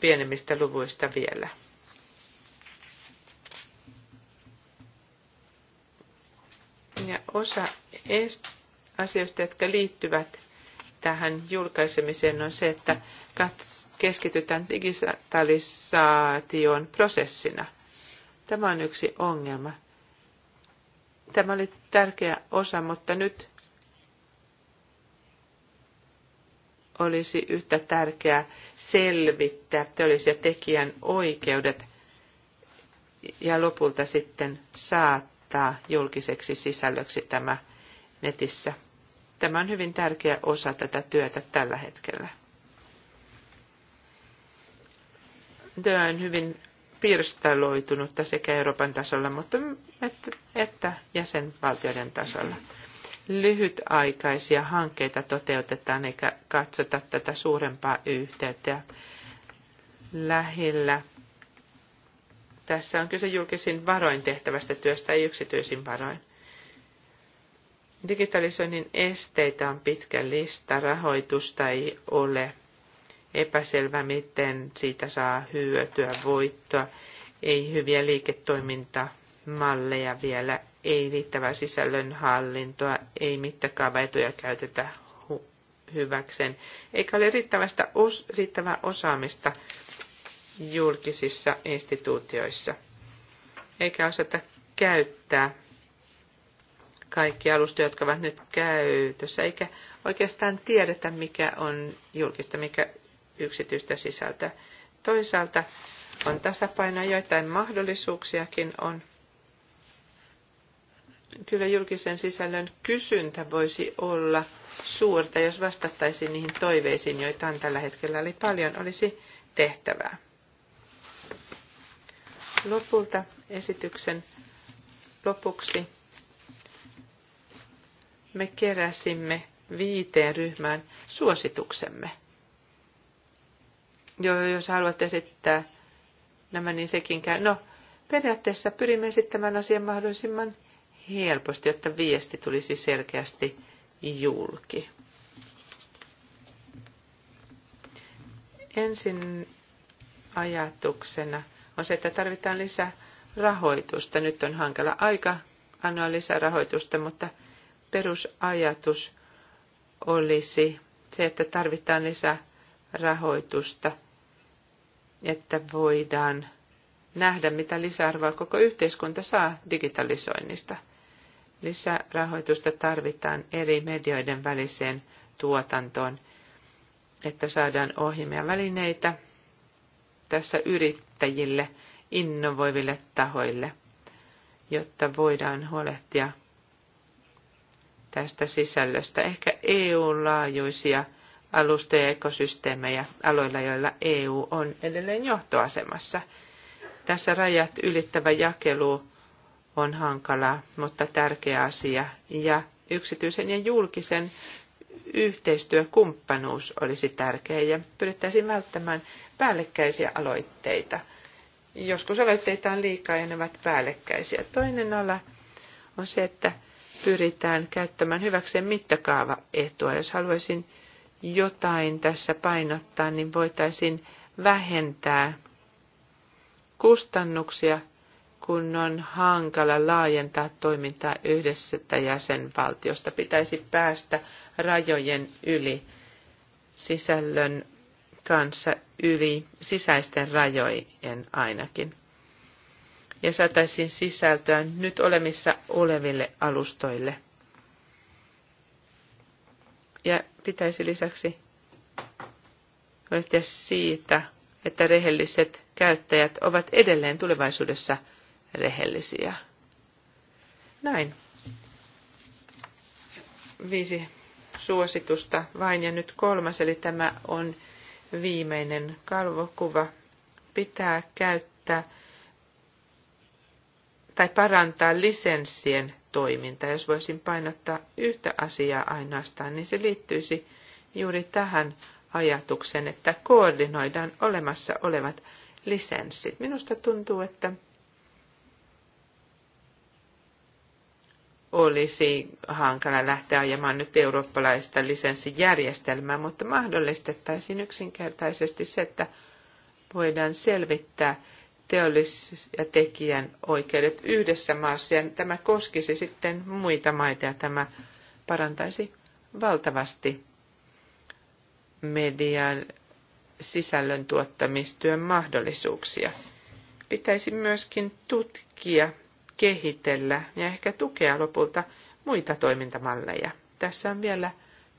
B: pienemmistä luvuista vielä. Ja osa asioista, jotka liittyvät tähän julkaisemiseen on se, että keskitytään digitalisaation prosessina. Tämä on yksi ongelma. Tämä oli tärkeä osa, mutta nyt olisi yhtä tärkeää selvittää teollisia tekijän oikeudet ja lopulta sitten saattaa julkiseksi sisällöksi tämä netissä Tämä on hyvin tärkeä osa tätä työtä tällä hetkellä. Tämä on hyvin pirstaloitunutta sekä Euroopan tasolla, mutta että jäsenvaltioiden tasolla. Lyhytaikaisia hankkeita toteutetaan eikä katsota tätä suurempaa yhteyttä. lähillä. lähellä tässä on kyse julkisin varoin tehtävästä työstä, ei yksityisin varoin. Digitalisoinnin esteitä on pitkä lista, rahoitusta ei ole, epäselvä miten siitä saa hyötyä, voittoa, ei hyviä liiketoimintamalleja vielä, ei riittävää sisällön hallintoa, ei mittakaavaetuja käytetä hyväkseen, eikä ole riittävästä os, riittävää osaamista julkisissa instituutioissa, eikä osata käyttää kaikki alusta, jotka ovat nyt käytössä, eikä oikeastaan tiedetä, mikä on julkista, mikä yksityistä sisältöä. Toisaalta on tasapaino, joitain mahdollisuuksiakin on. Kyllä julkisen sisällön kysyntä voisi olla suurta, jos vastattaisiin niihin toiveisiin, joita on tällä hetkellä. Eli paljon olisi tehtävää. Lopulta esityksen lopuksi me keräsimme viiteen ryhmään suosituksemme. Jo, jos haluat esittää nämä, niin sekin käy. No, periaatteessa pyrimme esittämään asian mahdollisimman helposti, jotta viesti tulisi selkeästi julki. Ensin ajatuksena on se, että tarvitaan lisää rahoitusta. Nyt on hankala aika annoa lisää rahoitusta, mutta perusajatus olisi se, että tarvitaan lisää rahoitusta, että voidaan nähdä, mitä lisäarvoa koko yhteiskunta saa digitalisoinnista. Lisärahoitusta tarvitaan eri medioiden väliseen tuotantoon, että saadaan ohjelmia välineitä tässä yrittäjille, innovoiville tahoille, jotta voidaan huolehtia – tästä sisällöstä. Ehkä EUn laajuisia alusta- ja ekosysteemejä aloilla, joilla EU on edelleen johtoasemassa. Tässä rajat ylittävä jakelu on hankala, mutta tärkeä asia. Ja yksityisen ja julkisen yhteistyökumppanuus olisi tärkeä ja pyrittäisiin välttämään päällekkäisiä aloitteita. Joskus aloitteita on liikaa ja ne ovat päällekkäisiä. Toinen ala on se, että pyritään käyttämään hyväkseen etua. Jos haluaisin jotain tässä painottaa, niin voitaisiin vähentää kustannuksia, kun on hankala laajentaa toimintaa yhdessä jäsenvaltiosta. Pitäisi päästä rajojen yli sisällön kanssa yli sisäisten rajojen ainakin ja saataisiin sisältöä nyt olemissa oleville alustoille. Ja pitäisi lisäksi huolehtia siitä, että rehelliset käyttäjät ovat edelleen tulevaisuudessa rehellisiä. Näin. Viisi suositusta vain ja nyt kolmas, eli tämä on viimeinen kalvokuva. Pitää käyttää tai parantaa lisenssien toimintaa. Jos voisin painottaa yhtä asiaa ainoastaan, niin se liittyisi juuri tähän ajatukseen, että koordinoidaan olemassa olevat lisenssit. Minusta tuntuu, että olisi hankala lähteä ajamaan nyt eurooppalaista lisenssijärjestelmää, mutta mahdollistettaisiin yksinkertaisesti se, että voidaan selvittää teollis- ja tekijän oikeudet yhdessä maassa, ja tämä koskisi sitten muita maita, ja tämä parantaisi valtavasti median sisällön tuottamistyön mahdollisuuksia. Pitäisi myöskin tutkia, kehitellä ja ehkä tukea lopulta muita toimintamalleja. Tässä on vielä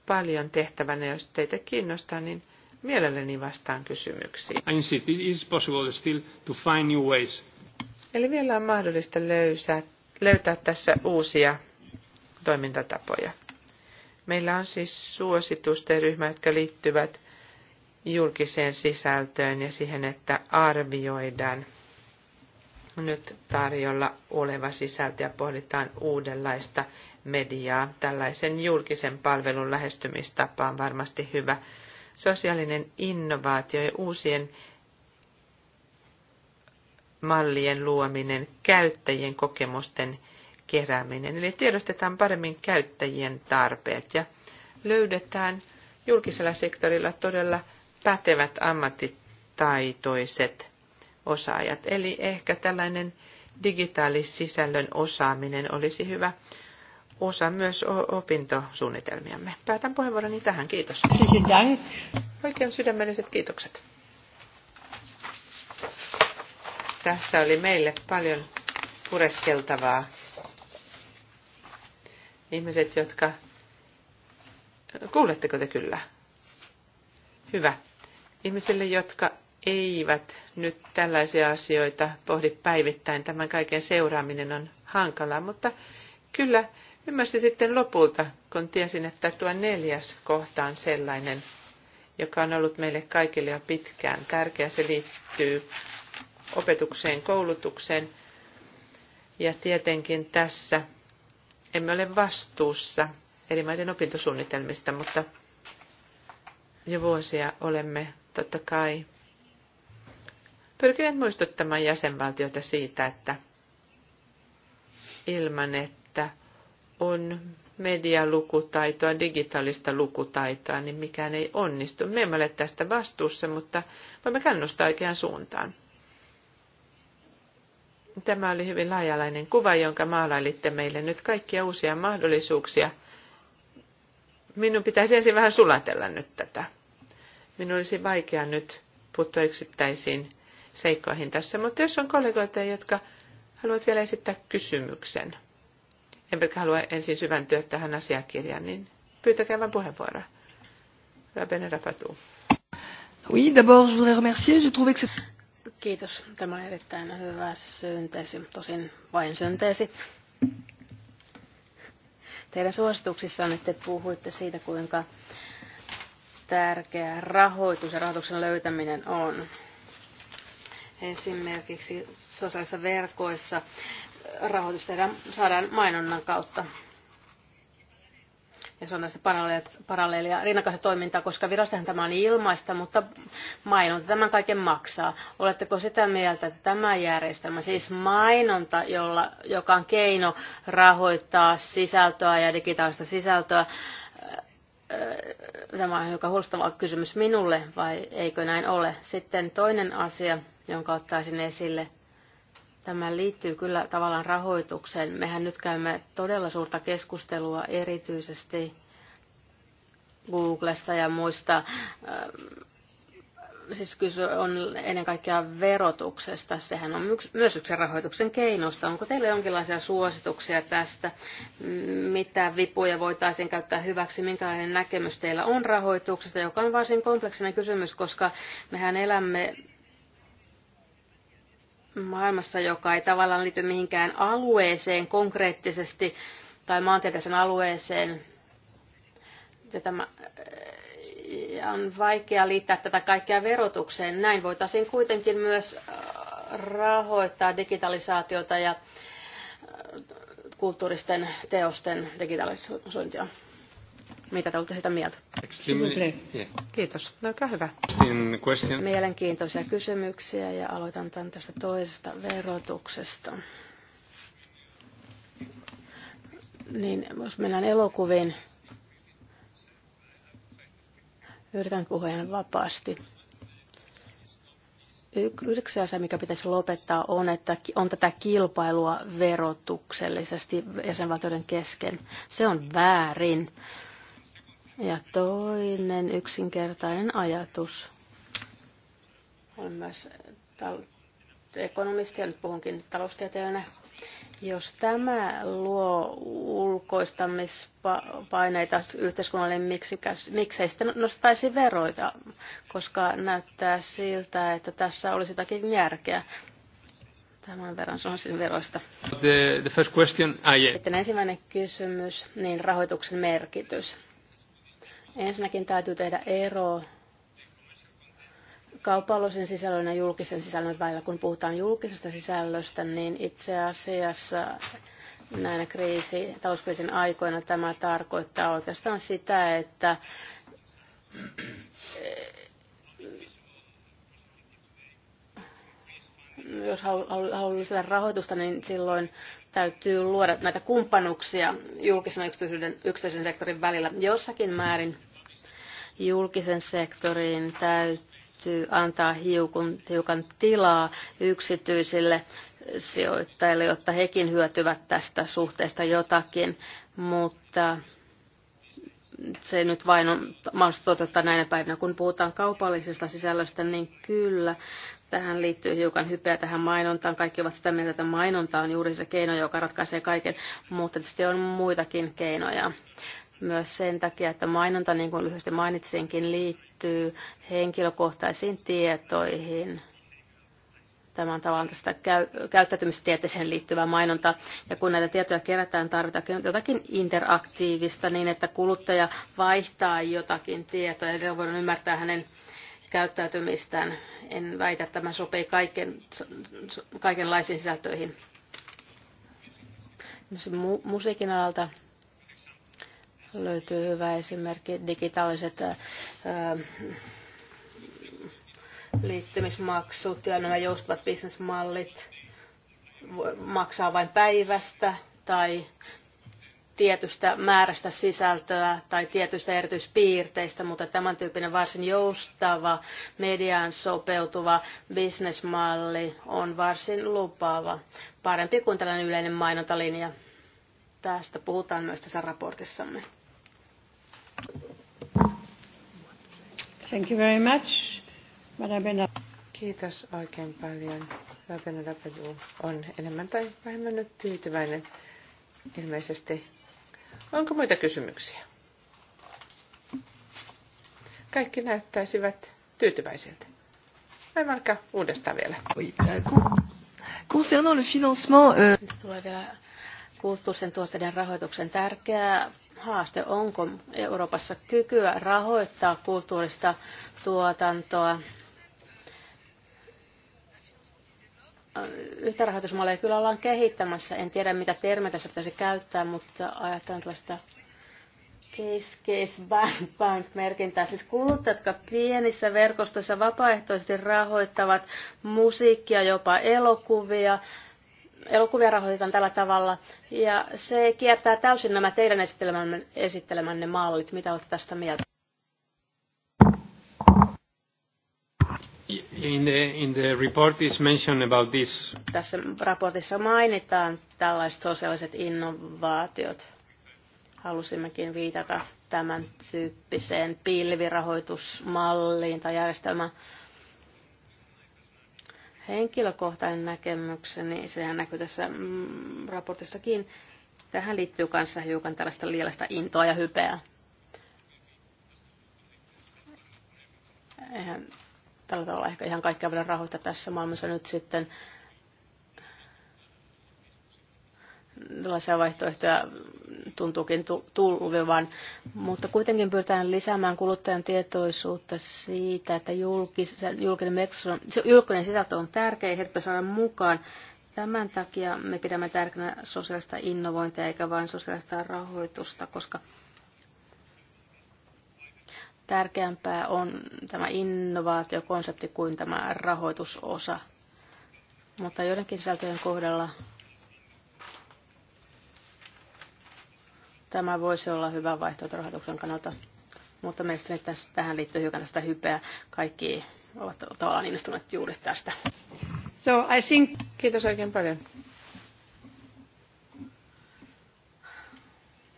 B: paljon tehtävänä, jos teitä kiinnostaa, niin – Mielelläni vastaan kysymyksiin. I insist, it is possible still to find new ways. Eli vielä on mahdollista löysää, löytää tässä uusia toimintatapoja. Meillä on siis suositusten ryhmä, jotka liittyvät julkiseen sisältöön ja siihen, että arvioidaan nyt tarjolla oleva sisältö ja pohditaan uudenlaista mediaa. Tällaisen julkisen palvelun lähestymistapa on varmasti hyvä Sosiaalinen innovaatio ja uusien mallien luominen, käyttäjien kokemusten kerääminen. Eli tiedostetaan paremmin käyttäjien tarpeet ja löydetään julkisella sektorilla todella pätevät ammattitaitoiset osaajat. Eli ehkä tällainen digitaalisisällön osaaminen olisi hyvä osa myös opintosuunnitelmiamme. Päätän puheenvuoroni tähän. Kiitos. Oikein sydämelliset kiitokset. Tässä oli meille paljon pureskeltavaa. Ihmiset, jotka... Kuuletteko te kyllä? Hyvä. Ihmisille, jotka eivät nyt tällaisia asioita pohdi päivittäin, tämän kaiken seuraaminen on hankalaa, mutta kyllä Ymmärsin sitten lopulta, kun tiesin, että tuo neljäs kohta on sellainen, joka on ollut meille kaikille jo pitkään tärkeä. Se liittyy opetukseen, koulutukseen. Ja tietenkin tässä emme ole vastuussa eri maiden opintosuunnitelmista, mutta jo vuosia olemme totta kai pyrkineet muistuttamaan jäsenvaltiota siitä, että ilman, että on median lukutaitoa, digitaalista lukutaitoa, niin mikään ei onnistu. Me emme ole tästä vastuussa, mutta voimme kannustaa oikeaan suuntaan. Tämä oli hyvin laajalainen kuva, jonka maalailitte meille nyt kaikkia uusia mahdollisuuksia. Minun pitäisi ensin vähän sulatella nyt tätä. Minun olisi vaikea nyt puuttua yksittäisiin seikkoihin tässä, mutta jos on kollegoita, jotka haluavat vielä esittää kysymyksen – emmekä halua ensin syventyä tähän asiakirjaan, niin pyytäkää vain puheenvuoroa. Rabene Rafatou. Oui, d'abord je voudrais remercier. je trouvais que
A: Kiitos. Tämä on erittäin hyvä synteesi, tosin vain synteesi. Teidän suosituksissanne te puhuitte siitä, kuinka tärkeä rahoitus ja rahoituksen löytäminen on. Esimerkiksi sosiaalisissa verkoissa rahoitus tehdään, saadaan mainonnan kautta. Ja se on tästä paralleelia rinnakkaista toimintaa, koska virastahan tämä on ilmaista, mutta mainonta tämän kaiken maksaa. Oletteko sitä mieltä, että tämä järjestelmä, siis mainonta, jolla, joka on keino rahoittaa sisältöä ja digitaalista sisältöä, äh, tämä on hiukan huolestava kysymys minulle, vai eikö näin ole? Sitten toinen asia, jonka ottaisin esille, Tämä liittyy kyllä tavallaan rahoitukseen. Mehän nyt käymme todella suurta keskustelua erityisesti Googlesta ja muista. Ähm, siis kyse on ennen kaikkea verotuksesta. Sehän on myös yksi rahoituksen keinosta. Onko teillä jonkinlaisia suosituksia tästä? Mitä vipuja voitaisiin käyttää hyväksi? Minkälainen näkemys teillä on rahoituksesta, joka on varsin kompleksinen kysymys, koska mehän elämme maailmassa, joka ei tavallaan liity mihinkään alueeseen konkreettisesti tai maantieteisen alueeseen. Ja tämä, ja on vaikea liittää tätä kaikkea verotukseen. Näin voitaisiin kuitenkin myös äh, rahoittaa digitalisaatiota ja äh, kulttuuristen teosten digitalisointia. Mitä te olette sitä mieltä? Kiitos. No, olkaa hyvä. Mielenkiintoisia kysymyksiä ja aloitan tämän tästä toisesta verotuksesta. Niin, jos mennään elokuviin, yritän puhua ihan vapaasti. Yksi asia, mikä pitäisi lopettaa, on, että on tätä kilpailua verotuksellisesti jäsenvaltioiden kesken. Se on väärin. Ja toinen yksinkertainen ajatus Olen myös ekonomisti, ja nyt puhunkin taloustieteellinen. jos tämä luo ulkoistamispaineita yhteiskunnalle, miksi, miksei sitten nostaisi veroita, koska näyttää siltä, että tässä olisi jotakin järkeä. Tämän verran se on siis veroista.
C: The, the first question, ah, yeah.
A: ensimmäinen kysymys, niin rahoituksen merkitys. Ensinnäkin täytyy tehdä ero kaupallisen sisällön ja julkisen sisällön välillä. Kun puhutaan julkisesta sisällöstä, niin itse asiassa näinä kriisi, talouskriisin aikoina tämä tarkoittaa oikeastaan sitä, että jos haluaa lisätä rahoitusta, niin silloin täytyy luoda näitä kumppanuksia julkisen ja yksityisen sektorin välillä jossakin määrin Julkisen sektorin täytyy antaa hiukan, hiukan tilaa yksityisille sijoittajille, jotta hekin hyötyvät tästä suhteesta jotakin, mutta se nyt vain on mahdollista toteuttaa näinä päivinä. Kun puhutaan kaupallisesta sisällöstä, niin kyllä, tähän liittyy hiukan hypeä tähän mainontaan. Kaikki ovat sitä mieltä, että mainonta on juuri se keino, joka ratkaisee kaiken, mutta tietysti on muitakin keinoja myös sen takia, että mainonta, niin kuin lyhyesti mainitsinkin, liittyy henkilökohtaisiin tietoihin. Tämä on tavallaan tästä käy, käyttäytymistieteeseen liittyvää mainonta. Ja kun näitä tietoja kerätään, tarvitaan jotakin interaktiivista niin, että kuluttaja vaihtaa jotakin tietoa. Eli voidaan ymmärtää hänen käyttäytymistään. En väitä, että tämä sopii kaiken, kaikenlaisiin sisältöihin. Musiikin alalta löytyy hyvä esimerkki, digitaaliset liittymismaksut ja nämä joustavat bisnesmallit maksaa vain päivästä tai tietystä määrästä sisältöä tai tietystä erityispiirteistä, mutta tämän tyyppinen varsin joustava, mediaan sopeutuva bisnesmalli on varsin lupaava. Parempi kuin tällainen yleinen mainontalinja. Tästä puhutaan myös tässä raportissamme. Thank you very much.
B: Madame Kiitos oikein paljon. Rabena Rapadu on enemmän tai vähemmän nyt tyytyväinen ilmeisesti. Onko muita kysymyksiä? Kaikki näyttäisivät tyytyväisiltä. Aivan uudestaan vielä. Oui, euh, concernant le financement... Euh...
A: Szóval, kulttuurisen tuotteiden rahoituksen tärkeä haaste. Onko Euroopassa kykyä rahoittaa kulttuurista tuotantoa? Yhtä rahoitusmallia kyllä ollaan kehittämässä. En tiedä, mitä termiä tässä pitäisi käyttää, mutta ajattelen tällaista case, case, bank, bank merkintää. Siis kuluttajat, jotka pienissä verkostoissa vapaaehtoisesti rahoittavat musiikkia, jopa elokuvia, elokuvia rahoitetaan tällä tavalla. Ja se kiertää täysin nämä teidän esittelemänne, esittelemänne mallit. Mitä olette tästä mieltä?
B: In the, in the report is
C: mentioned about this.
A: Tässä raportissa mainitaan tällaiset sosiaaliset innovaatiot. Halusimmekin viitata tämän tyyppiseen pilvirahoitusmalliin tai järjestelmään. Henkilökohtainen näkemykseni, se näkyy tässä mm, raportissakin, tähän liittyy myös hiukan tällaista liiallista intoa ja hypeä. Eihän tällä tavalla ehkä ihan kaikkea voida rahoittaa tässä maailmassa nyt sitten tällaisia vaihtoehtoja tuntuukin tulvivan, mutta kuitenkin pyritään lisäämään kuluttajan tietoisuutta siitä, että julkisen, julkinen, julkinen sisältö on tärkeä ja heitä saada mukaan. Tämän takia me pidämme tärkeänä sosiaalista innovointia eikä vain sosiaalista rahoitusta, koska tärkeämpää on tämä innovaatiokonsepti kuin tämä rahoitusosa. Mutta joidenkin sisältöjen kohdalla Tämä voisi olla hyvä vaihtoehto rahoituksen kannalta. Mutta mielestäni tässä, tähän liittyy hiukan tästä hypeä. Kaikki ovat tavallaan innostuneet juuri tästä. So I think... Kiitos oikein paljon.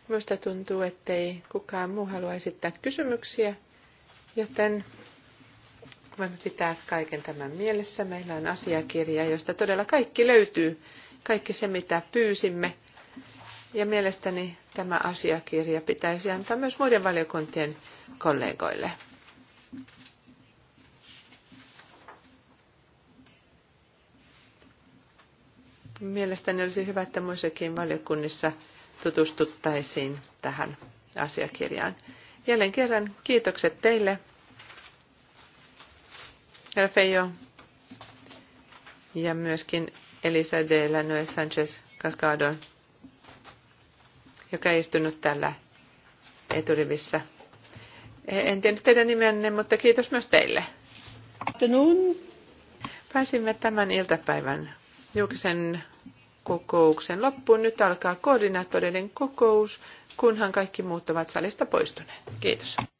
B: Minusta tuntuu, ettei kukaan muu halua esittää kysymyksiä, joten voimme pitää kaiken tämän mielessä. Meillä on asiakirja, josta todella kaikki löytyy. Kaikki se, mitä pyysimme. Ja mielestäni tämä asiakirja pitäisi antaa myös muiden valiokuntien kollegoille. Mielestäni olisi hyvä, että muissakin valiokunnissa tutustuttaisiin tähän asiakirjaan. Jälleen kerran kiitokset teille, Feijo, ja myöskin Elisa de Lanue Sanchez Cascadon joka ei istunut täällä eturivissä. En tiedä teidän nimenne, mutta kiitos myös teille. Pääsimme tämän iltapäivän julkisen kokouksen loppuun. Nyt alkaa koordinaattoreiden kokous, kunhan kaikki muut ovat salista poistuneet. Kiitos.